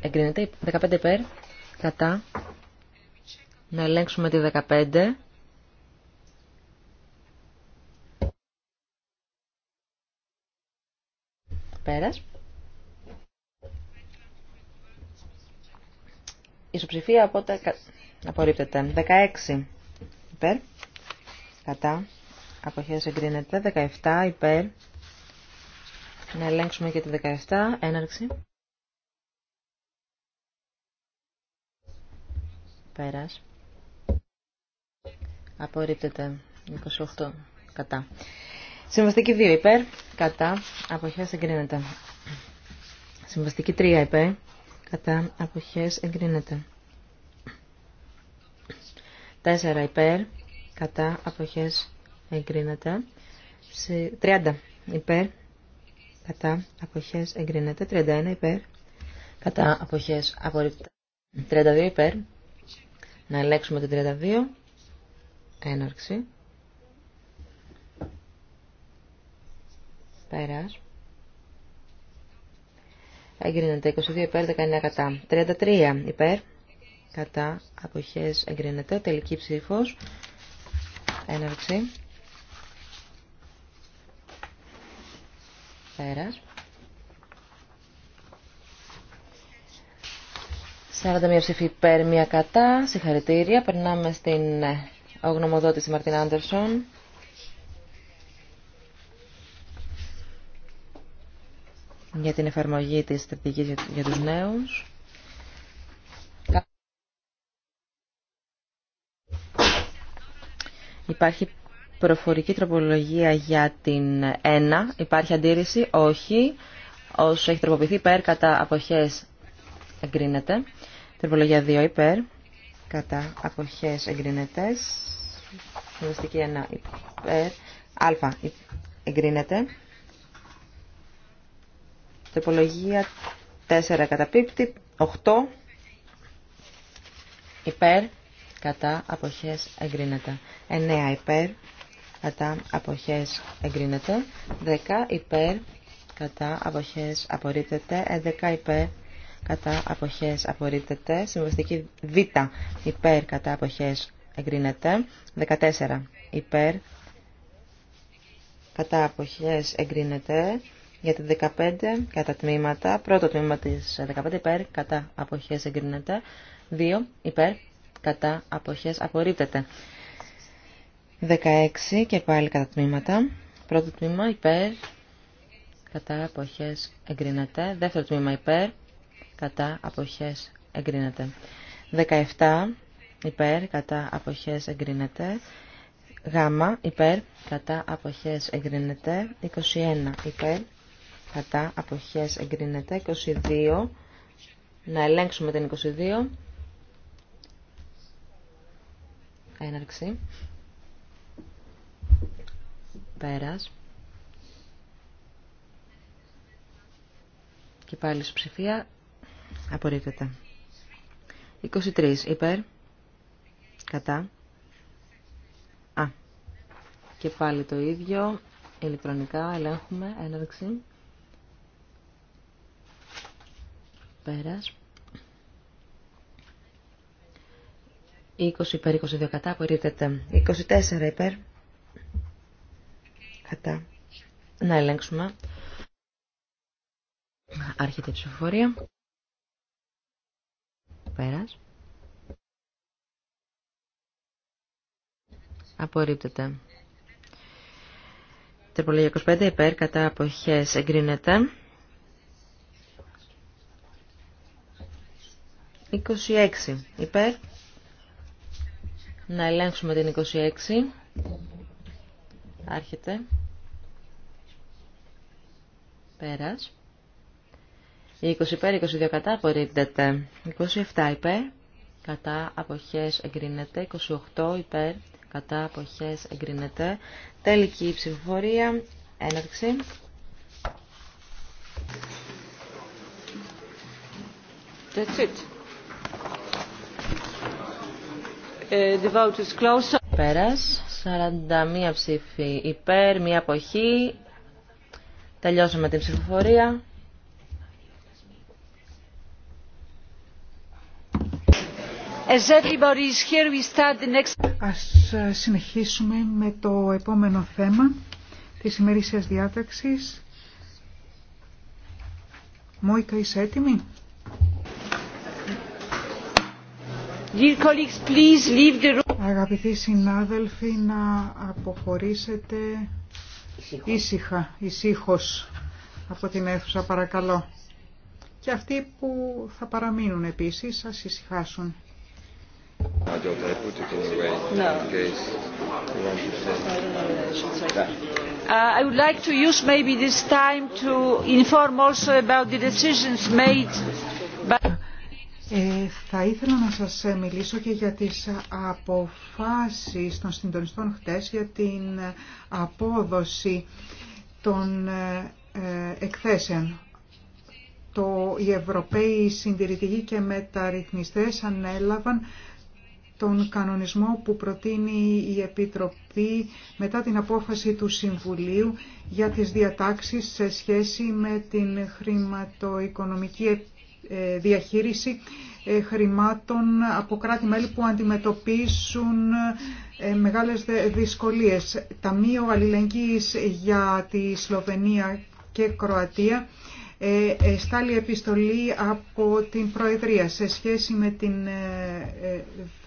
Εγκρίνεται 15 υπέρ, κατά. Να ελέγξουμε τη 15. Πέρας. Ισοψηφία, οπότε απορρίπτεται. 16 υπέρ κατά αποχές εγκρίνεται 17 υπέρ να ελέγξουμε και τη 17 έναρξη πέρας απορρίπτεται 28 κατά συμβαστική 2 υπέρ κατά αποχές εγκρίνεται συμβαστική 3 υπέρ κατά αποχές εγκρίνεται 4 υπέρ κατά αποχές εγκρίνεται. 30 υπέρ, κατά αποχές εγκρίνεται. 31 υπέρ, κατά αποχές απορρίπτεται. 32 υπέρ, να ελέγξουμε το 32, έναρξη. Πέρας. Εγκρίνεται 22 υπέρ, 19 κατά. 33 υπέρ, κατά αποχές εγκρίνεται. Τελική ψήφος. Έναρξη. Πέρας. 41 ψηφί υπέρ, μία κατά. Συγχαρητήρια. Περνάμε στην ογνωμοδότηση Μαρτίν Άντερσον. για την εφαρμογή της στρατηγικής για τους νέους. Υπάρχει προφορική τροπολογία για την 1. Υπάρχει αντίρρηση. Όχι. Όσο έχει τροποποιηθεί υπέρ κατά αποχές εγκρίνεται. Τροπολογία 2 υπέρ κατά αποχές εγκρίνεται. Συμβαστική 1 υπέρ. Α εγκρίνεται. Τροπολογία 4 καταπίπτει. 8 υπέρ κατά αποχές εγκρίνεται. 9 υπέρ, κατά αποχές εγκρίνεται. 10 υπέρ, κατά αποχές απορρίπτεται. 11 υπέρ, κατά αποχές απορρίπτεται. Συμβαστική Β υπέρ, κατά αποχές εγκρίνεται. 14 υπέρ, κατά αποχές εγκρίνεται για τη 15 κατά τμήματα. Πρώτο τμήμα της 15 υπέρ κατά αποχές εγκρίνεται. 2 υπέρ κατά αποχές απορρίπτεται. 16 και πάλι κατά τμήματα. Πρώτο τμήμα υπέρ, κατά αποχές εγκρίνεται. Δεύτερο τμήμα υπέρ, κατά αποχές εγκρίνεται. 17 υπέρ, κατά αποχές εγκρίνεται. Γάμα υπέρ, κατά αποχές εγκρίνεται. 21 υπέρ, κατά αποχές εγκρίνεται. 22 να ελέγξουμε την 22. έναρξη. Πέρας. Και πάλι σου ψηφία. Απορρίπτεται. 23 υπέρ. Κατά. Α. Και πάλι το ίδιο. Ηλεκτρονικά ελέγχουμε έναρξη. Πέρας. 20 υπέρ 22 κατά απορρίπτεται. 24 υπέρ κατά. Να ελέγξουμε. Άρχεται η ψηφοφορία. Πέρας. Απορρίπτεται. Τερπολογία 25 υπέρ κατά αποχές εγκρίνεται. 26 υπέρ να ελέγξουμε την 26. Άρχεται. Πέρας. Η 20 υπέρ, 22 κατά απορρίπτεται. 27 υπέρ, κατά αποχές εγκρίνεται. 28 υπέρ, κατά αποχές εγκρίνεται. Τελική ψηφοφορία, έναρξη. That's it. Ε, Πέρας, 41 ψήφοι υπέρ, μία αποχή. Τελειώσαμε την ψηφοφορία. As Ας ε, συνεχίσουμε με το επόμενο θέμα της ημερήσιας διάταξης. Μόικα, είσαι έτοιμη? Αγαπητοί συνάδελφοι, να αποχωρήσετε ήσυχα, ησύχω από την αίθουσα, παρακαλώ. Και αυτοί που θα παραμείνουν επίσης, σας ησυχάσουν. Uh, I would like to use maybe this time to inform also about the decisions made ε, θα ήθελα να σας ε, μιλήσω και για τις αποφάσεις των συντονιστών χτες για την ε, απόδοση των εκθέσεων. Το, οι Ευρωπαίοι συντηρητικοί και μεταρρυθμιστές ανέλαβαν τον κανονισμό που προτείνει η Επιτροπή μετά την απόφαση του Συμβουλίου για τις διατάξεις σε σχέση με την χρηματοοικονομική ε, διαχείριση ε, χρημάτων από κράτη-μέλη που αντιμετωπίσουν ε, μεγάλες δυσκολίες. Ταμείο Αλληλεγγύης για τη Σλοβενία και Κροατία στάλει επιστολή από την Προεδρία σε σχέση με την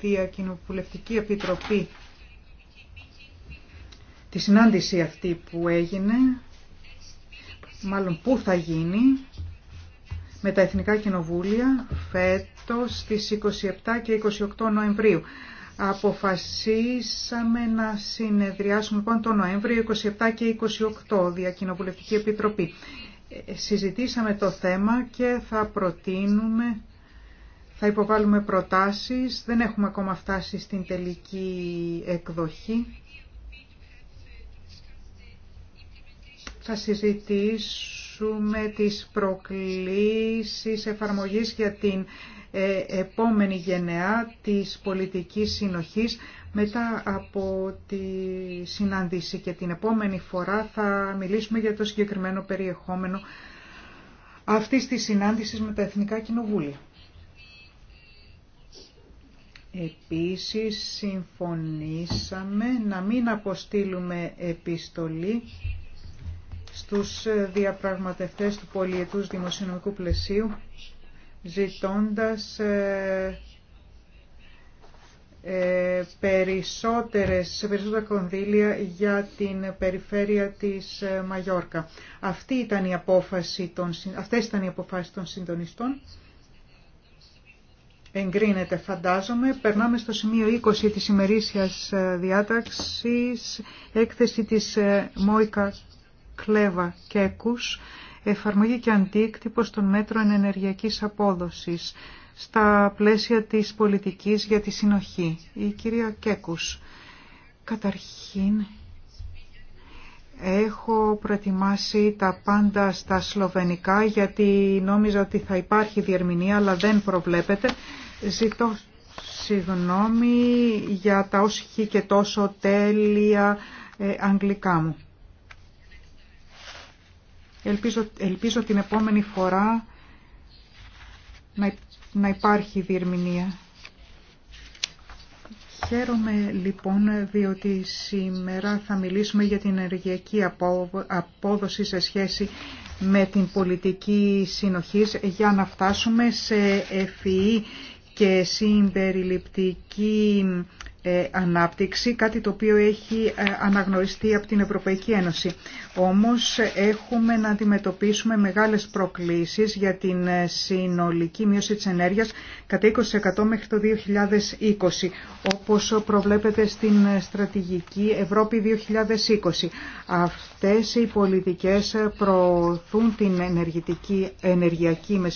Διακοινοβουλευτική Επιτροπή τη συνάντηση αυτή που έγινε, μάλλον πού θα γίνει με τα Εθνικά Κοινοβούλια φέτος στις 27 και 28 Νοεμβρίου. Αποφασίσαμε να συνεδριάσουμε λοιπόν τον Νοέμβριο 27 και 28 Διακοινοβουλευτική Επιτροπή. Ε, συζητήσαμε το θέμα και θα προτείνουμε, θα υποβάλουμε προτάσεις. Δεν έχουμε ακόμα φτάσει στην τελική εκδοχή. Θα συζητήσουμε συζητήσουμε τις προκλήσεις εφαρμογής για την ε, επόμενη γενεά της πολιτικής συνοχής μετά από τη συνάντηση και την επόμενη φορά θα μιλήσουμε για το συγκεκριμένο περιεχόμενο αυτής της συνάντησης με τα Εθνικά Κοινοβούλια. Επίσης συμφωνήσαμε να μην αποστείλουμε επιστολή στους ε, διαπραγματευτές του πολιετούς δημοσιονομικού πλαισίου ζητώντας ε, ε, περισσότερες, περισσότερα κονδύλια για την περιφέρεια της Μαγιόρκα. Αυτή ήταν η απόφαση των, αυτές ήταν οι αποφάσεις των συντονιστών. Εγκρίνεται φαντάζομαι. Περνάμε στο σημείο 20 της ημερήσιας διάταξης, έκθεση της Μόικα κλέβα κέκους, εφαρμογή και αντίκτυπο των μέτρων ενεργειακής απόδοσης στα πλαίσια της πολιτικής για τη συνοχή. Η κυρία Κέκους, καταρχήν έχω προετοιμάσει τα πάντα στα σλοβενικά γιατί νόμιζα ότι θα υπάρχει διερμηνία αλλά δεν προβλέπεται. Ζητώ συγγνώμη για τα όσχη και τόσο τέλεια ε, αγγλικά μου. Ελπίζω, ελπίζω την επόμενη φορά να, να υπάρχει διερμηνία. Χαίρομαι λοιπόν διότι σήμερα θα μιλήσουμε για την ενεργειακή απόδοση σε σχέση με την πολιτική συνοχής για να φτάσουμε σε ευφυή και συμπεριληπτική ε, ανάπτυξη, κάτι το οποίο έχει ε, αναγνωριστεί από την Ευρωπαϊκή Ένωση. Όμως έχουμε να αντιμετωπίσουμε μεγάλες προκλήσεις για την ε, συνολική μείωση της ενέργειας κατά 20% μέχρι το 2020, όπως προβλέπεται στην στρατηγική Ευρώπη 2020. Αυτές οι πολιτικές προωθούν την ενεργητική, ενεργειακή με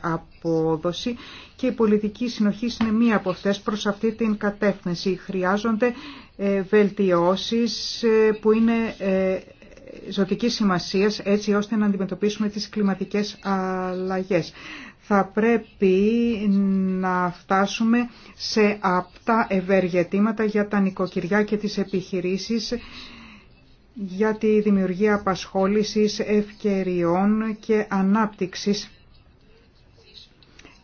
απόδοση και η πολιτική συνοχή είναι μία από αυτές προς αυτή την κατεύθυνση. Χρειάζονται ε, βελτιώσεις ε, που είναι ε, ζωτικής σημασίας έτσι ώστε να αντιμετωπίσουμε τις κλιματικές αλλαγές. Θα πρέπει να φτάσουμε σε αυτά ευεργετήματα για τα νοικοκυριά και τις επιχειρήσεις για τη δημιουργία απασχόλησης, ευκαιριών και ανάπτυξης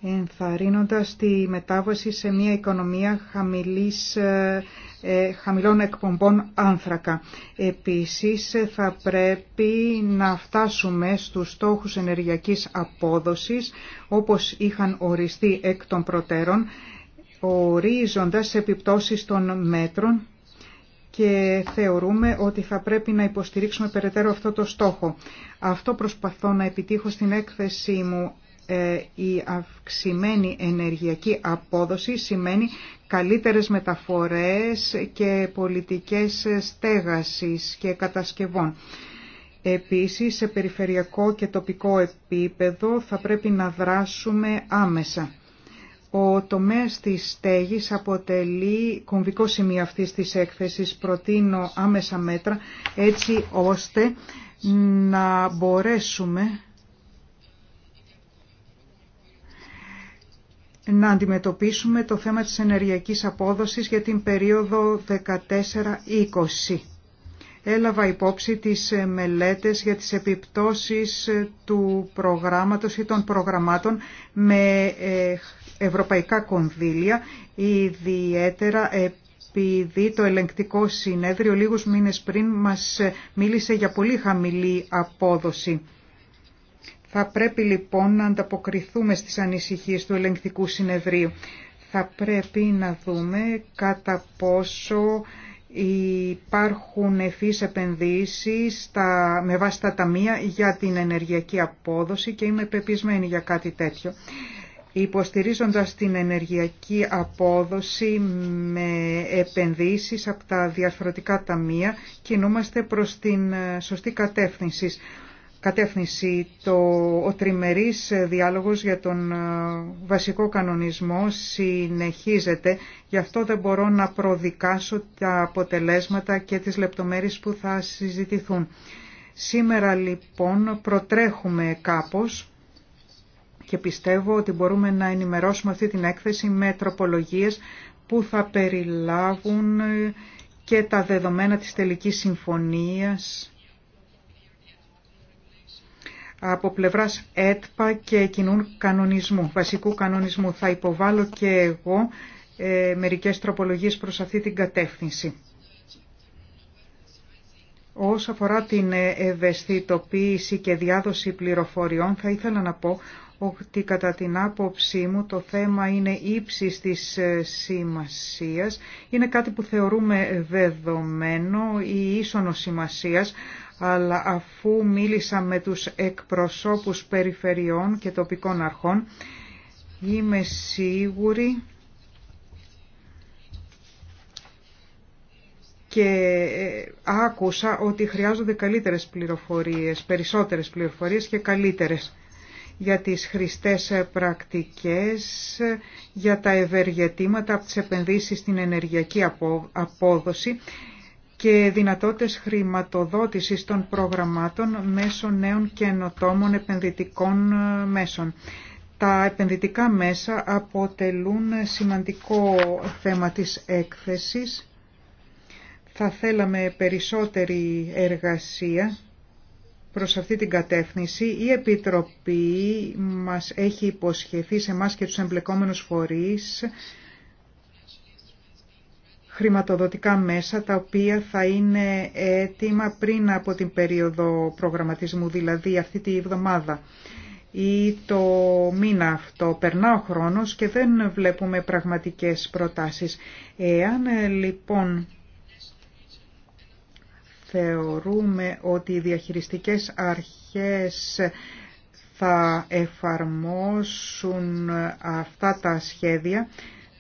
ενθαρρύνοντας τη μετάβαση σε μια οικονομία χαμηλής, ε, ε, χαμηλών εκπομπών άνθρακα. Επίσης θα πρέπει να φτάσουμε στους στόχους ενεργειακής απόδοσης όπως είχαν οριστεί εκ των προτέρων ορίζοντας επιπτώσεις των μέτρων και θεωρούμε ότι θα πρέπει να υποστηρίξουμε περαιτέρω αυτό το στόχο. Αυτό προσπαθώ να επιτύχω στην έκθεσή μου ε, η αυξημένη ενεργειακή απόδοση σημαίνει καλύτερες μεταφορές και πολιτικές στέγασης και κατασκευών. Επίσης, σε περιφερειακό και τοπικό επίπεδο θα πρέπει να δράσουμε άμεσα. Ο τομέας της στέγης αποτελεί κομβικό σημείο αυτής της έκθεσης. Προτείνω άμεσα μέτρα έτσι ώστε να μπορέσουμε να αντιμετωπίσουμε το θέμα της ενεργειακής απόδοσης για την περίοδο 14-20. Έλαβα υπόψη τις ε, μελέτες για τις επιπτώσεις ε, του προγράμματος ή των προγραμμάτων με ε, ευρωπαϊκά κονδύλια, ιδιαίτερα επειδή το ελεγκτικό συνέδριο λίγους μήνες πριν μας μίλησε για πολύ χαμηλή απόδοση. Θα πρέπει λοιπόν να ανταποκριθούμε στις ανησυχίες του ελεγκτικού συνεδρίου. Θα πρέπει να δούμε κατά πόσο υπάρχουν ευθύς επενδύσεις με βάση τα ταμεία για την ενεργειακή απόδοση και είμαι πεπισμένη για κάτι τέτοιο. Υποστηρίζοντας την ενεργειακή απόδοση με επενδύσεις από τα διαφορετικά ταμεία κινούμαστε προς την ε, σωστή κατεύθυνση κατεύθυνση το, ο τριμερής διάλογος για τον ε, βασικό κανονισμό συνεχίζεται. Γι' αυτό δεν μπορώ να προδικάσω τα αποτελέσματα και τις λεπτομέρειες που θα συζητηθούν. Σήμερα λοιπόν προτρέχουμε κάπως και πιστεύω ότι μπορούμε να ενημερώσουμε αυτή την έκθεση με τροπολογίες που θα περιλάβουν ε, και τα δεδομένα της τελικής συμφωνίας από πλευράς ΕΤΠΑ και κοινού κανονισμού, βασικού κανονισμού. Θα υποβάλω και εγώ ε, μερικές τροπολογίες προς αυτή την κατεύθυνση. Όσον αφορά την ε, ευαισθητοποίηση και διάδοση πληροφοριών, θα ήθελα να πω ότι κατά την άποψή μου το θέμα είναι ύψη της ε, σημασίας. Είναι κάτι που θεωρούμε δεδομένο ή ίσονο σημασίας, αλλά αφού μίλησα με τους εκπροσώπους περιφερειών και τοπικών αρχών, είμαι σίγουρη και ε, άκουσα ότι χρειάζονται καλύτερες πληροφορίες, περισσότερες πληροφορίες και καλύτερες για τις χρηστές πρακτικές, για τα ευεργετήματα από τις επενδύσεις στην ενεργειακή απόδοση και δυνατότητες χρηματοδότησης των προγραμμάτων μέσω νέων καινοτόμων επενδυτικών ε, μέσων. Τα επενδυτικά μέσα αποτελούν σημαντικό θέμα της έκθεσης. Θα θέλαμε περισσότερη εργασία προς αυτή την κατεύθυνση. Η Επιτροπή μας έχει υποσχεθεί σε μας και τους εμπλεκόμενους φορείς χρηματοδοτικά μέσα τα οποία θα είναι έτοιμα πριν από την περίοδο προγραμματισμού, δηλαδή αυτή τη εβδομάδα ή το μήνα αυτό. Περνά ο χρόνος και δεν βλέπουμε πραγματικές προτάσεις. Εάν ε, λοιπόν θεωρούμε ότι οι διαχειριστικές αρχές θα εφαρμόσουν αυτά τα σχέδια,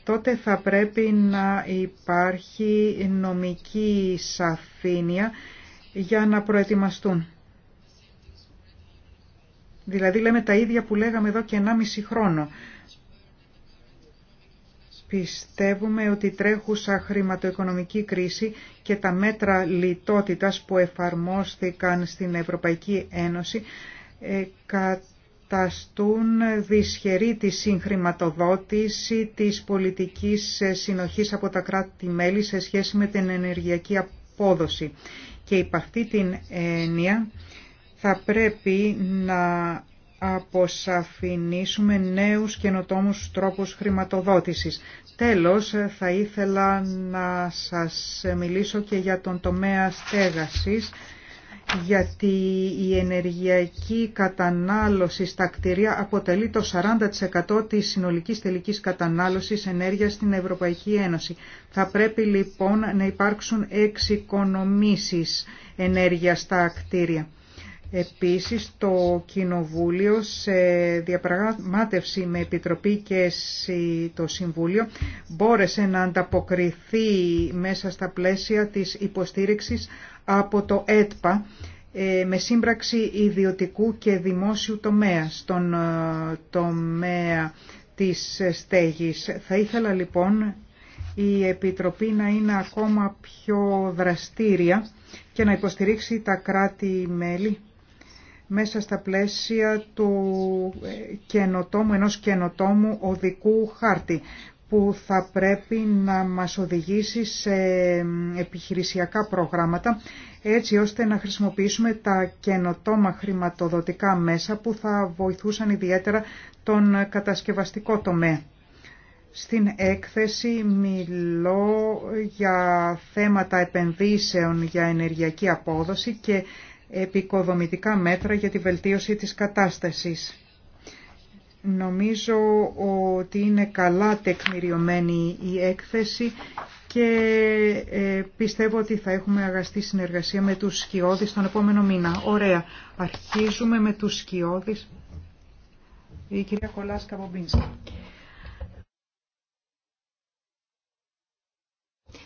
τότε θα πρέπει να υπάρχει νομική σαφήνεια για να προετοιμαστούν. Δηλαδή λέμε τα ίδια που λέγαμε εδώ και 1,5 χρόνο. Πιστεύουμε ότι τρέχουσα χρηματοοικονομική κρίση και τα μέτρα λιτότητας που εφαρμόστηκαν στην Ευρωπαϊκή Ένωση ε, καταστούν δυσχερή τη συγχρηματοδότηση της πολιτικής συνοχής από τα κράτη-μέλη σε σχέση με την ενεργειακή απόδοση. Και υπ' αυτή την έννοια θα πρέπει να αποσαφηνίσουμε νέους καινοτόμους τρόπους χρηματοδότησης. Τέλος, θα ήθελα να σας μιλήσω και για τον τομέα στέγασης γιατί η ενεργειακή κατανάλωση στα κτίρια αποτελεί το 40% της συνολικής τελικής κατανάλωσης ενέργειας στην Ευρωπαϊκή Ένωση. Θα πρέπει λοιπόν να υπάρξουν εξοικονομήσεις ενέργειας στα κτίρια. Επίσης το Κοινοβούλιο σε διαπραγμάτευση με Επιτροπή και το Συμβούλιο μπόρεσε να ανταποκριθεί μέσα στα πλαίσια της υποστήριξης από το ΕΤΠΑ ε, με σύμπραξη ιδιωτικού και δημόσιου τομέα στον ε, τομέα της στέγης. Θα ήθελα λοιπόν η Επιτροπή να είναι ακόμα πιο δραστήρια και να υποστηρίξει τα κράτη-μέλη μέσα στα πλαίσια του ε, καινοτόμου, ενός καινοτόμου οδικού χάρτη που θα πρέπει να μας οδηγήσει σε επιχειρησιακά προγράμματα έτσι ώστε να χρησιμοποιήσουμε τα καινοτόμα χρηματοδοτικά μέσα που θα βοηθούσαν ιδιαίτερα τον κατασκευαστικό τομέα. Στην έκθεση μιλώ για θέματα επενδύσεων για ενεργειακή απόδοση και επικοδομητικά μέτρα για τη βελτίωση της κατάστασης. Νομίζω ότι είναι καλά τεκμηριωμένη η έκθεση και ε, πιστεύω ότι θα έχουμε αγαστή συνεργασία με τους σκιώδεις τον επόμενο μήνα. Ωραία. Αρχίζουμε με τους σκιώδεις. Η κυρία Κολάσκα Μπομπίνσκα.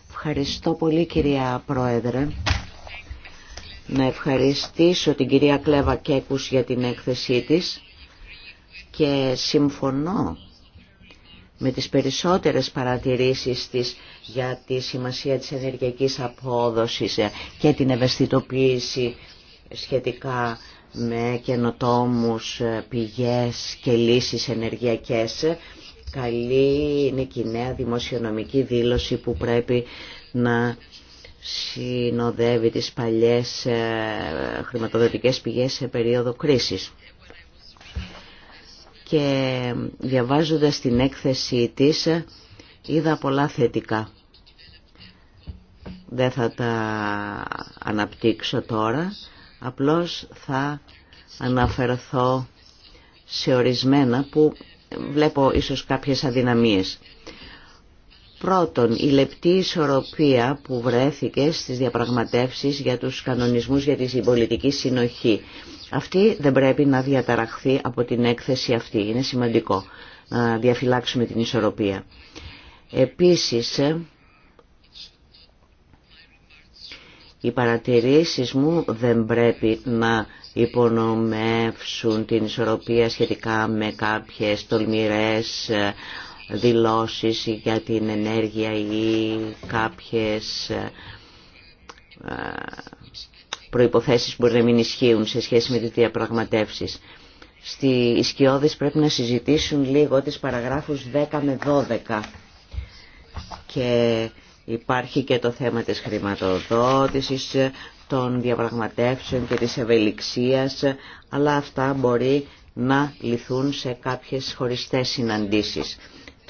Ευχαριστώ πολύ κυρία Πρόεδρε να ευχαριστήσω την κυρία Κλέβα Κέκους για την έκθεσή της και συμφωνώ με τις περισσότερες παρατηρήσεις της για τη σημασία της ενεργειακής απόδοσης και την ευαισθητοποίηση σχετικά με καινοτόμους πηγές και λύσεις ενεργειακές. Καλή είναι η νέα δημοσιονομική δήλωση που πρέπει να συνοδεύει τις παλιές ε, χρηματοδοτικές πηγές σε περίοδο κρίσης. Και διαβάζοντας την έκθεσή της είδα πολλά θετικά. Δεν θα τα αναπτύξω τώρα, απλώς θα αναφερθώ σε ορισμένα που βλέπω ίσως κάποιες αδυναμίες. Πρώτον, η λεπτή ισορροπία που βρέθηκε στις διαπραγματεύσεις για τους κανονισμούς για τη πολιτική συνοχή. Αυτή δεν πρέπει να διαταραχθεί από την έκθεση αυτή. Είναι σημαντικό να διαφυλάξουμε την ισορροπία. Επίσης, οι παρατηρήσεις μου δεν πρέπει να υπονομεύσουν την ισορροπία σχετικά με κάποιες τολμηρές δηλώσεις για την ενέργεια ή κάποιες ε, προϋποθέσεις που μπορεί να μην ισχύουν σε σχέση με τις διαπραγματεύσεις. Στη Ισκιώδης πρέπει να συζητήσουν λίγο τις παραγράφους 10 με 12 και υπάρχει και το θέμα της χρηματοδότησης, των διαπραγματεύσεων και της ευελιξίας, αλλά αυτά μπορεί να λυθούν σε κάποιες χωριστές συναντήσεις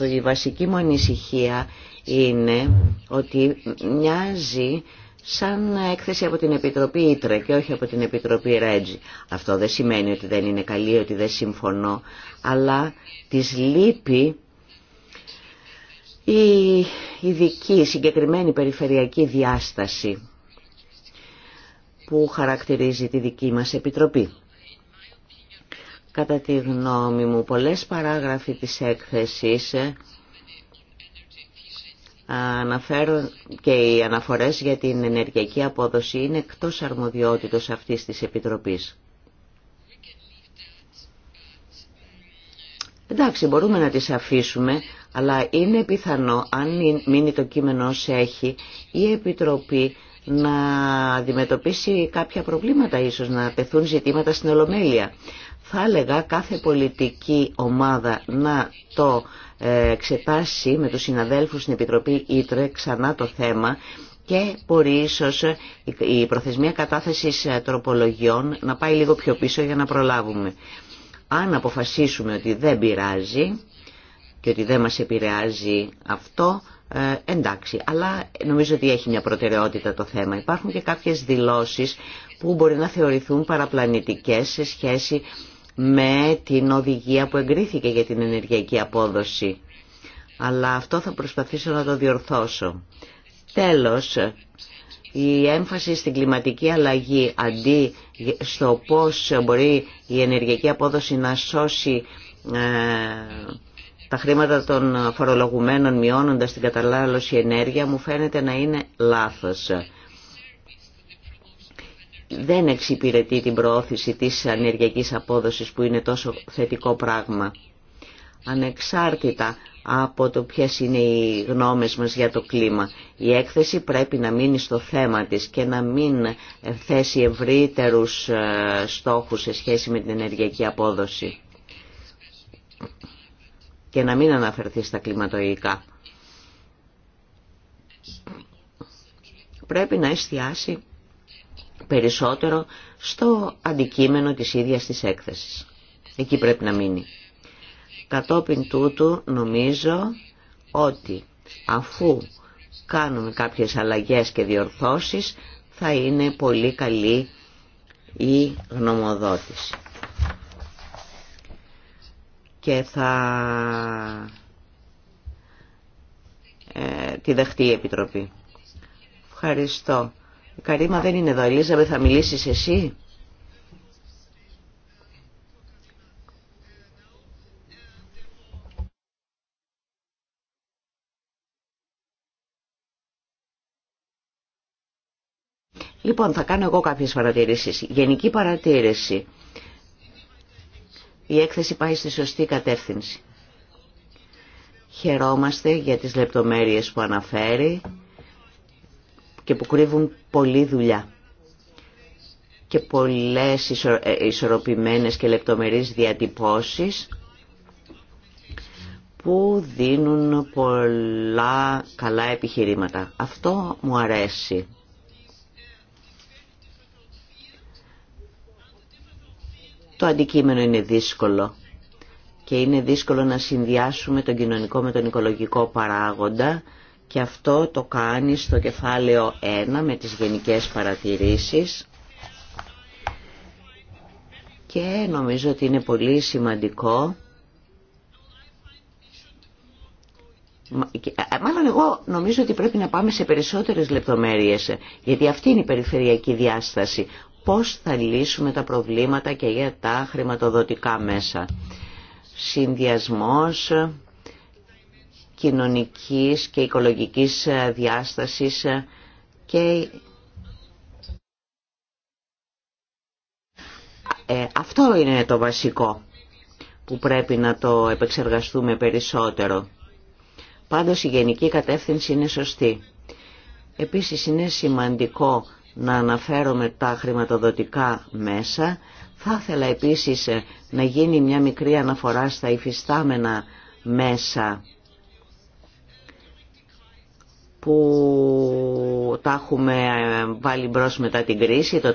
η βασική μου ανησυχία είναι ότι μοιάζει σαν έκθεση από την Επιτροπή Ήτρα και όχι από την Επιτροπή Ρέτζη. Αυτό δεν σημαίνει ότι δεν είναι καλή, ότι δεν συμφωνώ, αλλά της λείπει η ειδική, συγκεκριμένη περιφερειακή διάσταση που χαρακτηρίζει τη δική μας Επιτροπή. Κατά τη γνώμη μου, πολλές παράγραφοι της έκθεσης ε, αναφέρουν και οι αναφορές για την ενεργειακή απόδοση είναι εκτός αρμοδιότητος αυτής της Επιτροπής. Εντάξει, μπορούμε να τις αφήσουμε, αλλά είναι πιθανό, αν μείνει το κείμενο όσο έχει, η Επιτροπή να αντιμετωπίσει κάποια προβλήματα ίσως, να πεθούν ζητήματα στην Ολομέλεια θα έλεγα κάθε πολιτική ομάδα να το εξετάσει με τους συναδέλφους στην Επιτροπή Ήτρε ξανά το θέμα και μπορεί ίσω η προθεσμία κατάθεσης ε, τροπολογιών να πάει λίγο πιο πίσω για να προλάβουμε. Αν αποφασίσουμε ότι δεν πειράζει και ότι δεν μας επηρεάζει αυτό, ε, εντάξει. Αλλά νομίζω ότι έχει μια προτεραιότητα το θέμα. Υπάρχουν και κάποιες δηλώσεις που μπορεί να θεωρηθούν παραπλανητικές σε σχέση με την οδηγία που εγκρίθηκε για την ενεργειακή απόδοση. Αλλά αυτό θα προσπαθήσω να το διορθώσω. Τέλος, η έμφαση στην κλιματική αλλαγή αντί στο πώς μπορεί η ενεργειακή απόδοση να σώσει ε, τα χρήματα των φορολογουμένων μειώνοντας την καταλάλωση ενέργεια μου φαίνεται να είναι λάθος δεν εξυπηρετεί την προώθηση της ανεργιακής απόδοσης που είναι τόσο θετικό πράγμα. Ανεξάρτητα από το ποιες είναι οι γνώμες μας για το κλίμα. Η έκθεση πρέπει να μείνει στο θέμα της και να μην θέσει ευρύτερους ε, στόχους σε σχέση με την ενεργειακή απόδοση και να μην αναφερθεί στα κλιματοϊκά. Πρέπει να εστιάσει περισσότερο στο αντικείμενο της ίδιας της έκθεσης. Εκεί πρέπει να μείνει. Κατόπιν τούτου νομίζω ότι αφού κάνουμε κάποιες αλλαγές και διορθώσεις θα είναι πολύ καλή η γνωμοδότηση. Και θα ε, τη δεχτεί η Επιτροπή. Ευχαριστώ. Καρίμα δεν είναι εδώ. Ελίζαβε θα μιλήσεις εσύ. Λοιπόν, θα κάνω εγώ κάποιες παρατηρήσεις. Γενική παρατήρηση. Η έκθεση πάει στη σωστή κατεύθυνση. Χαιρόμαστε για τις λεπτομέρειες που αναφέρει και που κρύβουν πολλή δουλειά και πολλές ε, ισορροπημένες και λεπτομερείς διατυπώσεις που δίνουν πολλά καλά επιχειρήματα. Αυτό μου αρέσει. Το αντικείμενο είναι δύσκολο και είναι δύσκολο να συνδυάσουμε τον κοινωνικό με τον οικολογικό παράγοντα και αυτό το κάνει στο κεφάλαιο 1 με τις γενικές παρατηρήσεις και νομίζω ότι είναι πολύ σημαντικό Μάλλον εγώ νομίζω ότι πρέπει να πάμε σε περισσότερες λεπτομέρειες, γιατί αυτή είναι η περιφερειακή διάσταση. Πώς θα λύσουμε τα προβλήματα και για τα χρηματοδοτικά μέσα. Συνδυασμός κοινωνικής και οικολογικής ε, διάστασης ε, και ε, αυτό είναι το βασικό που πρέπει να το επεξεργαστούμε περισσότερο. Πάντως η γενική κατεύθυνση είναι σωστή. Επίσης είναι σημαντικό να αναφέρομαι τα χρηματοδοτικά μέσα. Θα ήθελα επίσης να γίνει μια μικρή αναφορά στα υφιστάμενα μέσα που τα έχουμε ε, βάλει μπρος μετά την κρίση, το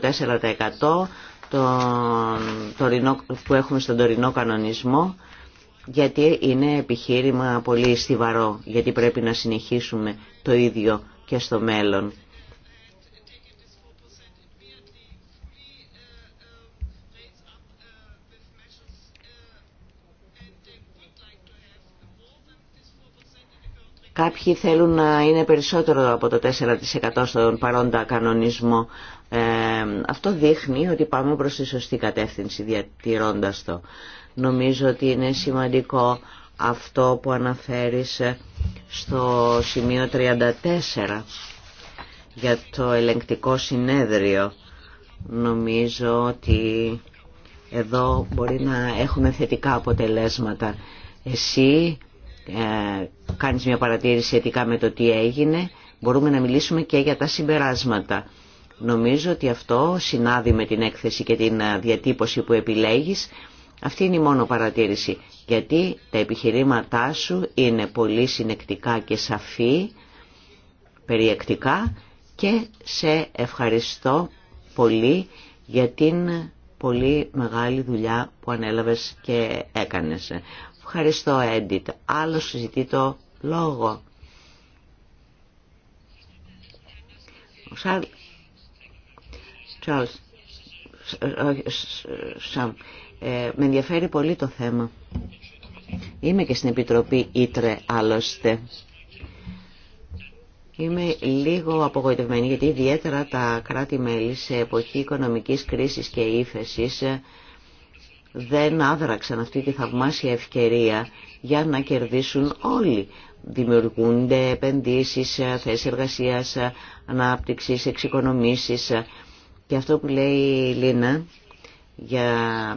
4% που έχουμε στον τωρινό κανονισμό, γιατί είναι επιχείρημα πολύ στιβαρό, γιατί πρέπει να συνεχίσουμε το ίδιο και στο μέλλον Κάποιοι θέλουν να είναι περισσότερο από το 4% στον παρόντα κανονισμό. Ε, αυτό δείχνει ότι πάμε προς τη σωστή κατεύθυνση διατηρώντας το. Νομίζω ότι είναι σημαντικό αυτό που αναφέρεις στο σημείο 34 για το ελεγκτικό συνέδριο. Νομίζω ότι εδώ μπορεί να έχουμε θετικά αποτελέσματα. Εσύ ε, κάνεις μια παρατήρηση σχετικά με το τι έγινε, μπορούμε να μιλήσουμε και για τα συμπεράσματα. Νομίζω ότι αυτό συνάδει με την έκθεση και την ε, διατύπωση που επιλέγεις. Αυτή είναι η μόνο παρατήρηση, γιατί τα επιχειρήματά σου είναι πολύ συνεκτικά και σαφή, περιεκτικά και σε ευχαριστώ πολύ για την πολύ μεγάλη δουλειά που ανέλαβες και έκανες. Ευχαριστώ, Έντιτ. Άλλο συζητεί το λόγο. Ο με ενδιαφέρει πολύ το θέμα. Είμαι και στην Επιτροπή Ήτρε άλλωστε. Είμαι λίγο απογοητευμένη γιατί ιδιαίτερα τα κράτη-μέλη σε εποχή οικονομικής κρίσης και ύφεσης δεν άδραξαν αυτή τη θαυμάσια ευκαιρία για να κερδίσουν όλοι. Δημιουργούνται επενδύσεις, θέσεις εργασίας, ανάπτυξης, εξοικονομήσεις. Και αυτό που λέει η Λίνα για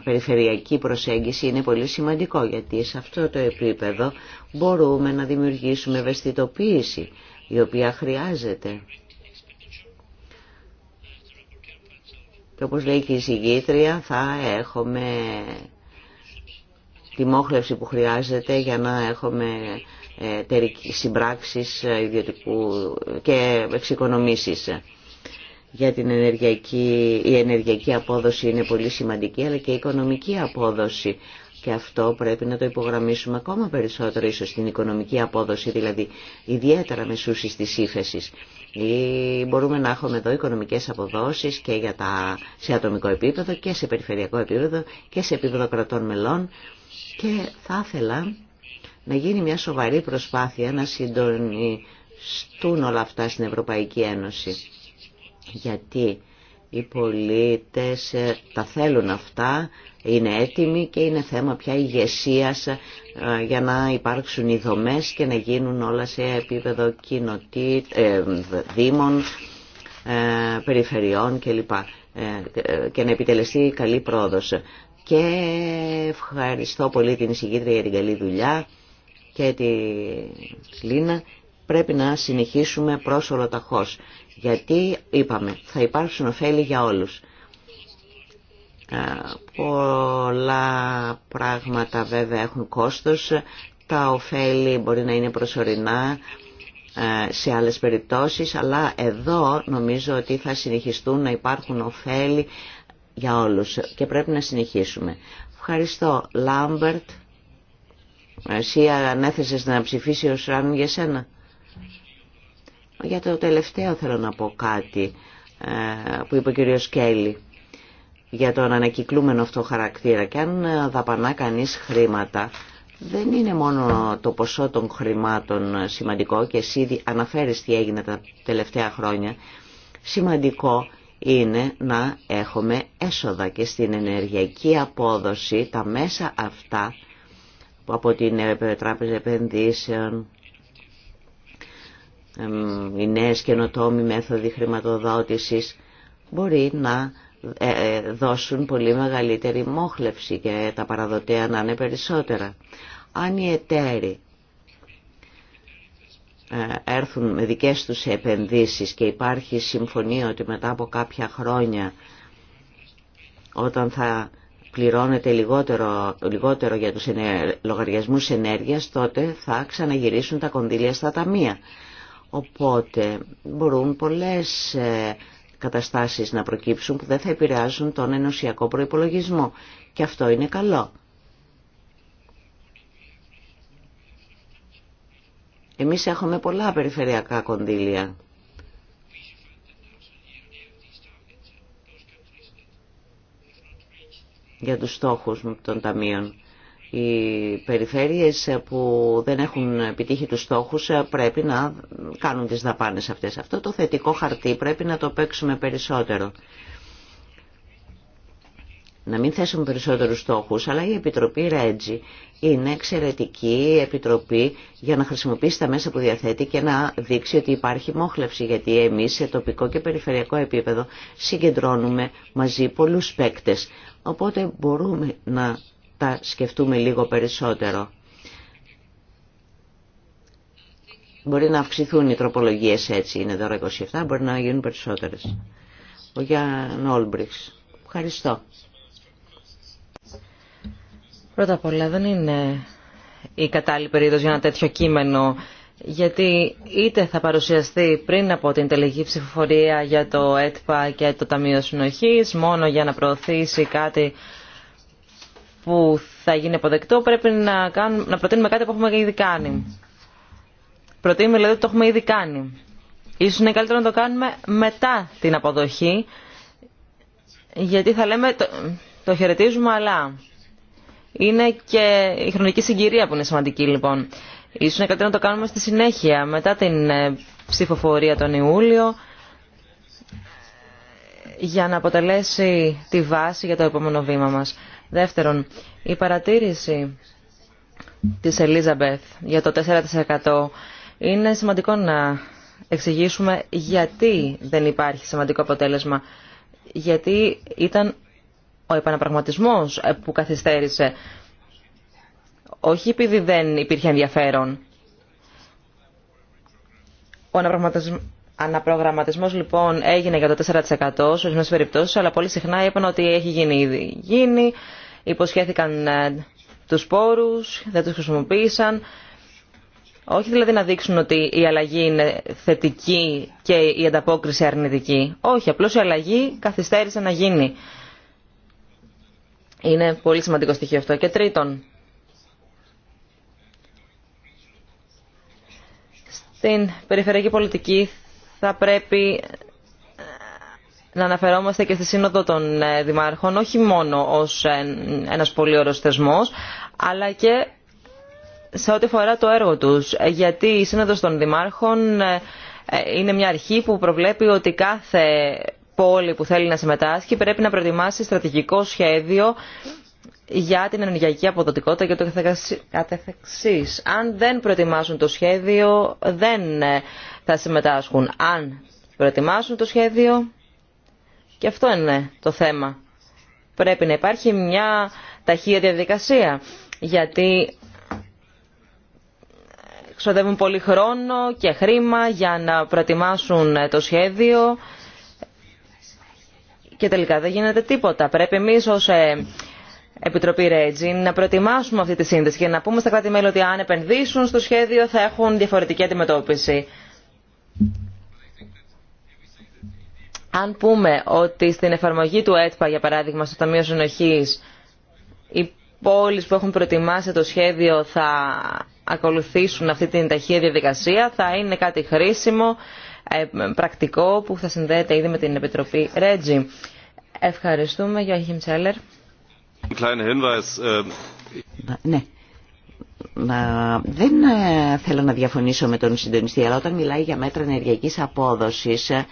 περιφερειακή προσέγγιση είναι πολύ σημαντικό γιατί σε αυτό το επίπεδο μπορούμε να δημιουργήσουμε ευαισθητοποίηση η οποία χρειάζεται Και όπως λέει και η συγκήτρια, θα έχουμε τη μόχλευση που χρειάζεται για να έχουμε ε, συμπράξεις ε, ιδιωτικού και εξοικονομήσεις για την ενεργειακή, η ενεργειακή απόδοση είναι πολύ σημαντική αλλά και η οικονομική απόδοση και αυτό πρέπει να το υπογραμμίσουμε ακόμα περισσότερο ίσως στην οικονομική απόδοση δηλαδή ιδιαίτερα μεσούσης της ύφεσης ή ε, μπορούμε να έχουμε εδώ οικονομικές αποδόσεις και για τα, σε ατομικό επίπεδο και σε περιφερειακό επίπεδο και σε επίπεδο κρατών μελών και θα ήθελα να γίνει μια σοβαρή προσπάθεια να συντονιστούν όλα αυτά στην Ευρωπαϊκή Ένωση γιατί οι πολίτες ε, τα θέλουν αυτά, είναι έτοιμοι και είναι θέμα πια ηγεσία ε, για να υπάρξουν οι δομές και να γίνουν όλα σε επίπεδο κοινοτή, ε, δήμων, περιφερειών κλπ. Και να επιτελεστεί καλή πρόοδος. Και ευχαριστώ πολύ την εισηγήτρια για την καλή δουλειά και τη Λίνα. Πρέπει να συνεχίσουμε προς ταχώς. Γιατί είπαμε, θα υπάρξουν ωφέλη για όλους. Πολλά πράγματα βέβαια έχουν κόστος, τα ωφέλη μπορεί να είναι προσωρινά σε άλλες περιπτώσεις, αλλά εδώ νομίζω ότι θα συνεχιστούν να υπάρχουν ωφέλη για όλους και πρέπει να συνεχίσουμε. Ευχαριστώ. Λάμπερτ, εσύ ανέθεσες να ψηφίσει ο Σράνου για σένα. Για το τελευταίο θέλω να πω κάτι ε, που είπε ο κύριος Κέλλη για τον ανακυκλούμενο αυτό χαρακτήρα και αν ε, δαπανά κανείς χρήματα δεν είναι μόνο το ποσό των χρημάτων ε, σημαντικό και εσύ αναφέρεις τι έγινε τα τελευταία χρόνια σημαντικό είναι να έχουμε έσοδα και στην ενεργειακή απόδοση τα μέσα αυτά από την Τράπεζα Επενδύσεων οι νέες καινοτόμοι μέθοδοι χρηματοδότησης μπορεί να ε, ε, δώσουν πολύ μεγαλύτερη μόχλευση και τα παραδοτέα να είναι περισσότερα. Αν οι εταίροι ε, έρθουν με δικές τους επενδύσεις και υπάρχει συμφωνία ότι μετά από κάποια χρόνια όταν θα πληρώνεται λιγότερο, λιγότερο για τους λογαριασμούς ενέργειας τότε θα ξαναγυρίσουν τα κονδύλια στα ταμεία. Οπότε μπορούν πολλές ε, καταστάσεις να προκύψουν που δεν θα επηρεάζουν τον ενωσιακό προϋπολογισμό. Και αυτό είναι καλό. Εμείς έχουμε πολλά περιφερειακά κονδύλια. για τους στόχους των ταμείων. Οι περιφέρειες που δεν έχουν επιτύχει τους στόχους πρέπει να κάνουν τις δαπάνες αυτές. Αυτό το θετικό χαρτί πρέπει να το παίξουμε περισσότερο. Να μην θέσουμε περισσότερους στόχους, αλλά η Επιτροπή Ρέτζι είναι εξαιρετική επιτροπή για να χρησιμοποιήσει τα μέσα που διαθέτει και να δείξει ότι υπάρχει μόχλευση, γιατί εμείς σε τοπικό και περιφερειακό επίπεδο συγκεντρώνουμε μαζί πολλούς παίκτες. Οπότε μπορούμε να θα σκεφτούμε λίγο περισσότερο. Μπορεί να αυξηθούν οι τροπολογίες έτσι, είναι τώρα 27, μπορεί να γίνουν περισσότερες. Ο Γιάνν Όλμπριξ. Ευχαριστώ. Πρώτα απ' όλα δεν είναι η κατάλληλη περίοδος για ένα τέτοιο κείμενο γιατί είτε θα παρουσιαστεί πριν από την τελική ψηφοφορία για το ΕΤΠΑ και το Ταμείο Συνοχής μόνο για να προωθήσει κάτι που θα γίνει αποδεκτό πρέπει να, κάνουμε, να προτείνουμε κάτι που έχουμε ήδη κάνει. Προτείνουμε δηλαδή ότι το έχουμε ήδη κάνει. Ίσως είναι καλύτερο να το κάνουμε μετά την αποδοχή, γιατί θα λέμε το, το χαιρετίζουμε αλλά είναι και η χρονική συγκυρία που είναι σημαντική λοιπόν. Ίσως είναι καλύτερο να το κάνουμε στη συνέχεια, μετά την ε, ψηφοφορία τον Ιούλιο, για να αποτελέσει τη βάση για το επόμενο βήμα μας. Δεύτερον, η παρατήρηση της Ελίζαμπεθ για το 4% είναι σημαντικό να εξηγήσουμε γιατί δεν υπάρχει σημαντικό αποτέλεσμα. Γιατί ήταν ο επαναπραγματισμός που καθυστέρησε. Όχι επειδή δεν υπήρχε ενδιαφέρον. Ο αναπρογραμματισμός λοιπόν έγινε για το 4% σε ορισμένε περιπτώσει, αλλά πολύ συχνά είπαν ότι έχει γίνει ήδη γίνει, υποσχέθηκαν ε, τους πόρους, δεν τους χρησιμοποίησαν. Όχι δηλαδή να δείξουν ότι η αλλαγή είναι θετική και η ανταπόκριση αρνητική. Όχι, απλώς η αλλαγή καθυστέρησε να γίνει. Είναι πολύ σημαντικό στοιχείο αυτό. Και τρίτον, στην περιφερειακή πολιτική θα πρέπει να αναφερόμαστε και στη Σύνοδο των ε, Δημάρχων όχι μόνο ως ε, ένας πολύ ωραίος θεσμός, αλλά και σε ό,τι αφορά το έργο τους. Γιατί η Σύνοδος των Δημάρχων ε, είναι μια αρχή που προβλέπει ότι κάθε πόλη που θέλει να συμμετάσχει πρέπει να προετοιμάσει στρατηγικό σχέδιο για την ενεργειακή αποδοτικότητα και το καθεξής. Αν δεν προετοιμάσουν το σχέδιο, δεν θα συμμετάσχουν. Αν προετοιμάσουν το σχέδιο, και αυτό είναι το θέμα. Πρέπει να υπάρχει μια ταχεία διαδικασία, γιατί ξοδεύουν πολύ χρόνο και χρήμα για να προετοιμάσουν το σχέδιο και τελικά δεν γίνεται τίποτα. Πρέπει εμεί ω ε, Επιτροπή Ρέτζι να προετοιμάσουμε αυτή τη σύνδεση και να πούμε στα κράτη-μέλη ότι αν επενδύσουν στο σχέδιο θα έχουν διαφορετική αντιμετώπιση αν πούμε ότι στην εφαρμογή του ΕΤΠΑ, για παράδειγμα, στο Ταμείο συνοχή, οι πόλεις που έχουν προετοιμάσει το σχέδιο θα ακολουθήσουν αυτή την ταχεία διαδικασία, θα είναι κάτι χρήσιμο, ε, πρακτικό, που θα συνδέεται ήδη με την Επιτροπή Ρέτζι. Ευχαριστούμε, Γιώργη Μτσέλερ. Ähm, ναι. Να, δεν ε, θέλω να διαφωνήσω με τον συντονιστή, αλλά όταν μιλάει για μέτρα ενεργειακής απόδοσης, ε,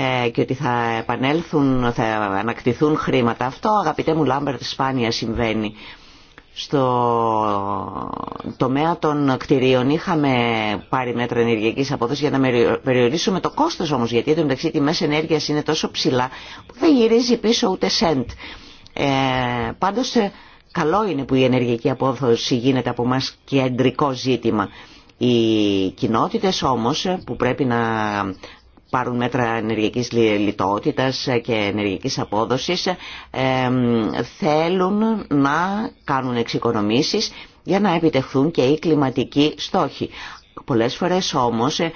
ε, και ότι θα επανέλθουν, θα ανακτηθούν χρήματα. Αυτό αγαπητέ μου Λάμπερτ σπάνια συμβαίνει. Στο τομέα των κτηρίων είχαμε πάρει μέτρα ενεργειακή απόδοση για να περιορίσουμε το κόστο όμω, γιατί εν μεταξύ τιμέ ενέργεια είναι τόσο ψηλά που δεν γυρίζει πίσω ούτε σεντ. Ε, πάντως, ε, καλό είναι που η ενεργειακή απόδοση γίνεται από εμά κεντρικό ζήτημα. Οι κοινότητε όμω που πρέπει να πάρουν μέτρα ενεργικής λιτότητας και ενεργικής απόδοσης θέλουν να κάνουν εξοικονομήσεις για να επιτευχθούν και οι κλιματικοί στόχοι. Πολλές φορές όμως ε,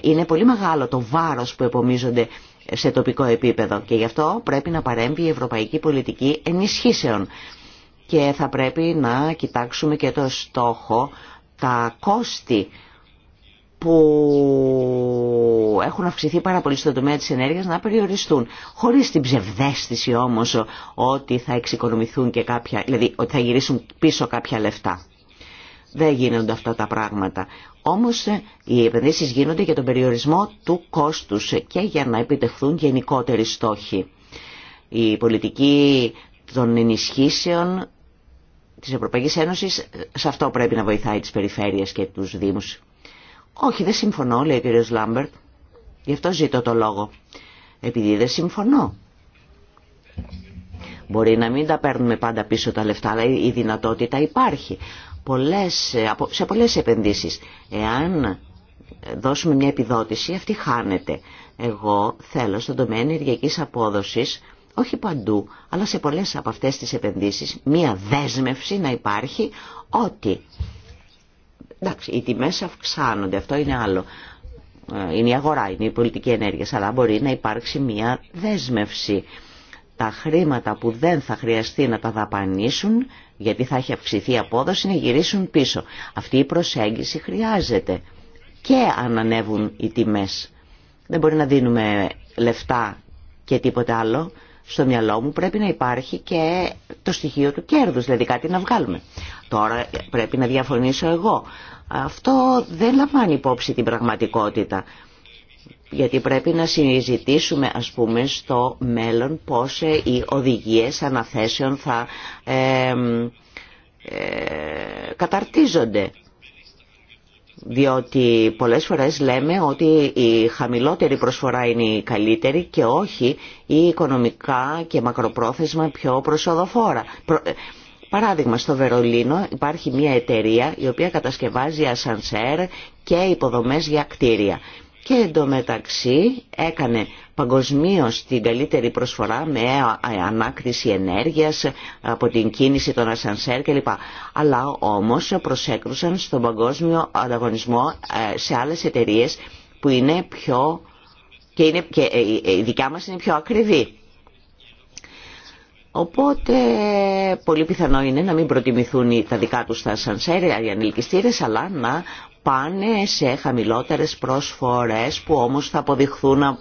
είναι πολύ μεγάλο το βάρος που επομίζονται σε τοπικό επίπεδο και γι' αυτό πρέπει να παρέμβει η ευρωπαϊκή πολιτική ενισχύσεων. Και θα πρέπει να κοιτάξουμε και το στόχο τα κόστη που έχουν αυξηθεί πάρα πολύ στον τομέα της ενέργειας να περιοριστούν. Χωρίς την ψευδέστηση όμως ότι θα εξοικονομηθούν και κάποια, δηλαδή ότι θα γυρίσουν πίσω κάποια λεφτά. Δεν γίνονται αυτά τα πράγματα. Όμως ε, οι επενδύσεις γίνονται για τον περιορισμό του κόστους και για να επιτευχθούν γενικότεροι στόχοι. Η πολιτική των ενισχύσεων της Ευρωπαϊκής Ένωσης ε, σε αυτό πρέπει να βοηθάει τις περιφέρειες και τους Δήμους όχι, δεν συμφωνώ, λέει ο κύριο Λάμπερτ. Γι' αυτό ζητώ το λόγο. Επειδή δεν συμφωνώ. Μπορεί να μην τα παίρνουμε πάντα πίσω τα λεφτά, αλλά η δυνατότητα υπάρχει. Πολλές, ε, σε πολλές επενδύσεις. Εάν δώσουμε μια επιδότηση, αυτή χάνεται. Εγώ θέλω στον τομέα ενεργειακής απόδοσης, όχι παντού, αλλά σε πολλές από αυτές τις επενδύσεις, μια δέσμευση να υπάρχει ότι εντάξει, οι τιμέ αυξάνονται, αυτό είναι άλλο. Ε, είναι η αγορά, είναι η πολιτική ενέργεια, αλλά μπορεί να υπάρξει μια δέσμευση. Τα χρήματα που δεν θα χρειαστεί να τα δαπανίσουν, γιατί θα έχει αυξηθεί η απόδοση, να γυρίσουν πίσω. Αυτή η προσέγγιση χρειάζεται και αν ανέβουν οι τιμές. Δεν μπορεί να δίνουμε λεφτά και τίποτε άλλο. Στο μυαλό μου πρέπει να υπάρχει και το στοιχείο του κέρδους, δηλαδή κάτι να βγάλουμε. Τώρα πρέπει να διαφωνήσω εγώ. Αυτό δεν λαμβάνει υπόψη την πραγματικότητα. Γιατί πρέπει να συζητήσουμε, ας πούμε, στο μέλλον πώς ε, οι οδηγίες αναθέσεων θα ε, ε, καταρτίζονται. Διότι πολλές φορές λέμε ότι η χαμηλότερη προσφορά είναι η καλύτερη και όχι η οικονομικά και μακροπρόθεσμα πιο προσοδοφόρα. Παράδειγμα, στο Βερολίνο υπάρχει μια εταιρεία η οποία κατασκευάζει ασανσέρ και υποδομές για κτίρια. Και εντωμεταξύ έκανε παγκοσμίω την καλύτερη προσφορά με ανάκτηση ενέργειας από την κίνηση των ασανσέρ κλπ. Αλλά όμως προσέκρουσαν στον παγκόσμιο ανταγωνισμό ε, σε άλλες εταιρείες που είναι πιο... και, είναι... και ε, ε, η δικιά μας είναι πιο ακριβή. Οπότε πολύ πιθανό είναι να μην προτιμηθούν τα δικά τους τα σανσέρια, οι ανελκυστήρες, αλλά να πάνε σε χαμηλότερες προσφορές που όμως θα αποδειχθούν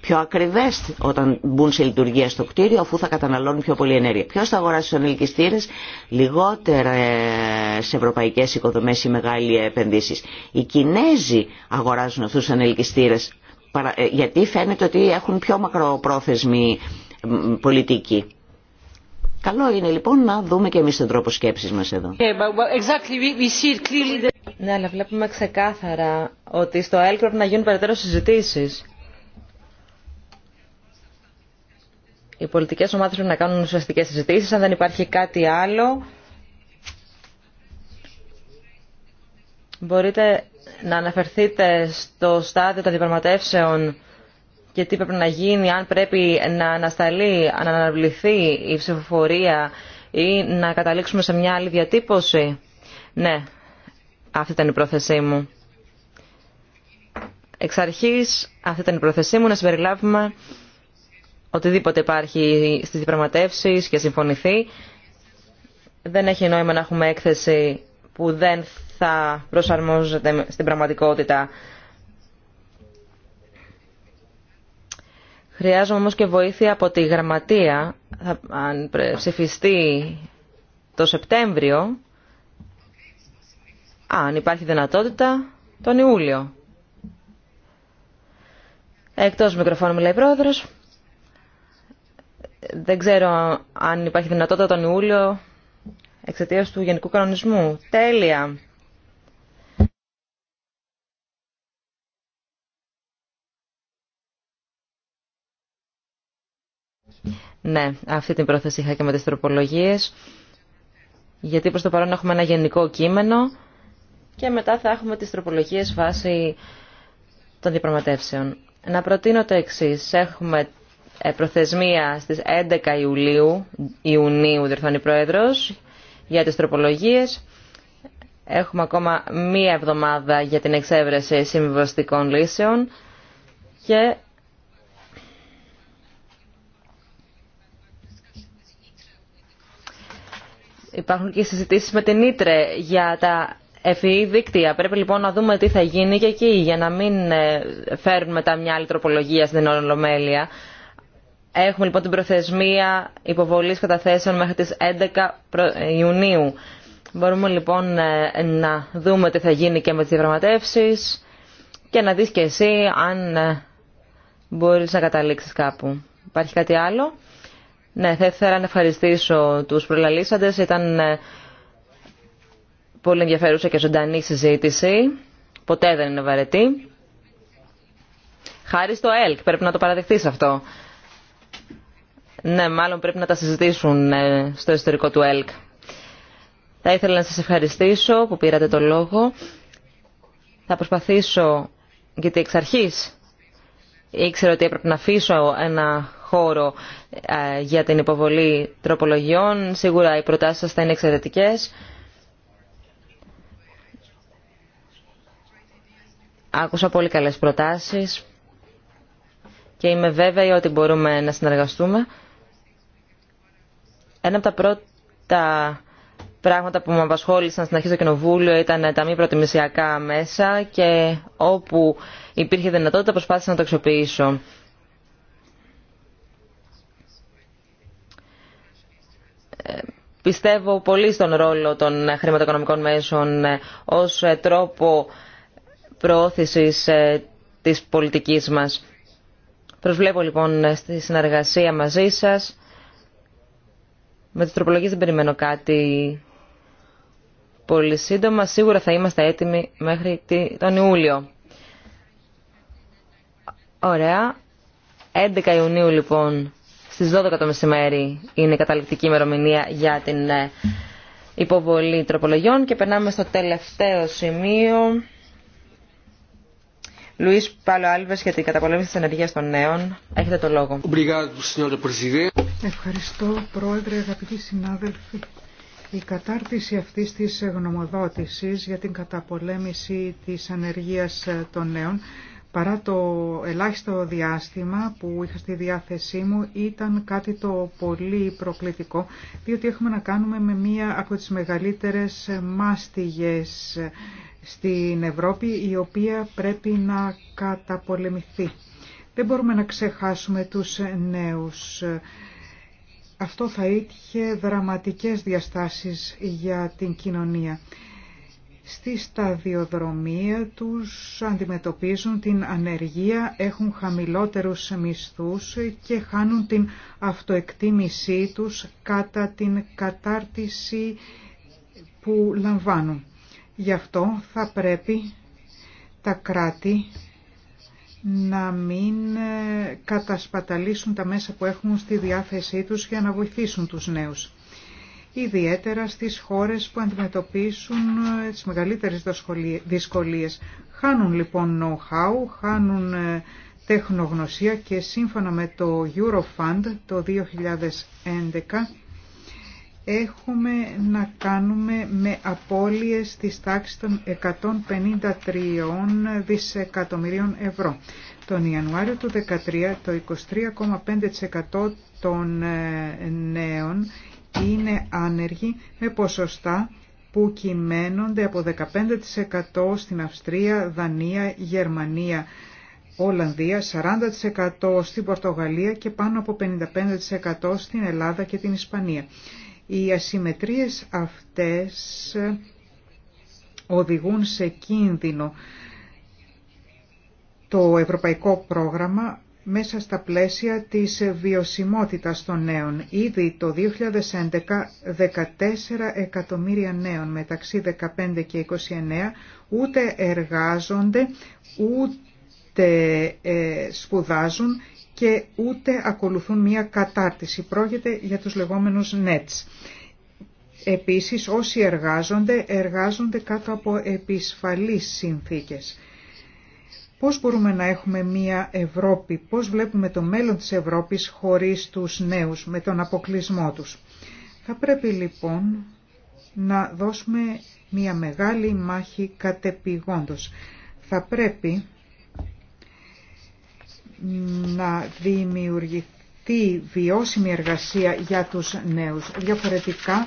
πιο ακριβές όταν μπουν σε λειτουργία στο κτίριο αφού θα καταναλώνουν πιο πολύ ενέργεια. Ποιος θα αγοράσει τους ανελκυστήρες λιγότερες ευρωπαϊκές οικοδομές ή μεγάλοι επενδύσεις. Οι Κινέζοι αγοράζουν αυτούς τους ανελκυστήρες ε, γιατί φαίνεται ότι έχουν πιο μακροπρόθεσμη πολιτική. Καλό είναι λοιπόν να δούμε και εμείς τον τρόπο σκέψης μας εδώ. Ναι, αλλά βλέπουμε ξεκάθαρα ότι στο ΑΕΛ πρέπει να γίνουν περαιτέρω συζητήσεις. Οι πολιτικές ομάδες πρέπει να κάνουν ουσιαστικές συζητήσεις. Αν δεν υπάρχει κάτι άλλο, μπορείτε να αναφερθείτε στο στάδιο των διαπραγματεύσεων και τι πρέπει να γίνει, αν πρέπει να ανασταλεί, να αναβληθεί η ψηφοφορία ή να καταλήξουμε σε μια άλλη διατύπωση. Ναι, αυτή ήταν η πρόθεσή μου. Εξ αρχής, αυτή ήταν η πρόθεσή μου να συμπεριλάβουμε οτιδήποτε υπάρχει στις διαπραγματεύσει και συμφωνηθεί. Δεν έχει νόημα να έχουμε έκθεση που δεν θα προσαρμόζεται στην πραγματικότητα Χρειάζομαι όμως και βοήθεια από τη γραμματεία. Θα, αν ψηφιστεί το Σεπτέμβριο, αν υπάρχει δυνατότητα, τον Ιούλιο. Εκτός μικροφώνου μιλάει πρόεδρος. Δεν ξέρω αν υπάρχει δυνατότητα τον Ιούλιο εξαιτίας του Γενικού Κανονισμού. Τέλεια. Ναι, αυτή την πρόθεση είχα και με τις τροπολογίε, γιατί προ το παρόν έχουμε ένα γενικό κείμενο και μετά θα έχουμε τις τροπολογίε βάσει των διαπραγματεύσεων. Να προτείνω το εξή. Έχουμε ε, προθεσμία στι 11 Ιουλίου, Ιουνίου, διορθώνει πρόεδρο, για τις τροπολογίε, Έχουμε ακόμα μία εβδομάδα για την εξέβρεση συμβιβαστικών λύσεων και Υπάρχουν και συζητήσεις με την Ήτρε για τα ΕΦΗ e e δίκτυα. Πρέπει λοιπόν να δούμε τι θα γίνει και εκεί για να μην ε, φέρουν μετά μια άλλη τροπολογία στην Ολομέλεια. Έχουμε λοιπόν την προθεσμία υποβολής καταθέσεων μέχρι τις 11 ε, Ιουνίου. Μπορούμε λοιπόν ε, να δούμε τι θα γίνει και με τις διαπραγματεύσεις και να δεις και εσύ αν μπορείς να καταλήξεις κάπου. Υπάρχει κάτι άλλο. Ναι, θα ήθελα να ευχαριστήσω τους προλαλήσαντες. Ήταν ε, πολύ ενδιαφέρουσα και ζωντανή συζήτηση. Ποτέ δεν είναι βαρετή. Χάρη στο ΕΛΚ, πρέπει να το παραδεχτείς αυτό. Ναι, μάλλον πρέπει να τα συζητήσουν ε, στο ιστορικό του ΕΛΚ. Θα ήθελα να σας ευχαριστήσω που πήρατε το λόγο. Θα προσπαθήσω, γιατί εξ αρχής ήξερα ότι έπρεπε να αφήσω ένα χώρο ε, για την υποβολή τροπολογιών. Σίγουρα οι προτάσεις σας θα είναι εξαιρετικές. Άκουσα πολύ καλές προτάσεις και είμαι βέβαιη ότι μπορούμε να συνεργαστούμε. Ένα από τα πρώτα πράγματα που με απασχόλησαν στην αρχή στο Κοινοβούλιο ήταν τα μη προτιμησιακά μέσα και όπου υπήρχε δυνατότητα προσπάθησα να το αξιοποιήσω. πιστεύω πολύ στον ρόλο των χρηματοοικονομικών μέσων ε, ως ε, τρόπο προώθησης ε, της πολιτικής μας. Προσβλέπω λοιπόν στη συνεργασία μαζί σας. Με τις τροπολογίες δεν περιμένω κάτι πολύ σύντομα. Σίγουρα θα είμαστε έτοιμοι μέχρι τον Ιούλιο. Ωραία. 11 Ιουνίου λοιπόν στις 12 το μεσημέρι είναι η καταληκτική ημερομηνία για την ε, υποβολή τροπολογιών και περνάμε στο τελευταίο σημείο. Λουίς Παλοάλβες για την καταπολέμηση της ενεργείας των νέων. Έχετε το λόγο. Ευχαριστώ Πρόεδρε, αγαπητοί συνάδελφοι. Η κατάρτιση αυτή της γνωμοδότησης για την καταπολέμηση της ανεργία των νέων Παρά το ελάχιστο διάστημα που είχα στη διάθεσή μου ήταν κάτι το πολύ προκλητικό, διότι έχουμε να κάνουμε με μία από τις μεγαλύτερες μάστιγες στην Ευρώπη, η οποία πρέπει να καταπολεμηθεί. Δεν μπορούμε να ξεχάσουμε τους νέους. Αυτό θα είχε δραματικές διαστάσεις για την κοινωνία στη σταδιοδρομία τους αντιμετωπίζουν την ανεργία, έχουν χαμηλότερους μισθούς και χάνουν την αυτοεκτίμησή τους κατά την κατάρτιση που λαμβάνουν. Γι' αυτό θα πρέπει τα κράτη να μην ε, κατασπαταλήσουν τα μέσα που έχουν στη διάθεσή τους για να βοηθήσουν τους νέους ιδιαίτερα στις χώρες που αντιμετωπίσουν ε, τις μεγαλύτερες δυσκολίες. Χάνουν λοιπόν know-how, χάνουν ε, τεχνογνωσία και σύμφωνα με το Eurofund το 2011 έχουμε να κάνουμε με απώλειες της τάξης των 153 δισεκατομμυρίων ευρώ. Τον Ιανουάριο του 2013 το 23,5% των ε, νέων είναι άνεργοι με ποσοστά που κυμαίνονται από 15% στην Αυστρία, Δανία, Γερμανία, Ολλανδία, 40% στην Πορτογαλία και πάνω από 55% στην Ελλάδα και την Ισπανία. Οι ασυμμετρίες αυτές οδηγούν σε κίνδυνο το ευρωπαϊκό πρόγραμμα μέσα στα πλαίσια της βιωσιμότητας των νέων. Ήδη το 2011, 14 εκατομμύρια νέων μεταξύ 15 και 29 ούτε εργάζονται, ούτε ε, σπουδάζουν και ούτε ακολουθούν μία κατάρτιση. Πρόκειται για τους λεγόμενους NETs. Επίσης, όσοι εργάζονται, εργάζονται κάτω από επισφαλείς συνθήκες. Πώς μπορούμε να έχουμε μία Ευρώπη, πώς βλέπουμε το μέλλον της Ευρώπης χωρίς τους νέους, με τον αποκλεισμό τους. Θα πρέπει λοιπόν να δώσουμε μία μεγάλη μάχη κατεπηγόντως. Θα πρέπει να δημιουργηθεί βιώσιμη εργασία για τους νέους. Διαφορετικά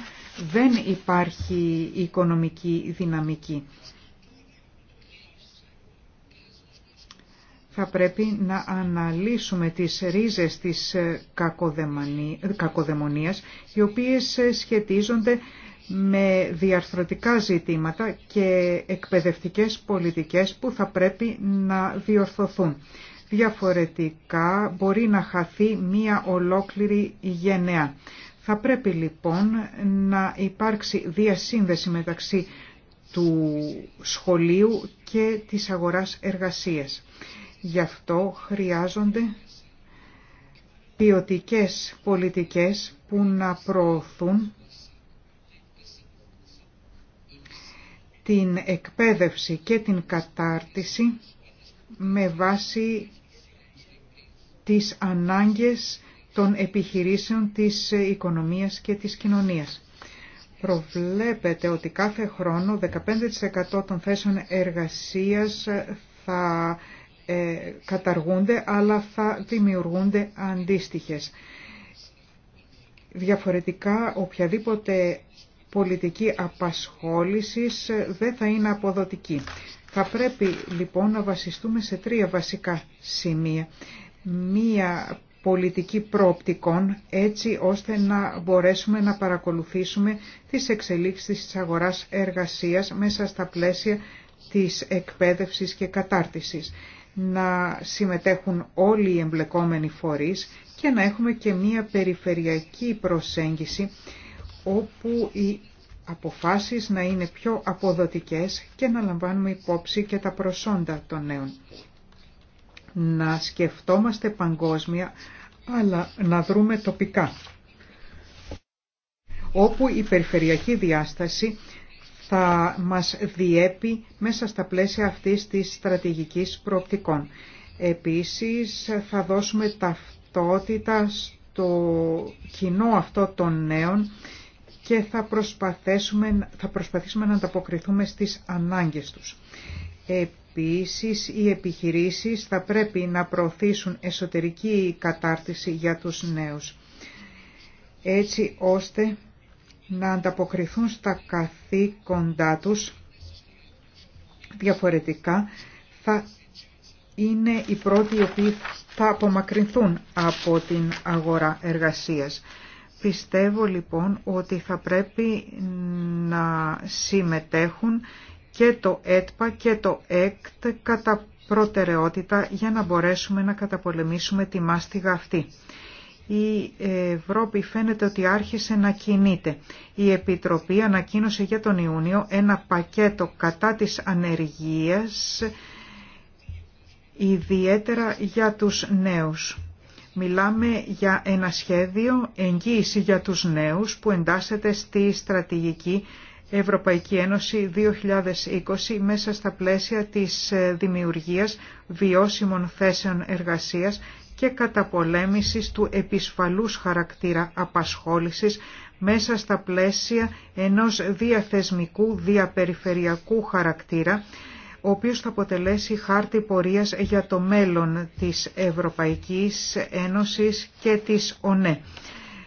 δεν υπάρχει οικονομική δυναμική. θα πρέπει να αναλύσουμε τις ρίζες της ε, ε, κακοδαιμονίας, οι οποίες ε, σχετίζονται με διαρθρωτικά ζητήματα και εκπαιδευτικές πολιτικές που θα πρέπει να διορθωθούν. Διαφορετικά μπορεί να χαθεί μία ολόκληρη γενεά. Θα πρέπει λοιπόν να υπάρξει διασύνδεση μεταξύ του σχολείου και της αγοράς εργασίας. Γι' αυτό χρειάζονται ποιοτικές πολιτικές που να προωθούν την εκπαίδευση και την κατάρτιση με βάση τις ανάγκες των επιχειρήσεων της οικονομίας και της κοινωνίας. Προβλέπεται ότι κάθε χρόνο 15% των θέσεων εργασίας θα ε, καταργούνται, αλλά θα δημιουργούνται αντίστοιχες. Διαφορετικά, οποιαδήποτε πολιτική απασχόλησης ε, δεν θα είναι αποδοτική. Θα πρέπει λοιπόν να βασιστούμε σε τρία βασικά σημεία. Μία πολιτική προοπτικών έτσι ώστε να μπορέσουμε να παρακολουθήσουμε τις εξελίξεις της αγοράς εργασίας μέσα στα πλαίσια της εκπαίδευσης και κατάρτισης να συμμετέχουν όλοι οι εμπλεκόμενοι φορείς και να έχουμε και μία περιφερειακή προσέγγιση όπου οι αποφάσεις να είναι πιο αποδοτικές και να λαμβάνουμε υπόψη και τα προσόντα των νέων. Να σκεφτόμαστε παγκόσμια αλλά να δρούμε τοπικά όπου η περιφερειακή διάσταση θα μας διέπει μέσα στα πλαίσια αυτής της στρατηγικής προοπτικών. Επίσης θα δώσουμε ταυτότητα στο κοινό αυτό των νέων και θα προσπαθήσουμε, θα προσπαθήσουμε να ανταποκριθούμε στις ανάγκες τους. Επίσης, οι επιχειρήσεις θα πρέπει να προωθήσουν εσωτερική κατάρτιση για τους νέους, έτσι ώστε να ανταποκριθούν στα καθήκοντά τους διαφορετικά θα είναι οι πρώτοι οι οποίοι θα απομακρυνθούν από την αγορά εργασίας. Πιστεύω λοιπόν ότι θα πρέπει να συμμετέχουν και το ΕΤΠΑ και το ΕΚΤ κατά προτεραιότητα για να μπορέσουμε να καταπολεμήσουμε τη μάστιγα αυτή η Ευρώπη φαίνεται ότι άρχισε να κινείται. Η Επιτροπή ανακοίνωσε για τον Ιούνιο ένα πακέτο κατά της ανεργίας, ιδιαίτερα για τους νέους. Μιλάμε για ένα σχέδιο εγγύηση για τους νέους που εντάσσεται στη στρατηγική Ευρωπαϊκή Ένωση 2020 μέσα στα πλαίσια της δημιουργίας βιώσιμων θέσεων εργασίας και καταπολέμησης του επισφαλούς χαρακτήρα απασχόλησης μέσα στα πλαίσια ενός διαθεσμικού διαπεριφερειακού χαρακτήρα, ο οποίος θα αποτελέσει χάρτη πορείας για το μέλλον της Ευρωπαϊκής Ένωσης και της ΟΝΕ.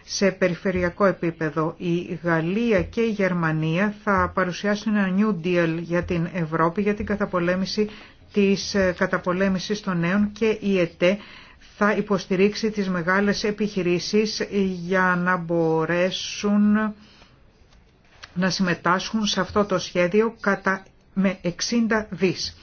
Σε περιφερειακό επίπεδο η Γαλλία και η Γερμανία θα παρουσιάσουν ένα New Deal για την Ευρώπη για την καταπολέμηση της ε, καταπολέμησης των νέων και η ΕΤΕ θα υποστηρίξει τις μεγάλες επιχειρήσεις για να μπορέσουν να συμμετάσχουν σε αυτό το σχέδιο κατά με 60 δις.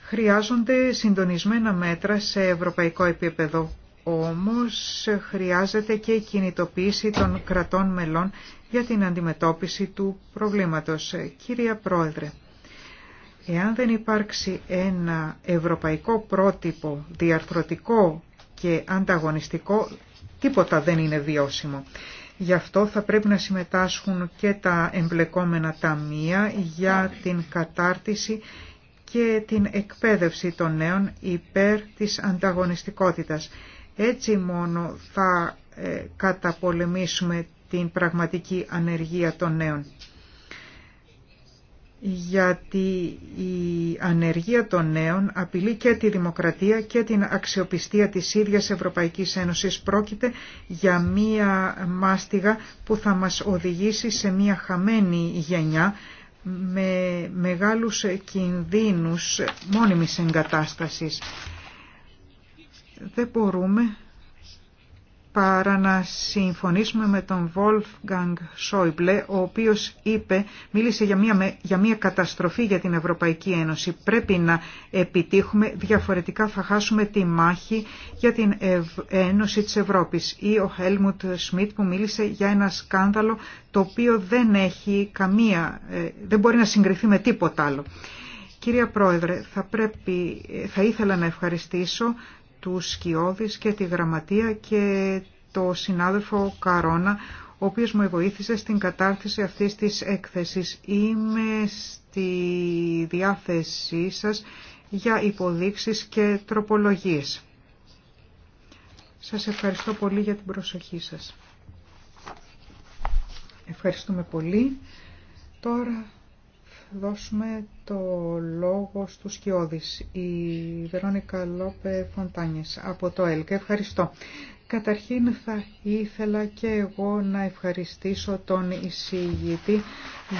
Χρειάζονται συντονισμένα μέτρα σε ευρωπαϊκό επίπεδο, όμως χρειάζεται και η κινητοποίηση των κρατών μελών για την αντιμετώπιση του προβλήματος. Κυρία Πρόεδρε, Εάν δεν υπάρξει ένα ευρωπαϊκό πρότυπο διαρθρωτικό και ανταγωνιστικό, τίποτα δεν είναι βιώσιμο. Γι' αυτό θα πρέπει να συμμετάσχουν και τα εμπλεκόμενα ταμεία για την κατάρτιση και την εκπαίδευση των νέων υπέρ της ανταγωνιστικότητας. Έτσι μόνο θα ε, καταπολεμήσουμε την πραγματική ανεργία των νέων γιατί η ανεργία των νέων απειλεί και τη δημοκρατία και την αξιοπιστία της ίδιας Ευρωπαϊκής Ένωσης. Πρόκειται για μία μάστιγα που θα μας οδηγήσει σε μία χαμένη γενιά με μεγάλους κινδύνους μόνιμης εγκατάστασης. Δεν μπορούμε παρά να συμφωνήσουμε με τον Wolfgang Schäuble, ο οποίος είπε, μίλησε για μια, για μια καταστροφή για την Ευρωπαϊκή Ένωση. Πρέπει να επιτύχουμε, διαφορετικά θα χάσουμε τη μάχη για την Ένωση της Ευρώπης. Ή ο Helmut Schmidt που μίλησε για ένα σκάνδαλο το οποίο δεν έχει καμία, ε, δεν μπορεί να συγκριθεί με τίποτα άλλο. Κυρία Πρόεδρε, θα, πρέπει, ε, θα ήθελα να ευχαριστήσω του Σκιώδης και τη Γραμματεία και το συνάδελφο Καρόνα, ο οποίος μου βοήθησε στην κατάρτιση αυτής της έκθεσης. Είμαι στη διάθεσή σας για υποδείξεις και τροπολογίες. Σας ευχαριστώ πολύ για την προσοχή σας. Ευχαριστούμε πολύ. Τώρα δώσουμε το λόγο στους Σκιώδης, η Βερόνικα Λόπε από το ΕΛΚ. Ευχαριστώ. Καταρχήν θα ήθελα και εγώ να ευχαριστήσω τον εισηγητή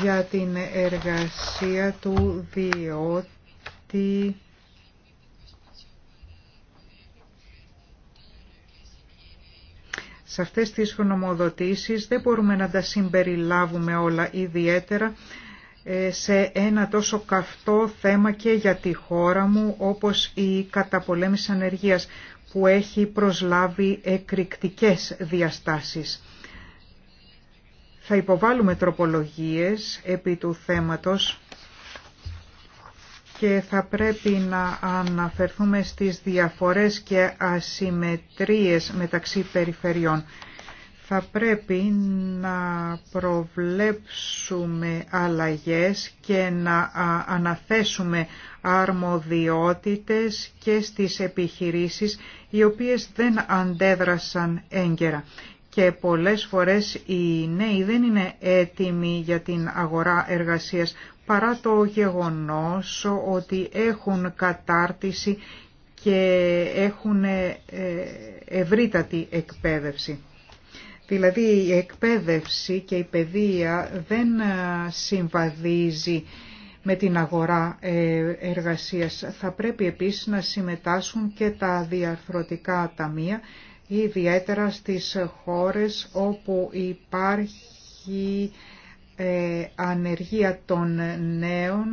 για την εργασία του διότι σε αυτές τις χρονομοδοτήσεις δεν μπορούμε να τα συμπεριλάβουμε όλα ιδιαίτερα σε ένα τόσο καυτό θέμα και για τη χώρα μου όπως η καταπολέμηση ανεργίας που έχει προσλάβει εκρηκτικές διαστάσεις. Θα υποβάλουμε τροπολογίες επί του θέματος και θα πρέπει να αναφερθούμε στις διαφορές και ασυμμετρίες μεταξύ περιφερειών θα πρέπει να προβλέψουμε αλλαγές και να αναθέσουμε αρμοδιότητες και στις επιχειρήσεις οι οποίες δεν αντέδρασαν έγκαιρα. Και πολλές φορές οι νέοι δεν είναι έτοιμοι για την αγορά εργασίας παρά το γεγονός ότι έχουν κατάρτιση και έχουν ε, ευρύτατη εκπαίδευση. Δηλαδή η εκπαίδευση και η παιδεία δεν ε, συμβαδίζει με την αγορά ε, εργασίας. Θα πρέπει επίσης να συμμετάσχουν και τα διαρθρωτικά ταμεία, ιδιαίτερα στις χώρες όπου υπάρχει ε, ανεργία των νέων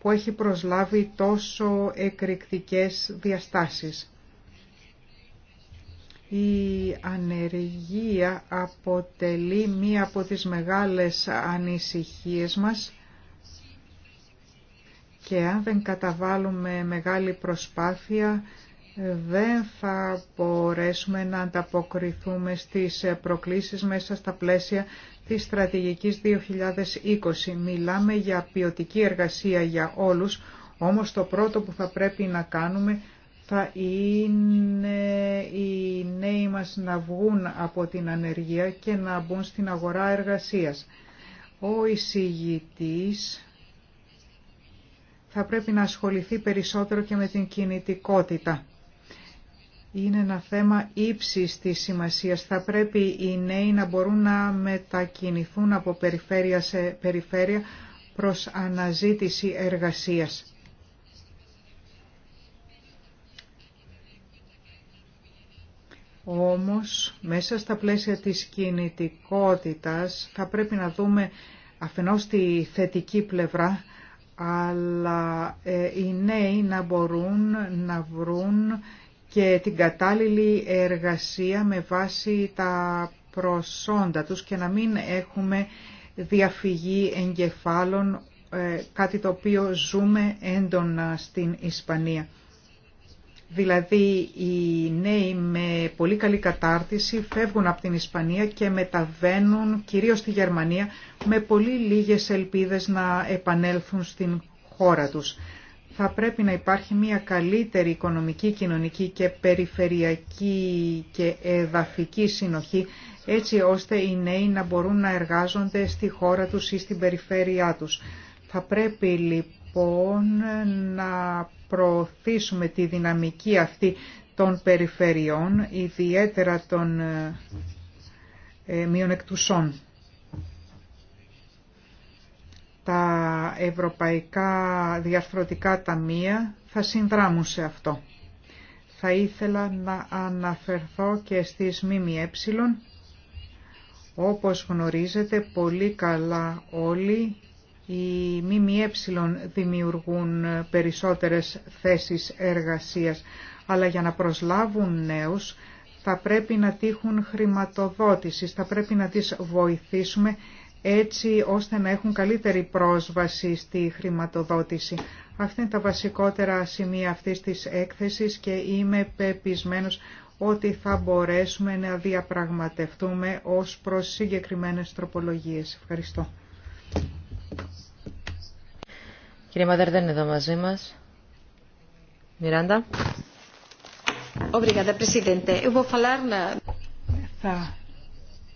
που έχει προσλάβει τόσο εκρηκτικές διαστάσεις. Η ανεργία αποτελεί μία από τις μεγάλες ανησυχίες μας και αν δεν καταβάλουμε μεγάλη προσπάθεια δεν θα μπορέσουμε να ανταποκριθούμε στις προκλήσεις μέσα στα πλαίσια της στρατηγικής 2020. Μιλάμε για ποιοτική εργασία για όλους, όμως το πρώτο που θα πρέπει να κάνουμε θα είναι οι νέοι μας να βγουν από την ανεργία και να μπουν στην αγορά εργασίας. Ο εισηγητής θα πρέπει να ασχοληθεί περισσότερο και με την κινητικότητα. Είναι ένα θέμα ύψης της σημασίας. Θα πρέπει οι νέοι να μπορούν να μετακινηθούν από περιφέρεια σε περιφέρεια προς αναζήτηση εργασίας. Όμως, μέσα στα πλαίσια της κινητικότητας θα πρέπει να δούμε αφενός τη θετική πλευρά, αλλά ε, οι νέοι να μπορούν να βρουν και την κατάλληλη εργασία με βάση τα προσόντα τους και να μην έχουμε διαφυγή εγκεφάλων, ε, κάτι το οποίο ζούμε έντονα στην Ισπανία. Δηλαδή οι νέοι με πολύ καλή κατάρτιση φεύγουν από την Ισπανία και μεταβαίνουν κυρίως στη Γερμανία με πολύ λίγες ελπίδες να επανέλθουν στην χώρα τους. Θα πρέπει να υπάρχει μια καλύτερη οικονομική, κοινωνική και περιφερειακή και εδαφική συνοχή έτσι ώστε οι νέοι να μπορούν να εργάζονται στη χώρα τους ή στην περιφέρειά τους. Θα πρέπει λοιπόν να προωθήσουμε τη δυναμική αυτή των περιφερειών, ιδιαίτερα των ε, ε, μειονεκτουσών. Τα ευρωπαϊκά διαρθρωτικά ταμεία θα συνδράμουν σε αυτό. Θα ήθελα να αναφερθώ και στις ΜΜΕ. Όπως γνωρίζετε πολύ καλά όλοι, οι ΜΜΕ δημιουργούν περισσότερες θέσεις εργασίας, αλλά για να προσλάβουν νέους θα πρέπει να τύχουν χρηματοδότηση. θα πρέπει να τις βοηθήσουμε έτσι ώστε να έχουν καλύτερη πρόσβαση στη χρηματοδότηση. Αυτά είναι τα βασικότερα σημεία αυτής της έκθεσης και είμαι πεπισμένος ότι θα μπορέσουμε να διαπραγματευτούμε ως προς συγκεκριμένες τροπολογίες. Ευχαριστώ. Κύριε Μαδέρ δεν είναι εδώ μαζί μα. Μιράντα. Θα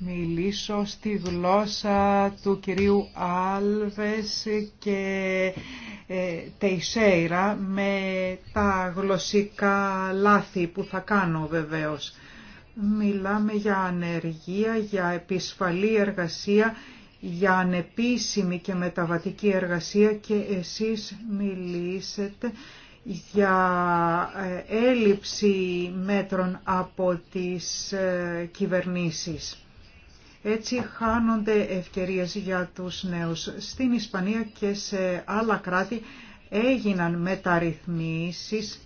μιλήσω στη γλώσσα του κυρίου Άλβε και ε, Τεϊσέιρα με τα γλωσσικά λάθη που θα κάνω βεβαίως. Μιλάμε για ανεργία, για επισφαλή εργασία για ανεπίσημη και μεταβατική εργασία και εσείς μιλήσετε για ε, έλλειψη μέτρων από τις ε, κυβερνήσεις. Έτσι χάνονται ευκαιρίες για τους νέους. Στην Ισπανία και σε άλλα κράτη έγιναν μεταρρυθμίσεις,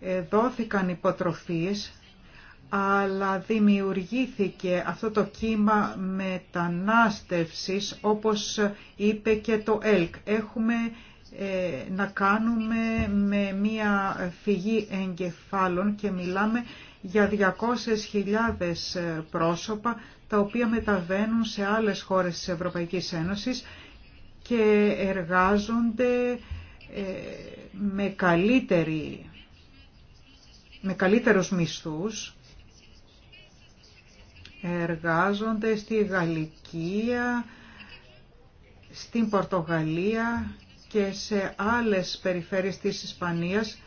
ε, δόθηκαν υποτροφίες αλλά δημιουργήθηκε αυτό το κύμα μετανάστευσης, όπως είπε και το ΕΛΚ. Έχουμε ε, να κάνουμε με μία φυγή εγκεφάλων και μιλάμε για 200.000 πρόσωπα, τα οποία μεταβαίνουν σε άλλες χώρες της Ευρωπαϊκής Ένωσης και εργάζονται ε, με, καλύτερη, με καλύτερους μισθούς εργάζονται στη Γαλλικία, στην Πορτογαλία και σε άλλες περιφέρειες της Ισπανίας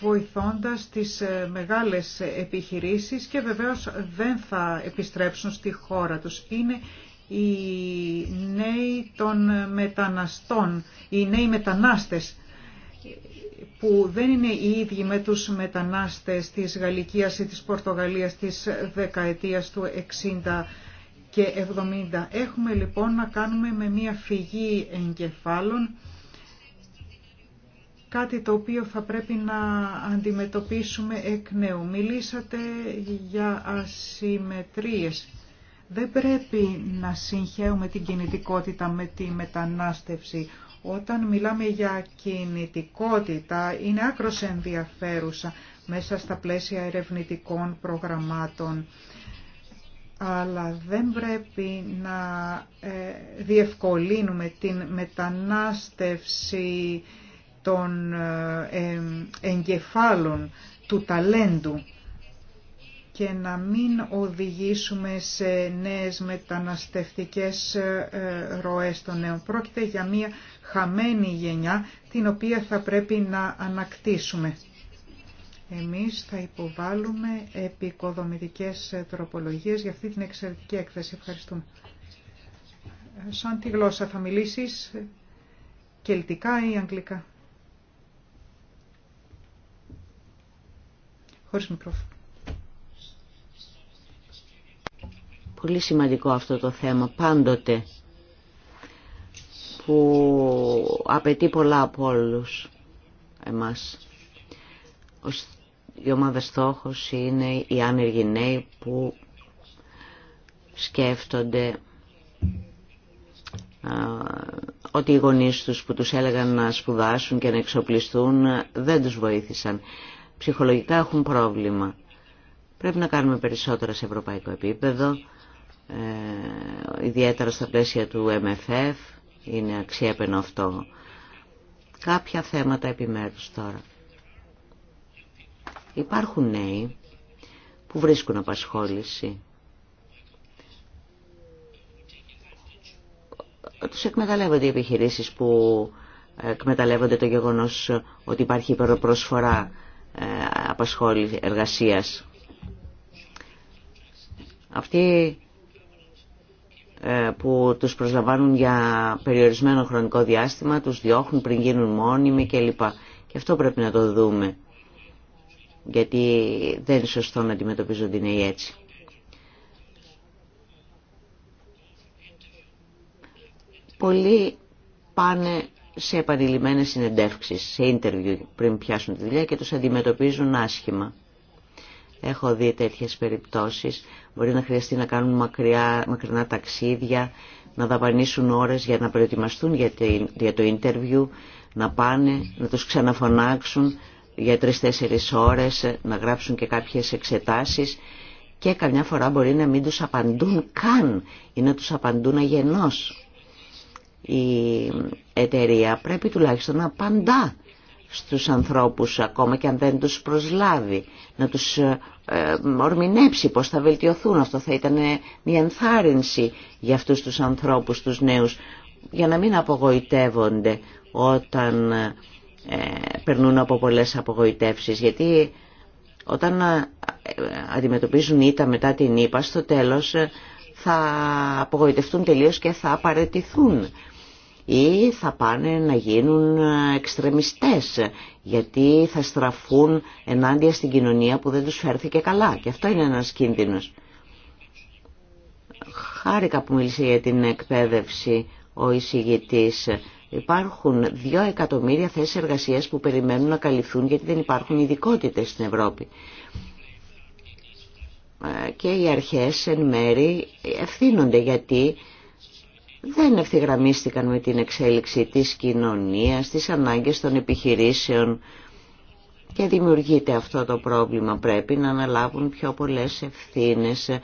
βοηθώντας τις ε, μεγάλες επιχειρήσεις και βεβαίως δεν θα επιστρέψουν στη χώρα τους. Είναι οι νέοι των μεταναστών, οι νέοι μετανάστες που δεν είναι οι ίδιοι με τους μετανάστες της Γαλλικίας ή της Πορτογαλίας της δεκαετίας του 60 και 70. Έχουμε λοιπόν να κάνουμε με μια φυγή εγκεφάλων, κάτι το οποίο θα πρέπει να αντιμετωπίσουμε εκ νέου. Μιλήσατε για ασυμμετρίες. Δεν πρέπει να συγχαίουμε την κινητικότητα με τη μετανάστευση. Όταν μιλάμε για κινητικότητα, είναι άκρος ενδιαφέρουσα μέσα στα πλαίσια ερευνητικών προγραμμάτων. Αλλά δεν πρέπει να ε, διευκολύνουμε την μετανάστευση των ε, ε, εγκεφάλων του ταλέντου και να μην οδηγήσουμε σε νέες μεταναστευτικές ε, ροές των νέων. Πρόκειται για μια χαμένη γενιά την οποία θα πρέπει να ανακτήσουμε. Εμείς θα υποβάλουμε επικοδομητικές τροπολογίες για αυτή την εξαιρετική έκθεση. Ευχαριστούμε. Σαν τη γλώσσα θα μιλήσεις, κελτικά ή αγγλικά. Χωρίς μικρόφωνο. Πολύ σημαντικό αυτό το θέμα πάντοτε που απαιτεί πολλά από όλους εμάς. Η ομάδα στόχος είναι οι άνεργοι νέοι που σκέφτονται ότι οι γονείς τους που τους έλεγαν να σπουδάσουν και να εξοπλιστούν ε, δεν τους βοήθησαν. Ψυχολογικά έχουν πρόβλημα. Πρέπει να κάνουμε περισσότερα σε ευρωπαϊκό επίπεδο ε, ιδιαίτερα στα πλαίσια του MFF, είναι αξιέπαινο αυτό. Κάποια θέματα επιμέρους τώρα. Υπάρχουν νέοι που βρίσκουν απασχόληση. Τους εκμεταλλεύονται οι επιχειρήσεις που εκμεταλλεύονται το γεγονός ότι υπάρχει υπεροπρόσφορα ε, απασχόληση εργασίας. Αυτοί ε, που τους προσλαμβάνουν για περιορισμένο χρονικό διάστημα, τους διώχνουν πριν γίνουν μόνιμοι κλπ. Και αυτό πρέπει να το δούμε, γιατί δεν είναι σωστό να αντιμετωπίζονται οι έτσι. Πολλοί πάνε σε επανειλημμένες συνεντεύξεις, σε ίντερβιου πριν πιάσουν τη δουλειά και τους αντιμετωπίζουν άσχημα. Έχω δει τέτοιες περιπτώσεις. Μπορεί να χρειαστεί να κάνουν μακριά, μακρινά ταξίδια, να δαπανίσουν ώρες για να προετοιμαστούν για το interview, να πάνε, να τους ξαναφωνάξουν για τρεις-τέσσερις ώρες, να γράψουν και κάποιες εξετάσεις και καμιά φορά μπορεί να μην τους απαντούν καν ή να τους απαντούν αγενώς. Η εταιρεία πρέπει τουλάχιστον να απαντά στους ανθρώπους ακόμα και αν δεν τους προσλάβει, να τους ε, ε, ορμηνέψει πώς θα βελτιωθούν. Αυτό θα ήταν μια ενθάρρυνση για αυτούς τους ανθρώπους, τους νέους, για να μην απογοητεύονται όταν ε, περνούν από πολλές απογοητεύσεις. Γιατί όταν ε, αντιμετωπίζουν ήττα μετά την ύπα στο τέλος θα απογοητευτούν τελείως και θα απαρατηθούν ή θα πάνε να γίνουν ε, εξτρεμιστές γιατί θα στραφούν ενάντια στην κοινωνία που δεν τους φέρθηκε καλά και αυτό είναι ένας κίνδυνος. Χάρηκα που μίλησε για την εκπαίδευση ο εισηγητής. Υπάρχουν δύο εκατομμύρια θέσεις εργασίας που περιμένουν να καλυφθούν γιατί δεν υπάρχουν ειδικότητες στην Ευρώπη. Ε, και οι αρχές εν μέρη ευθύνονται γιατί δεν ευθυγραμμίστηκαν με την εξέλιξη της κοινωνίας, της ανάγκες των επιχειρήσεων και δημιουργείται αυτό το πρόβλημα. Πρέπει να αναλάβουν πιο πολλές ευθύνες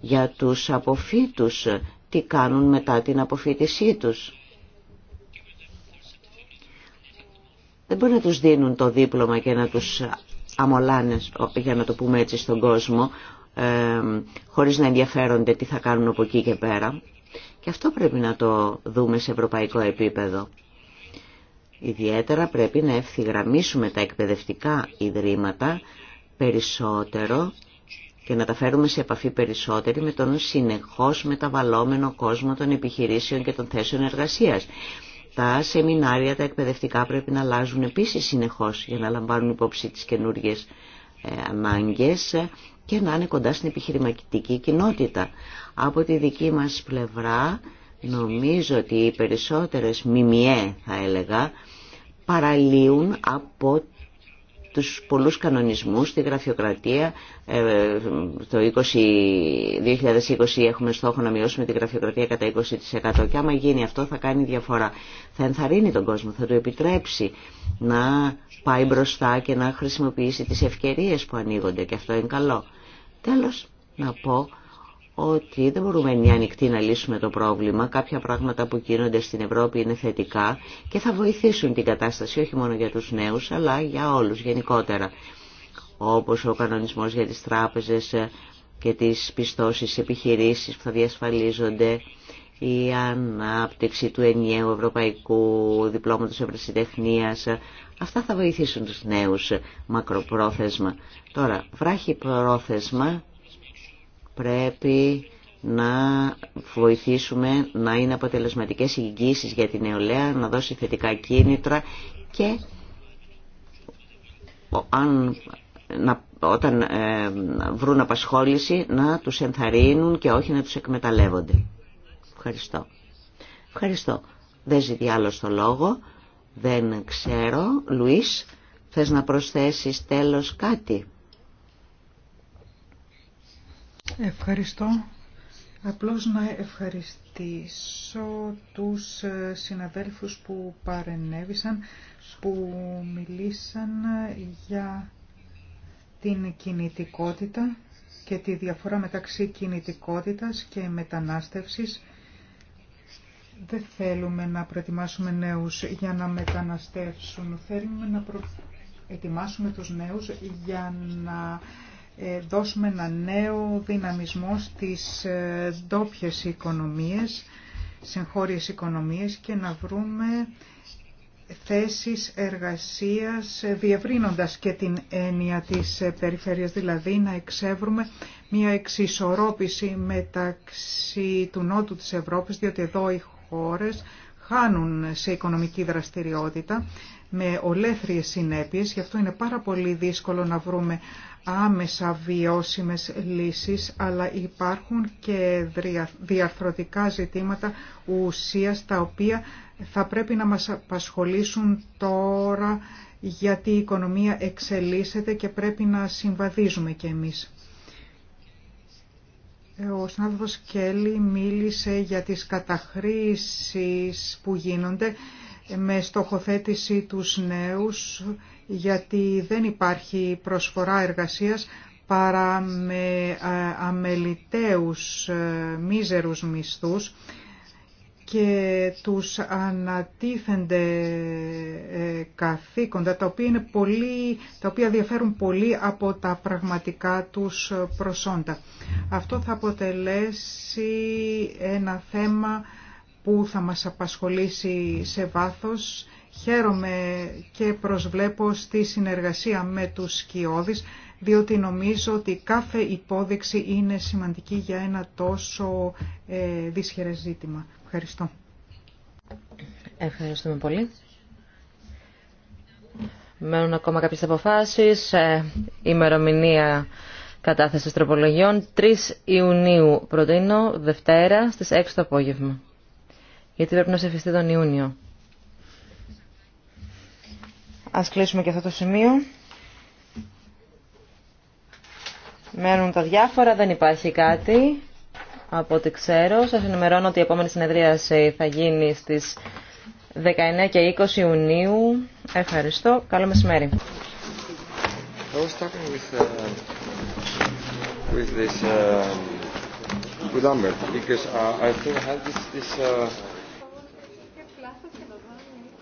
για τους αποφύτους, τι κάνουν μετά την αποφύτησή τους. Δεν μπορεί να τους δίνουν το δίπλωμα και να τους αμολάνε, για να το πούμε έτσι στον κόσμο, ε, χωρίς να ενδιαφέρονται τι θα κάνουν από εκεί και πέρα. Και αυτό πρέπει να το δούμε σε ευρωπαϊκό επίπεδο. Ιδιαίτερα πρέπει να ευθυγραμμίσουμε τα εκπαιδευτικά ιδρύματα περισσότερο και να τα φέρουμε σε επαφή περισσότερη με τον συνεχώς μεταβαλλόμενο κόσμο των επιχειρήσεων και των θέσεων εργασίας. Τα σεμινάρια, τα εκπαιδευτικά πρέπει να αλλάζουν επίσης συνεχώς για να λαμβάνουν υπόψη τις καινούργιες ε, ανάγκες και να είναι κοντά στην επιχειρηματική κοινότητα. Από τη δική μας πλευρά νομίζω ότι οι περισσότερες μιμιέ θα έλεγα παραλύουν από τους πολλούς κανονισμούς, τη γραφειοκρατία. Ε, το 20, 2020 έχουμε στόχο να μειώσουμε τη γραφειοκρατία κατά 20% και άμα γίνει αυτό θα κάνει διαφορά. Θα ενθαρρύνει τον κόσμο, θα του επιτρέψει να πάει μπροστά και να χρησιμοποιήσει τις ευκαιρίες που ανοίγονται και αυτό είναι καλό. Τέλος, να πω ότι δεν μπορούμε μια ανοιχτή να λύσουμε το πρόβλημα. Κάποια πράγματα που γίνονται στην Ευρώπη είναι θετικά και θα βοηθήσουν την κατάσταση όχι μόνο για τους νέους αλλά για όλους γενικότερα. Όπως ο κανονισμός για τις τράπεζες και τις πιστώσεις επιχειρήσεις που θα διασφαλίζονται, η ανάπτυξη του ενιαίου ευρωπαϊκού διπλώματος ευρεσιτεχνίας. Αυτά θα βοηθήσουν τους νέους μακροπρόθεσμα. Τώρα, βράχει πρόθεσμα πρέπει να βοηθήσουμε να είναι αποτελεσματικές εγγύσεις για την νεολαία, να δώσει θετικά κίνητρα και αν, να, όταν ε, βρουν απασχόληση να τους ενθαρρύνουν και όχι να τους εκμεταλλεύονται. Ευχαριστώ. Ευχαριστώ. Δεν ζητεί άλλο το λόγο. Δεν ξέρω. Λουίς, θες να προσθέσεις τέλος κάτι. Ευχαριστώ. Απλώς να ευχαριστήσω τους ε, συναδέλφους που παρενέβησαν, που μιλήσαν για την κινητικότητα και τη διαφορά μεταξύ κινητικότητας και μετανάστευσης. Δεν θέλουμε να προετοιμάσουμε νέους για να μεταναστεύσουν. Θέλουμε να προετοιμάσουμε τους νέους για να ε, δώσουμε ένα νέο δυναμισμό στις ε, ντόπιε οικονομίες, σε χώριες οικονομίες και να βρούμε θέσεις εργασίας ε, διευρύνοντας και την έννοια της περιφέρειας, δηλαδή να εξεύρουμε μια εξισορρόπηση μεταξύ του νότου της Ευρώπης, διότι εδώ οι χώρες χάνουν σε οικονομική δραστηριότητα με ολέθριες συνέπειες, γι' αυτό είναι πάρα πολύ δύσκολο να βρούμε άμεσα βιώσιμες λύσεις, αλλά υπάρχουν και διαρθρωτικά ζητήματα ουσίας τα οποία θα πρέπει να μας απασχολήσουν τώρα γιατί η οικονομία εξελίσσεται και πρέπει να συμβαδίζουμε κι εμείς. Ο συνάδελφος Κέλλη μίλησε για τις καταχρήσεις που γίνονται με στοχοθέτηση τους νέους γιατί δεν υπάρχει προσφορά εργασίας παρά με ε, αμεληταίους ε, μίζερους μισθούς και τους ανατίθενται ε, καθήκοντα τα οποία, είναι πολύ, τα οποία διαφέρουν πολύ από τα πραγματικά τους προσόντα. Αυτό θα αποτελέσει ένα θέμα που θα μας απασχολήσει σε βάθος Χαίρομαι και προσβλέπω στη συνεργασία με τους σκιώδεις, διότι νομίζω ότι κάθε υπόδειξη είναι σημαντική για ένα τόσο ε, ζήτημα. Ευχαριστώ. Ευχαριστούμε πολύ. Μένουν ακόμα κάποιες αποφάσεις. Ε, ημερομηνία κατάθεσης τροπολογιών. 3 Ιουνίου προτείνω, Δευτέρα, στις 6 το απόγευμα. Γιατί πρέπει να σεφιστεί τον Ιούνιο. Ας κλείσουμε και αυτό το σημείο. Μένουν τα διάφορα, δεν υπάρχει κάτι από ό,τι ξέρω. Σας ενημερώνω ότι η επόμενη συνεδρίαση θα γίνει στις 19 και 20 Ιουνίου. Ευχαριστώ. Καλό μεσημέρι.